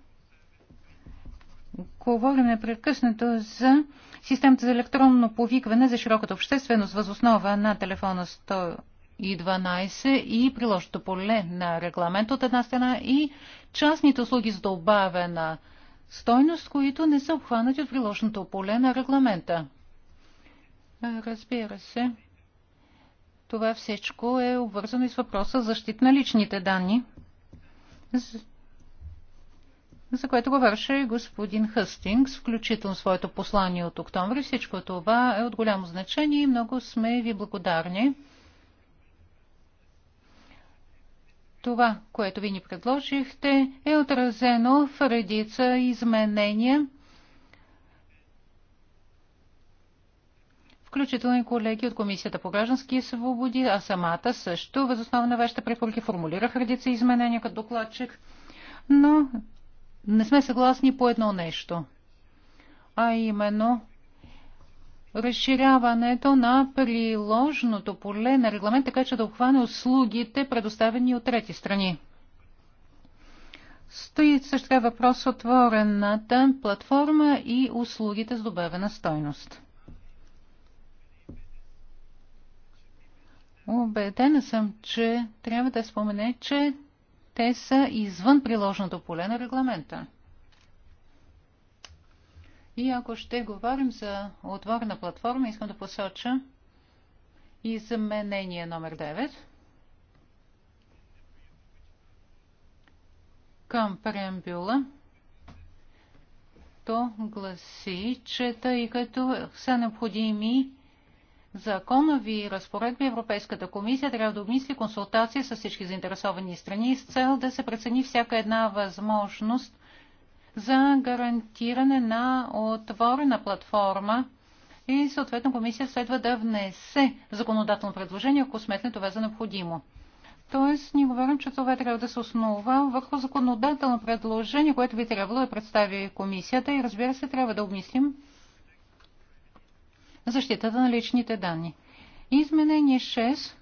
говорим непрекъснато за системата за електронно повикване за широката общественост възоснова на телефона 112 и приложното поле на регламент от една страна и частните услуги с добавена стойност, които не са обхванати от приложното поле на регламента. Разбира се, това всичко е обвързано и с въпроса защита на личните данни, за което говореше господин Хъстингс, включително своето послание от октомври. Всичко това е от голямо значение и много сме ви благодарни. Това, което ви ни предложихте, е отразено в редица изменения включително и колеги от Комисията по граждански свободи, а самата също възоснова на вашите препоръки формулирах редица изменения като докладчик, но не сме съгласни по едно нещо, а именно разширяването на приложното поле на регламент, така че да обхване услугите, предоставени от трети страни. Стои също така въпрос отворената платформа и услугите с добавена стойност. Обедена съм, че трябва да спомене, че те са извън приложното поле на регламента. И ако ще говорим за отворена платформа, искам да посоча изменение номер 9 към преамбюла. То гласи, че тъй като са необходими законови разпоредби Европейската комисия трябва да обмисли консултация с всички заинтересовани страни с цел да се прецени всяка една възможност за гарантиране на отворена платформа и съответно комисия следва да внесе законодателно предложение, ако сметне това за необходимо. Тоест, ние говорим, че това трябва да се основа върху законодателно предложение, което би трябвало да представи комисията и разбира се, трябва да обмислим защитата на личните данни. Изменение 6,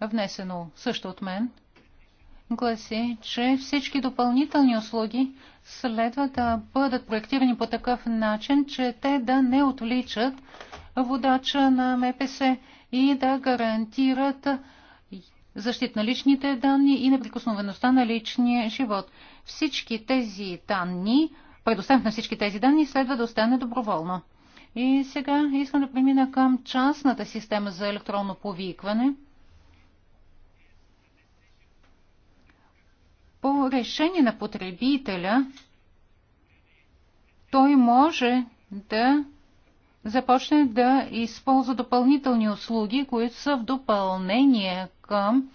внесено също от мен, гласи, че всички допълнителни услуги следва да бъдат проектирани по такъв начин, че те да не отвличат водача на МПС и да гарантират защит на личните данни и неприкосновеността на личния живот. Всички тези данни предоставянето на всички тези данни следва да остане доброволно. И сега искам да премина към частната система за електронно повикване. По решение на потребителя той може да започне да използва допълнителни услуги, които са в допълнение към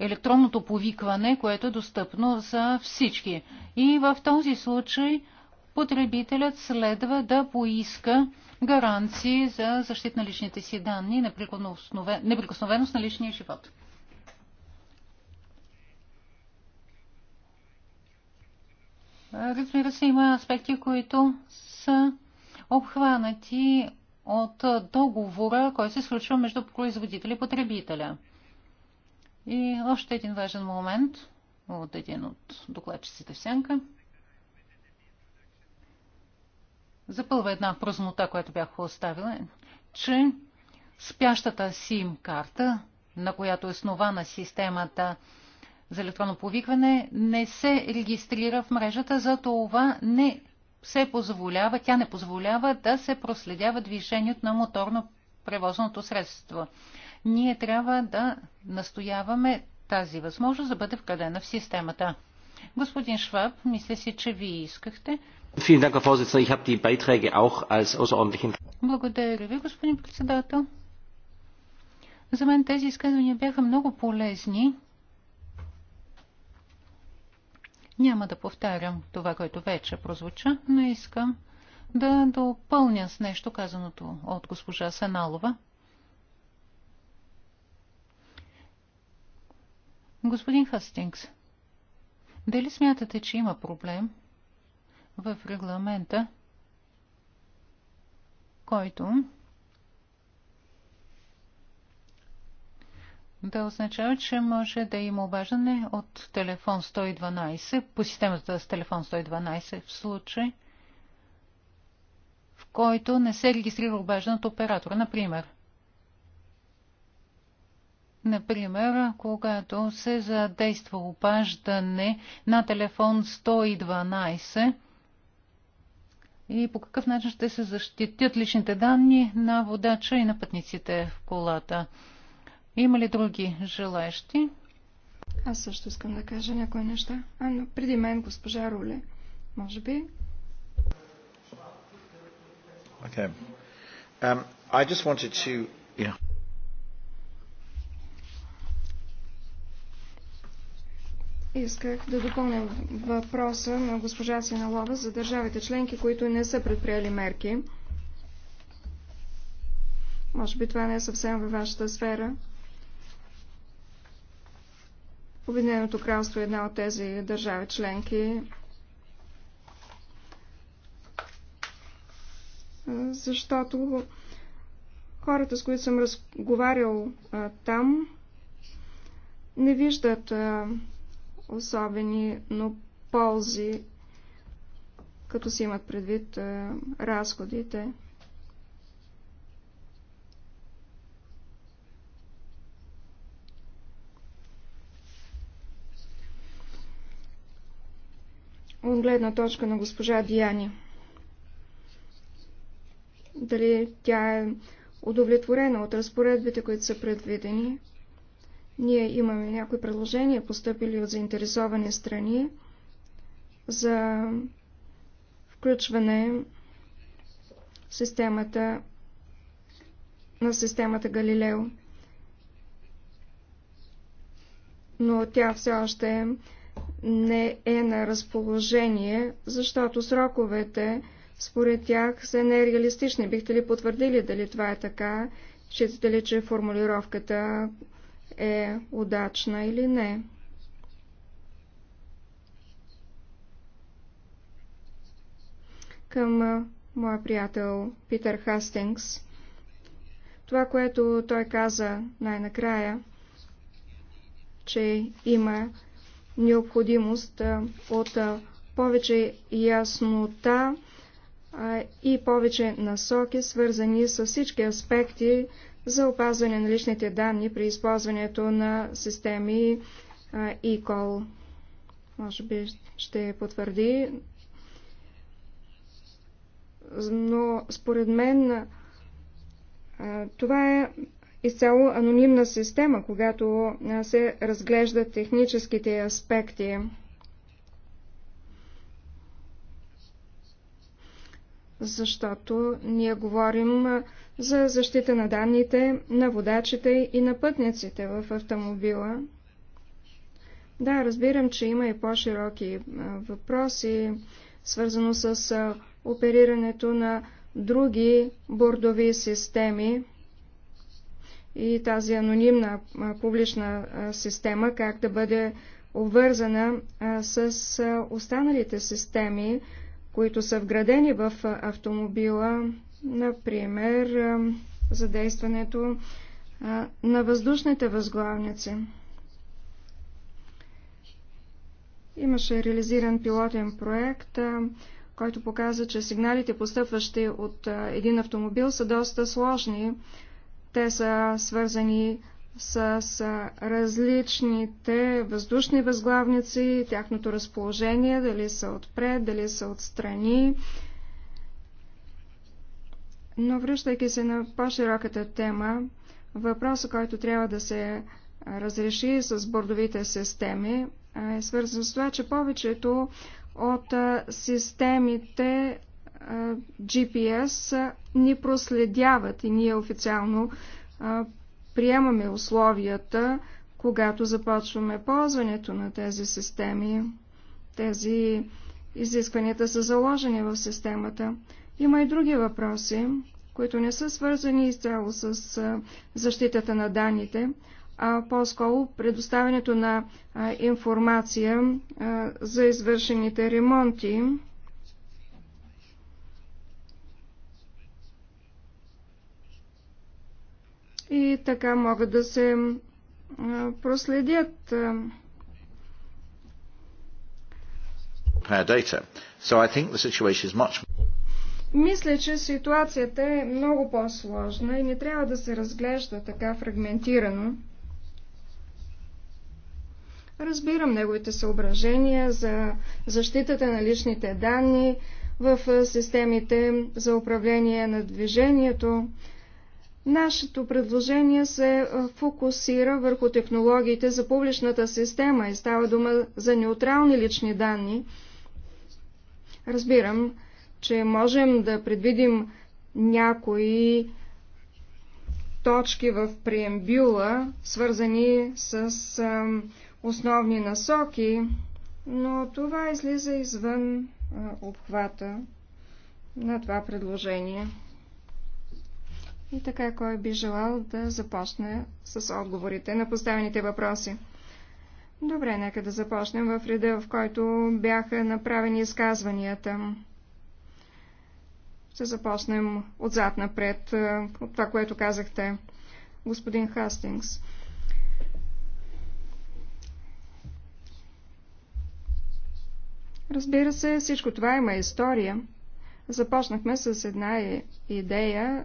електронното повикване, което е достъпно за всички. И в този случай потребителят следва да поиска гаранции за защита на личните си данни и неприкосновеност на личния живот. Разбира се, има аспекти, които са обхванати от договора, който се случва между производителя и потребителя. И още един важен момент от един от докладчиците в сянка. Запълва една празнота, която бях оставила, че спящата сим карта, на която е основана системата за електронно повикване, не се регистрира в мрежата, за това не се позволява, тя не позволява да се проследява движението на моторно превозното средство ние трябва да настояваме тази възможност да бъде вкрадена в системата. Господин Шваб, мисля си, че вие искахте. Благодаря ви, господин председател. За мен тези изказвания бяха много полезни. Няма да повтарям това, което вече прозвуча, но искам да допълня с нещо казаното от госпожа Саналова. Господин Хастингс, дали смятате, че има проблем в регламента, който да означава, че може да има обаждане от телефон 112 по системата с телефон 112 в случай, в който не се регистрира обаждане от оператора. Например, Например, когато се задейства опаждане на телефон 112 и по какъв начин ще се защитят личните данни на водача и на пътниците в колата. Има ли други желащи? Аз също искам да кажа някои неща. А, но преди мен госпожа Руле, може би. Okay. Um, I just wanted to... Yeah. Исках да допълня въпроса на госпожа Синалова за държавите членки, които не са предприели мерки. Може би това не е съвсем във вашата сфера. Обединеното кралство е една от тези държави членки. Защото хората, с които съм разговарял а, там, не виждат а, особени, но ползи, като си имат предвид е, разходите. От гледна точка на госпожа Диани, Дали тя е удовлетворена от разпоредбите, които са предвидени, ние имаме някои предложения, поступили от заинтересовани страни, за включване системата, на системата Галилео. Но тя все още не е на разположение, защото сроковете според тях са нереалистични. Бихте ли потвърдили дали това е така? Считате ли, че формулировката, е удачна или не. Към моя приятел Питър Хастингс. Това, което той каза най-накрая, че има необходимост от повече яснота и повече насоки, свързани с всички аспекти за опазване на личните данни при използването на системи eCall. Може би ще потвърди. Но според мен това е изцяло анонимна система, когато се разглеждат техническите аспекти. Защото ние говорим за защита на данните на водачите и на пътниците в автомобила. Да, разбирам, че има и по-широки въпроси, свързано с оперирането на други бордови системи и тази анонимна публична система, как да бъде обвързана с останалите системи, които са вградени в автомобила, например, задействането на въздушните възглавници. Имаше реализиран пилотен проект, който показа, че сигналите, постъпващи от един автомобил, са доста сложни. Те са свързани с различните въздушни възглавници, тяхното разположение, дали са отпред, дали са отстрани. страни но връщайки се на по-широката тема, въпроса, който трябва да се разреши с бордовите системи, е свързан с това, че повечето от системите GPS ни проследяват и ние официално приемаме условията, когато започваме ползването на тези системи. Тези изискванията са заложени в системата. Има и други въпроси, които не са свързани изцяло с защитата на данните, а по-скоро предоставянето на информация за извършените ремонти. И така могат да се проследят data. So I think the situation is much мисля, че ситуацията е много по-сложна и не трябва да се разглежда така фрагментирано. Разбирам неговите съображения за защитата на личните данни в системите за управление на движението. Нашето предложение се фокусира върху технологиите за публичната система и става дума за неутрални лични данни. Разбирам, че можем да предвидим някои точки в преембюла, свързани с основни насоки, но това излиза извън обхвата на това предложение. И така, кой би желал да започне с отговорите на поставените въпроси? Добре, нека да започнем в реда, в който бяха направени изказванията ще започнем отзад напред е, от това, което казахте, господин Хастингс. Разбира се, всичко това има история. Започнахме с една идея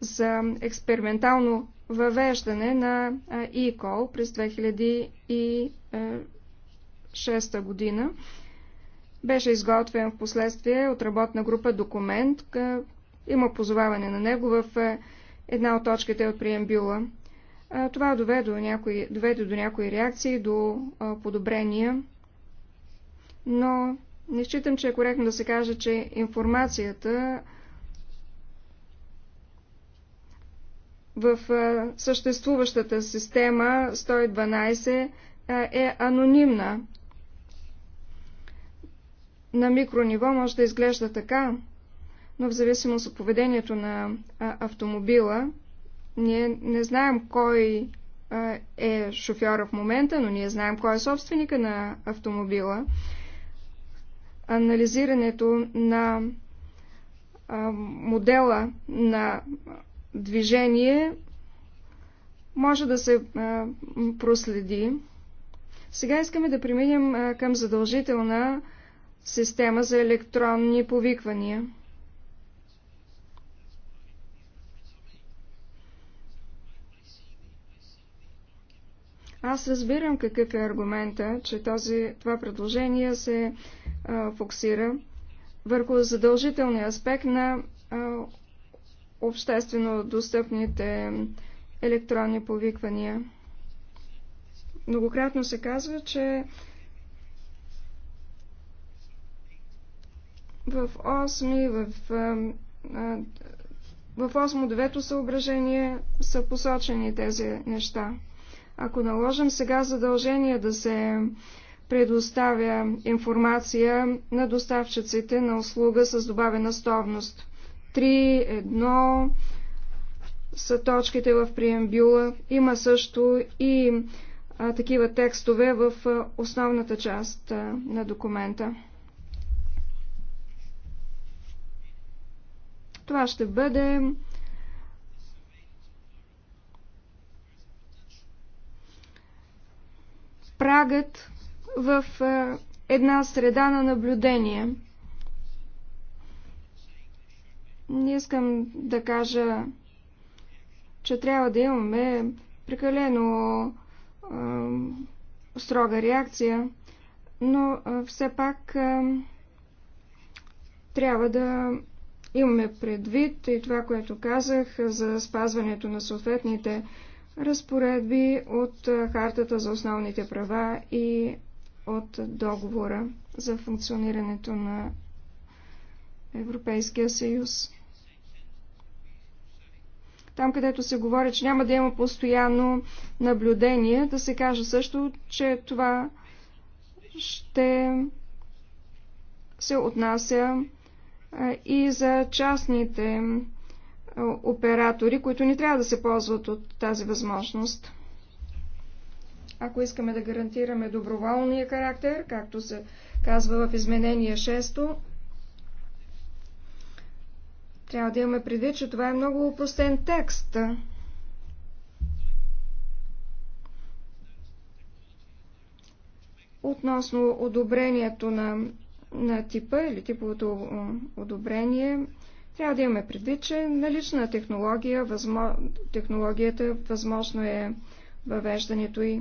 за експериментално въвеждане на e през 2006 е, година. Беше изготвен в последствие от работна група документ. Има позоваване на него в е, една от точките от преембюла. Това доведе до някои, доведе до някои реакции, до подобрения, но не считам, че е коректно да се каже, че информацията в съществуващата система 112 е анонимна на микрониво може да изглежда така, но в зависимост от поведението на автомобила, ние не знаем кой е шофьора в момента, но ние знаем кой е собственика на автомобила. Анализирането на модела на движение може да се проследи. Сега искаме да преминем към задължителна система за електронни повиквания. Аз разбирам какъв е аргумента, че този, това предложение се а, фоксира върху задължителния аспект на а, обществено достъпните електронни повиквания. Многократно се казва, че в 8, в, в 8-9 съображение са посочени тези неща. Ако наложим сега задължение да се предоставя информация на доставчиците на услуга с добавена стовност. 3.1 са точките в приембюла. Има също и а, такива текстове в а, основната част а, на документа. Това ще бъде прагът в е, една среда на наблюдение. Не искам да кажа, че трябва да имаме прекалено е, строга реакция, но е, все пак е, трябва да Имаме предвид и това, което казах за спазването на съответните разпоредби от Хартата за основните права и от договора за функционирането на Европейския съюз. Там, където се говори, че няма да има постоянно наблюдение, да се каже също, че това ще се отнася и за частните оператори, които не трябва да се ползват от тази възможност. Ако искаме да гарантираме доброволния характер, както се казва в изменение 6, трябва да имаме предвид, че това е много упростен текст. Относно одобрението на на типа или типовото одобрение, трябва да имаме предвид, че налична технология, възмо... технологията възможно е въвеждането и.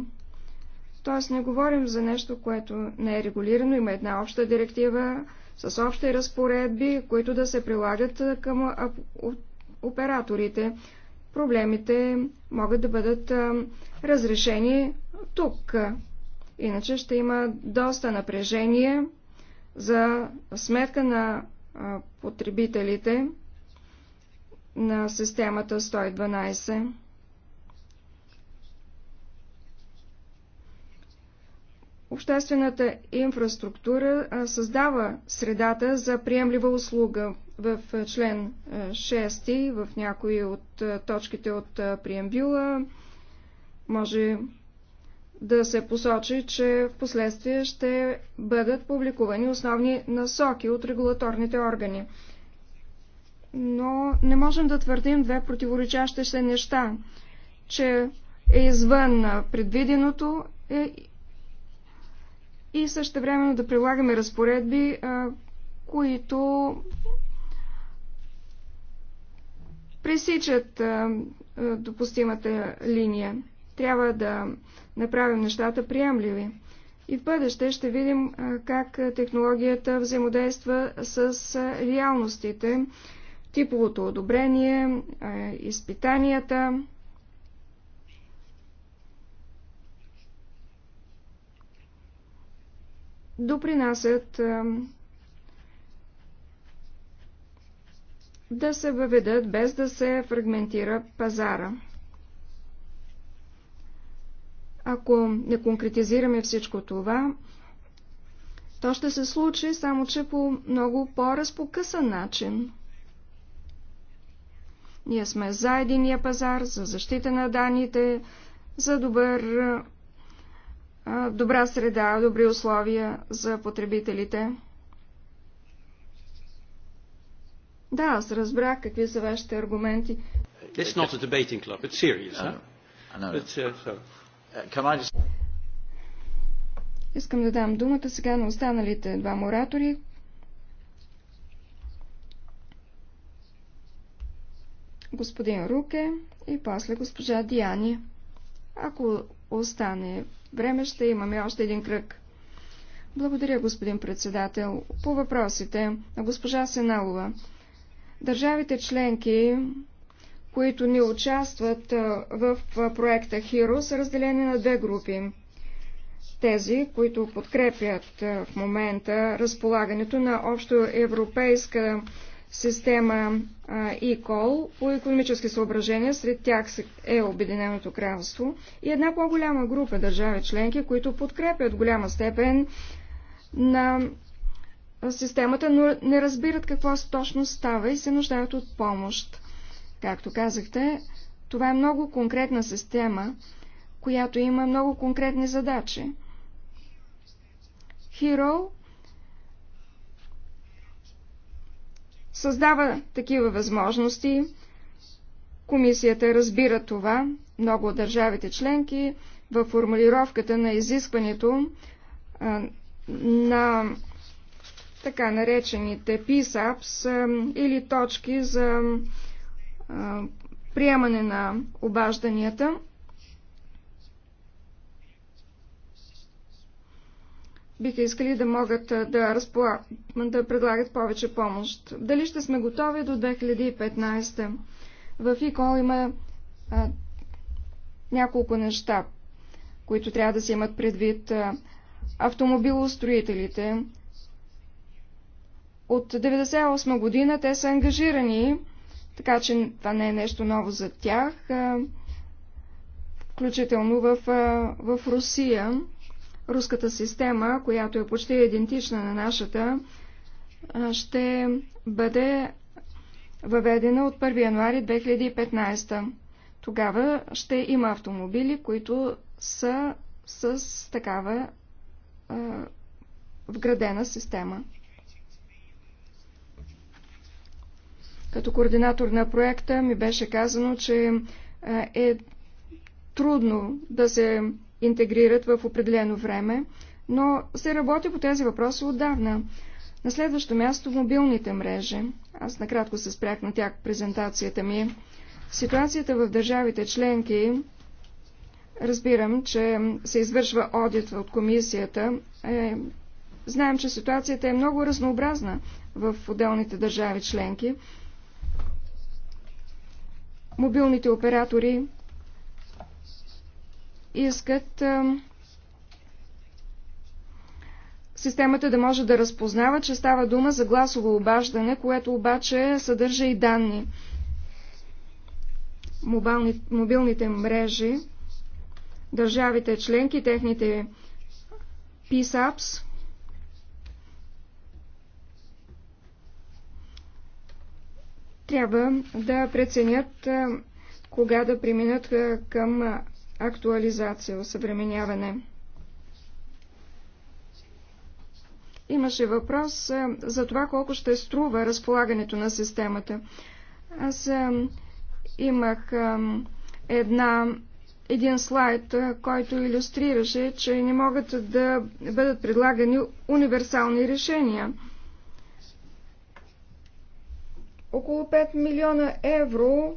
Тоест не говорим за нещо, което не е регулирано, има една обща директива с общи разпоредби, които да се прилагат към операторите. Проблемите могат да бъдат разрешени тук. Иначе ще има доста напрежение за сметка на потребителите на системата 112. Обществената инфраструктура създава средата за приемлива услуга. В член 6, в някои от точките от преембюла, може да се посочи, че в последствие ще бъдат публикувани основни насоки от регулаторните органи. Но не можем да твърдим две противоречащи се неща, че е извън предвиденото е и също времено да прилагаме разпоредби, които пресичат допустимата линия. Трябва да направим нещата приемливи. И в бъдеще ще видим как технологията взаимодейства с реалностите, типовото одобрение, изпитанията. допринасят да се въведат без да се фрагментира пазара. Ако не конкретизираме всичко това, то ще се случи, само че по много по-разпокъсан начин. Ние сме за единия пазар, за защита на данните, за добър, добра среда, добри условия за потребителите. Да, аз разбрах какви са вашите аргументи. It's not a debating club, it's serious. I know. But, uh, so. Just... Искам да дам думата сега на останалите два моратори. Господин Руке и после госпожа Диани. Ако остане време, ще имаме още един кръг. Благодаря, господин председател. По въпросите на госпожа Сеналова. Държавите членки които не участват в проекта ХИРО, са разделени на две групи. Тези, които подкрепят в момента разполагането на общо европейска система ИКОЛ по економически съображения, сред тях е Обединеното кралство и една по-голяма група държави членки, които подкрепят голяма степен на системата, но не разбират какво точно става и се нуждаят от помощ. Както казахте, това е много конкретна система, която има много конкретни задачи. Hero създава такива възможности. Комисията разбира това. Много от държавите членки в формулировката на изискването а, на така наречените PSAPs а, или точки за приемане на обажданията. биха искали да могат да, разпла... да предлагат повече помощ. Дали ще сме готови до 2015? В ИКОЛ има а, няколко неща, които трябва да се имат предвид. Автомобилостроителите. От 1998 година те са ангажирани така че това не е нещо ново за тях, включително в, в Русия. Руската система, която е почти идентична на нашата, ще бъде въведена от 1 януари 2015. Тогава ще има автомобили, които са с такава вградена система. Като координатор на проекта ми беше казано, че е трудно да се интегрират в определено време, но се работи по тези въпроси отдавна. На следващо място мобилните мрежи. Аз накратко се спрях на тях презентацията ми. Ситуацията в държавите членки, разбирам, че се извършва одит от комисията. Е, знаем, че ситуацията е много разнообразна в отделните държави членки мобилните оператори искат системата да може да разпознава, че става дума за гласово обаждане, което обаче съдържа и данни. Мобални, мобилните мрежи, държавите членки, техните PSAPs трябва да преценят кога да преминат към актуализация, осъвременяване. Имаше въпрос за това колко ще струва разполагането на системата. Аз имах една, един слайд, който иллюстрираше, че не могат да бъдат предлагани универсални решения – около 5 милиона евро.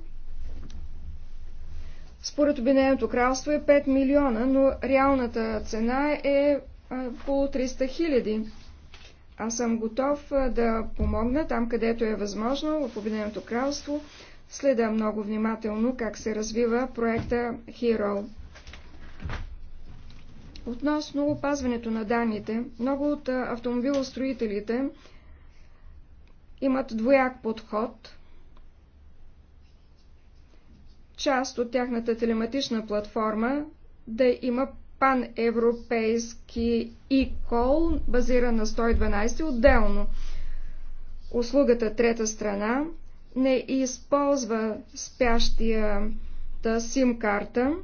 Според Обединеното кралство е 5 милиона, но реалната цена е около 300 хиляди. Аз съм готов да помогна там, където е възможно, в Обединеното кралство. Следа много внимателно как се развива проекта Hero. Относно опазването на данните, много от автомобилостроителите имат двояк подход. Част от тяхната телематична платформа да има паневропейски e-call, базиран на 112 отделно. Услугата трета страна не използва спящията сим-карта.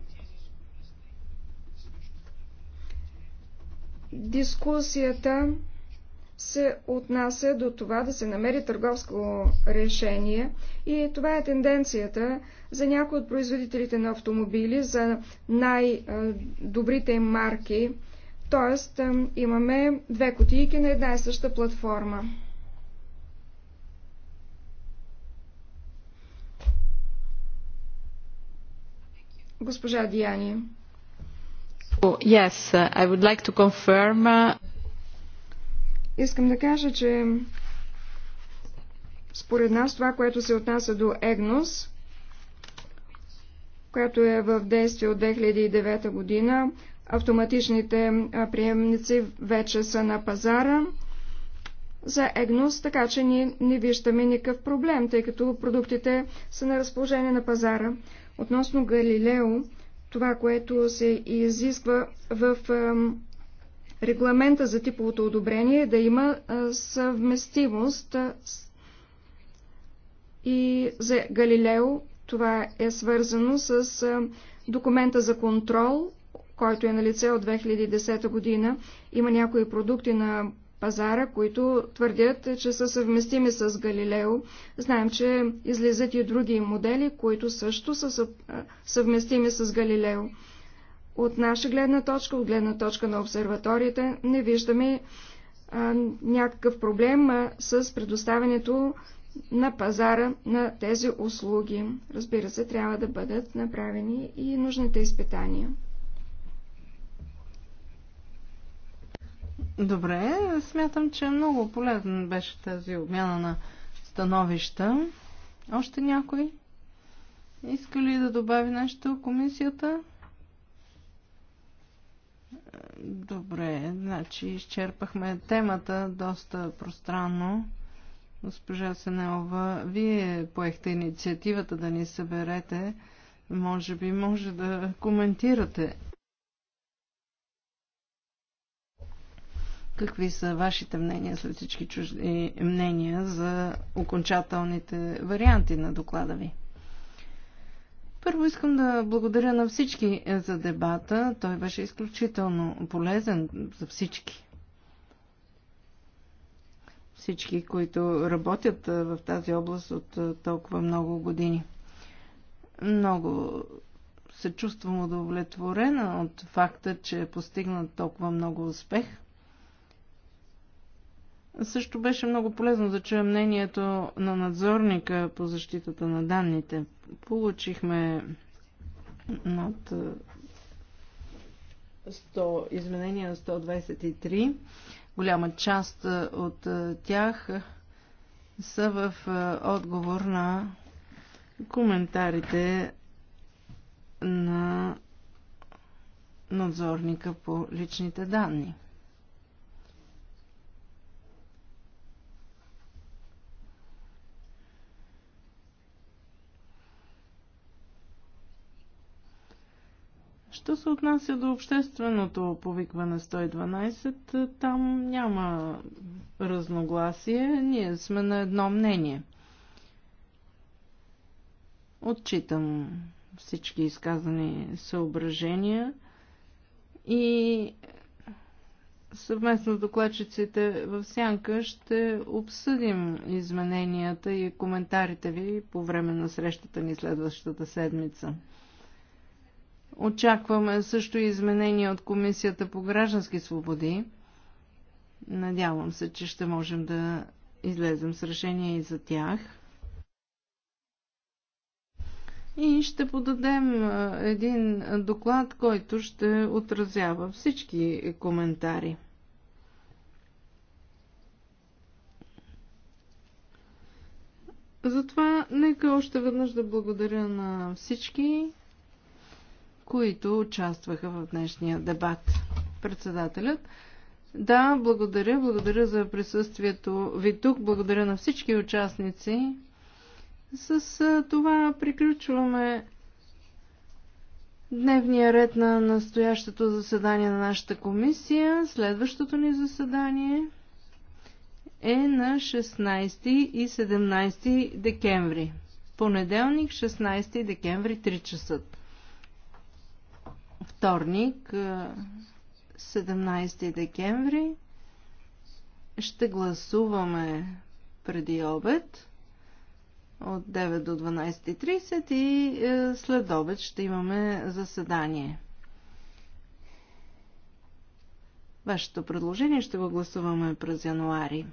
Дискусията се отнася до това да се намери търговско решение и това е тенденцията за някои от производителите на автомобили, за най-добрите марки. Тоест имаме две кутийки на една и съща платформа. Госпожа Диани. Yes, I would like to confirm uh, Искам да кажа, че според нас това, което се отнася до ЕГНОС, която е в действие от 2009 година, автоматичните приемници вече са на пазара за ЕГНОС, така че ние не виждаме никакъв проблем, тъй като продуктите са на разположение на пазара. Относно Галилео, това, което се изисква в регламента за типовото одобрение да има съвместимост и за Галилео това е свързано с документа за контрол, който е на лице от 2010 година. Има някои продукти на пазара, които твърдят, че са съвместими с Галилео. Знаем, че излизат и други модели, които също са съвместими с Галилео. От наша гледна точка, от гледна точка на обсерваторията, не виждаме а, някакъв проблем а, с предоставянето на пазара на тези услуги. Разбира се, трябва да бъдат направени и нужните изпитания. Добре, смятам, че много полезен беше тази обмяна на становища. Още някой? Иска ли да добави нещо комисията? Добре, значи изчерпахме темата доста пространно. Госпожа Сенелова, вие поехте инициативата да ни съберете. Може би може да коментирате. Какви са вашите мнения след всички чужди мнения за окончателните варианти на доклада ви? Първо искам да благодаря на всички е, за дебата. Той беше изключително полезен за всички. Всички, които работят е, в тази област от е, толкова много години. Много се чувствам удовлетворена от факта, че е постигнат толкова много успех – също беше много полезно да чуем мнението на надзорника по защитата на данните. Получихме над 100 изменения 123. Голяма част от тях са в отговор на коментарите на надзорника по личните данни. Що се отнася до общественото повикване 112, е, там няма разногласие, ние сме на едно мнение. Отчитам всички изказани съображения и съвместно с докладчиците в Сянка ще обсъдим измененията и коментарите ви по време на срещата ни следващата седмица. Очакваме също изменения от Комисията по граждански свободи. Надявам се, че ще можем да излезем с решение и за тях. И ще подадем един доклад, който ще отразява всички коментари. Затова нека още веднъж да благодаря на всички които участваха в днешния дебат. Председателят. Да, благодаря. Благодаря за присъствието ви тук. Благодаря на всички участници. С това приключваме дневния ред на настоящото заседание на нашата комисия. Следващото ни заседание е на 16 и 17 декември. Понеделник, 16 декември, 3 часа вторник, 17 декември. Ще гласуваме преди обед от 9 до 12.30 и е, след обед ще имаме заседание. Вашето предложение ще го гласуваме през януари.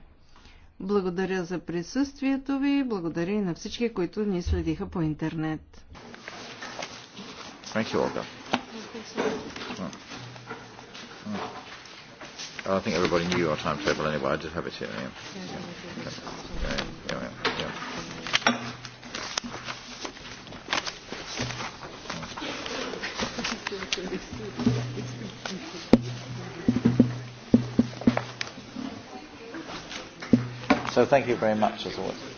Благодаря за присъствието ви, благодаря и на всички, които ни следиха по интернет. Thank you, Olga. I think everybody knew our timetable anyway. I did have it here. Yeah. Yeah. Yeah. Yeah. Yeah. Yeah. So thank you very much as always.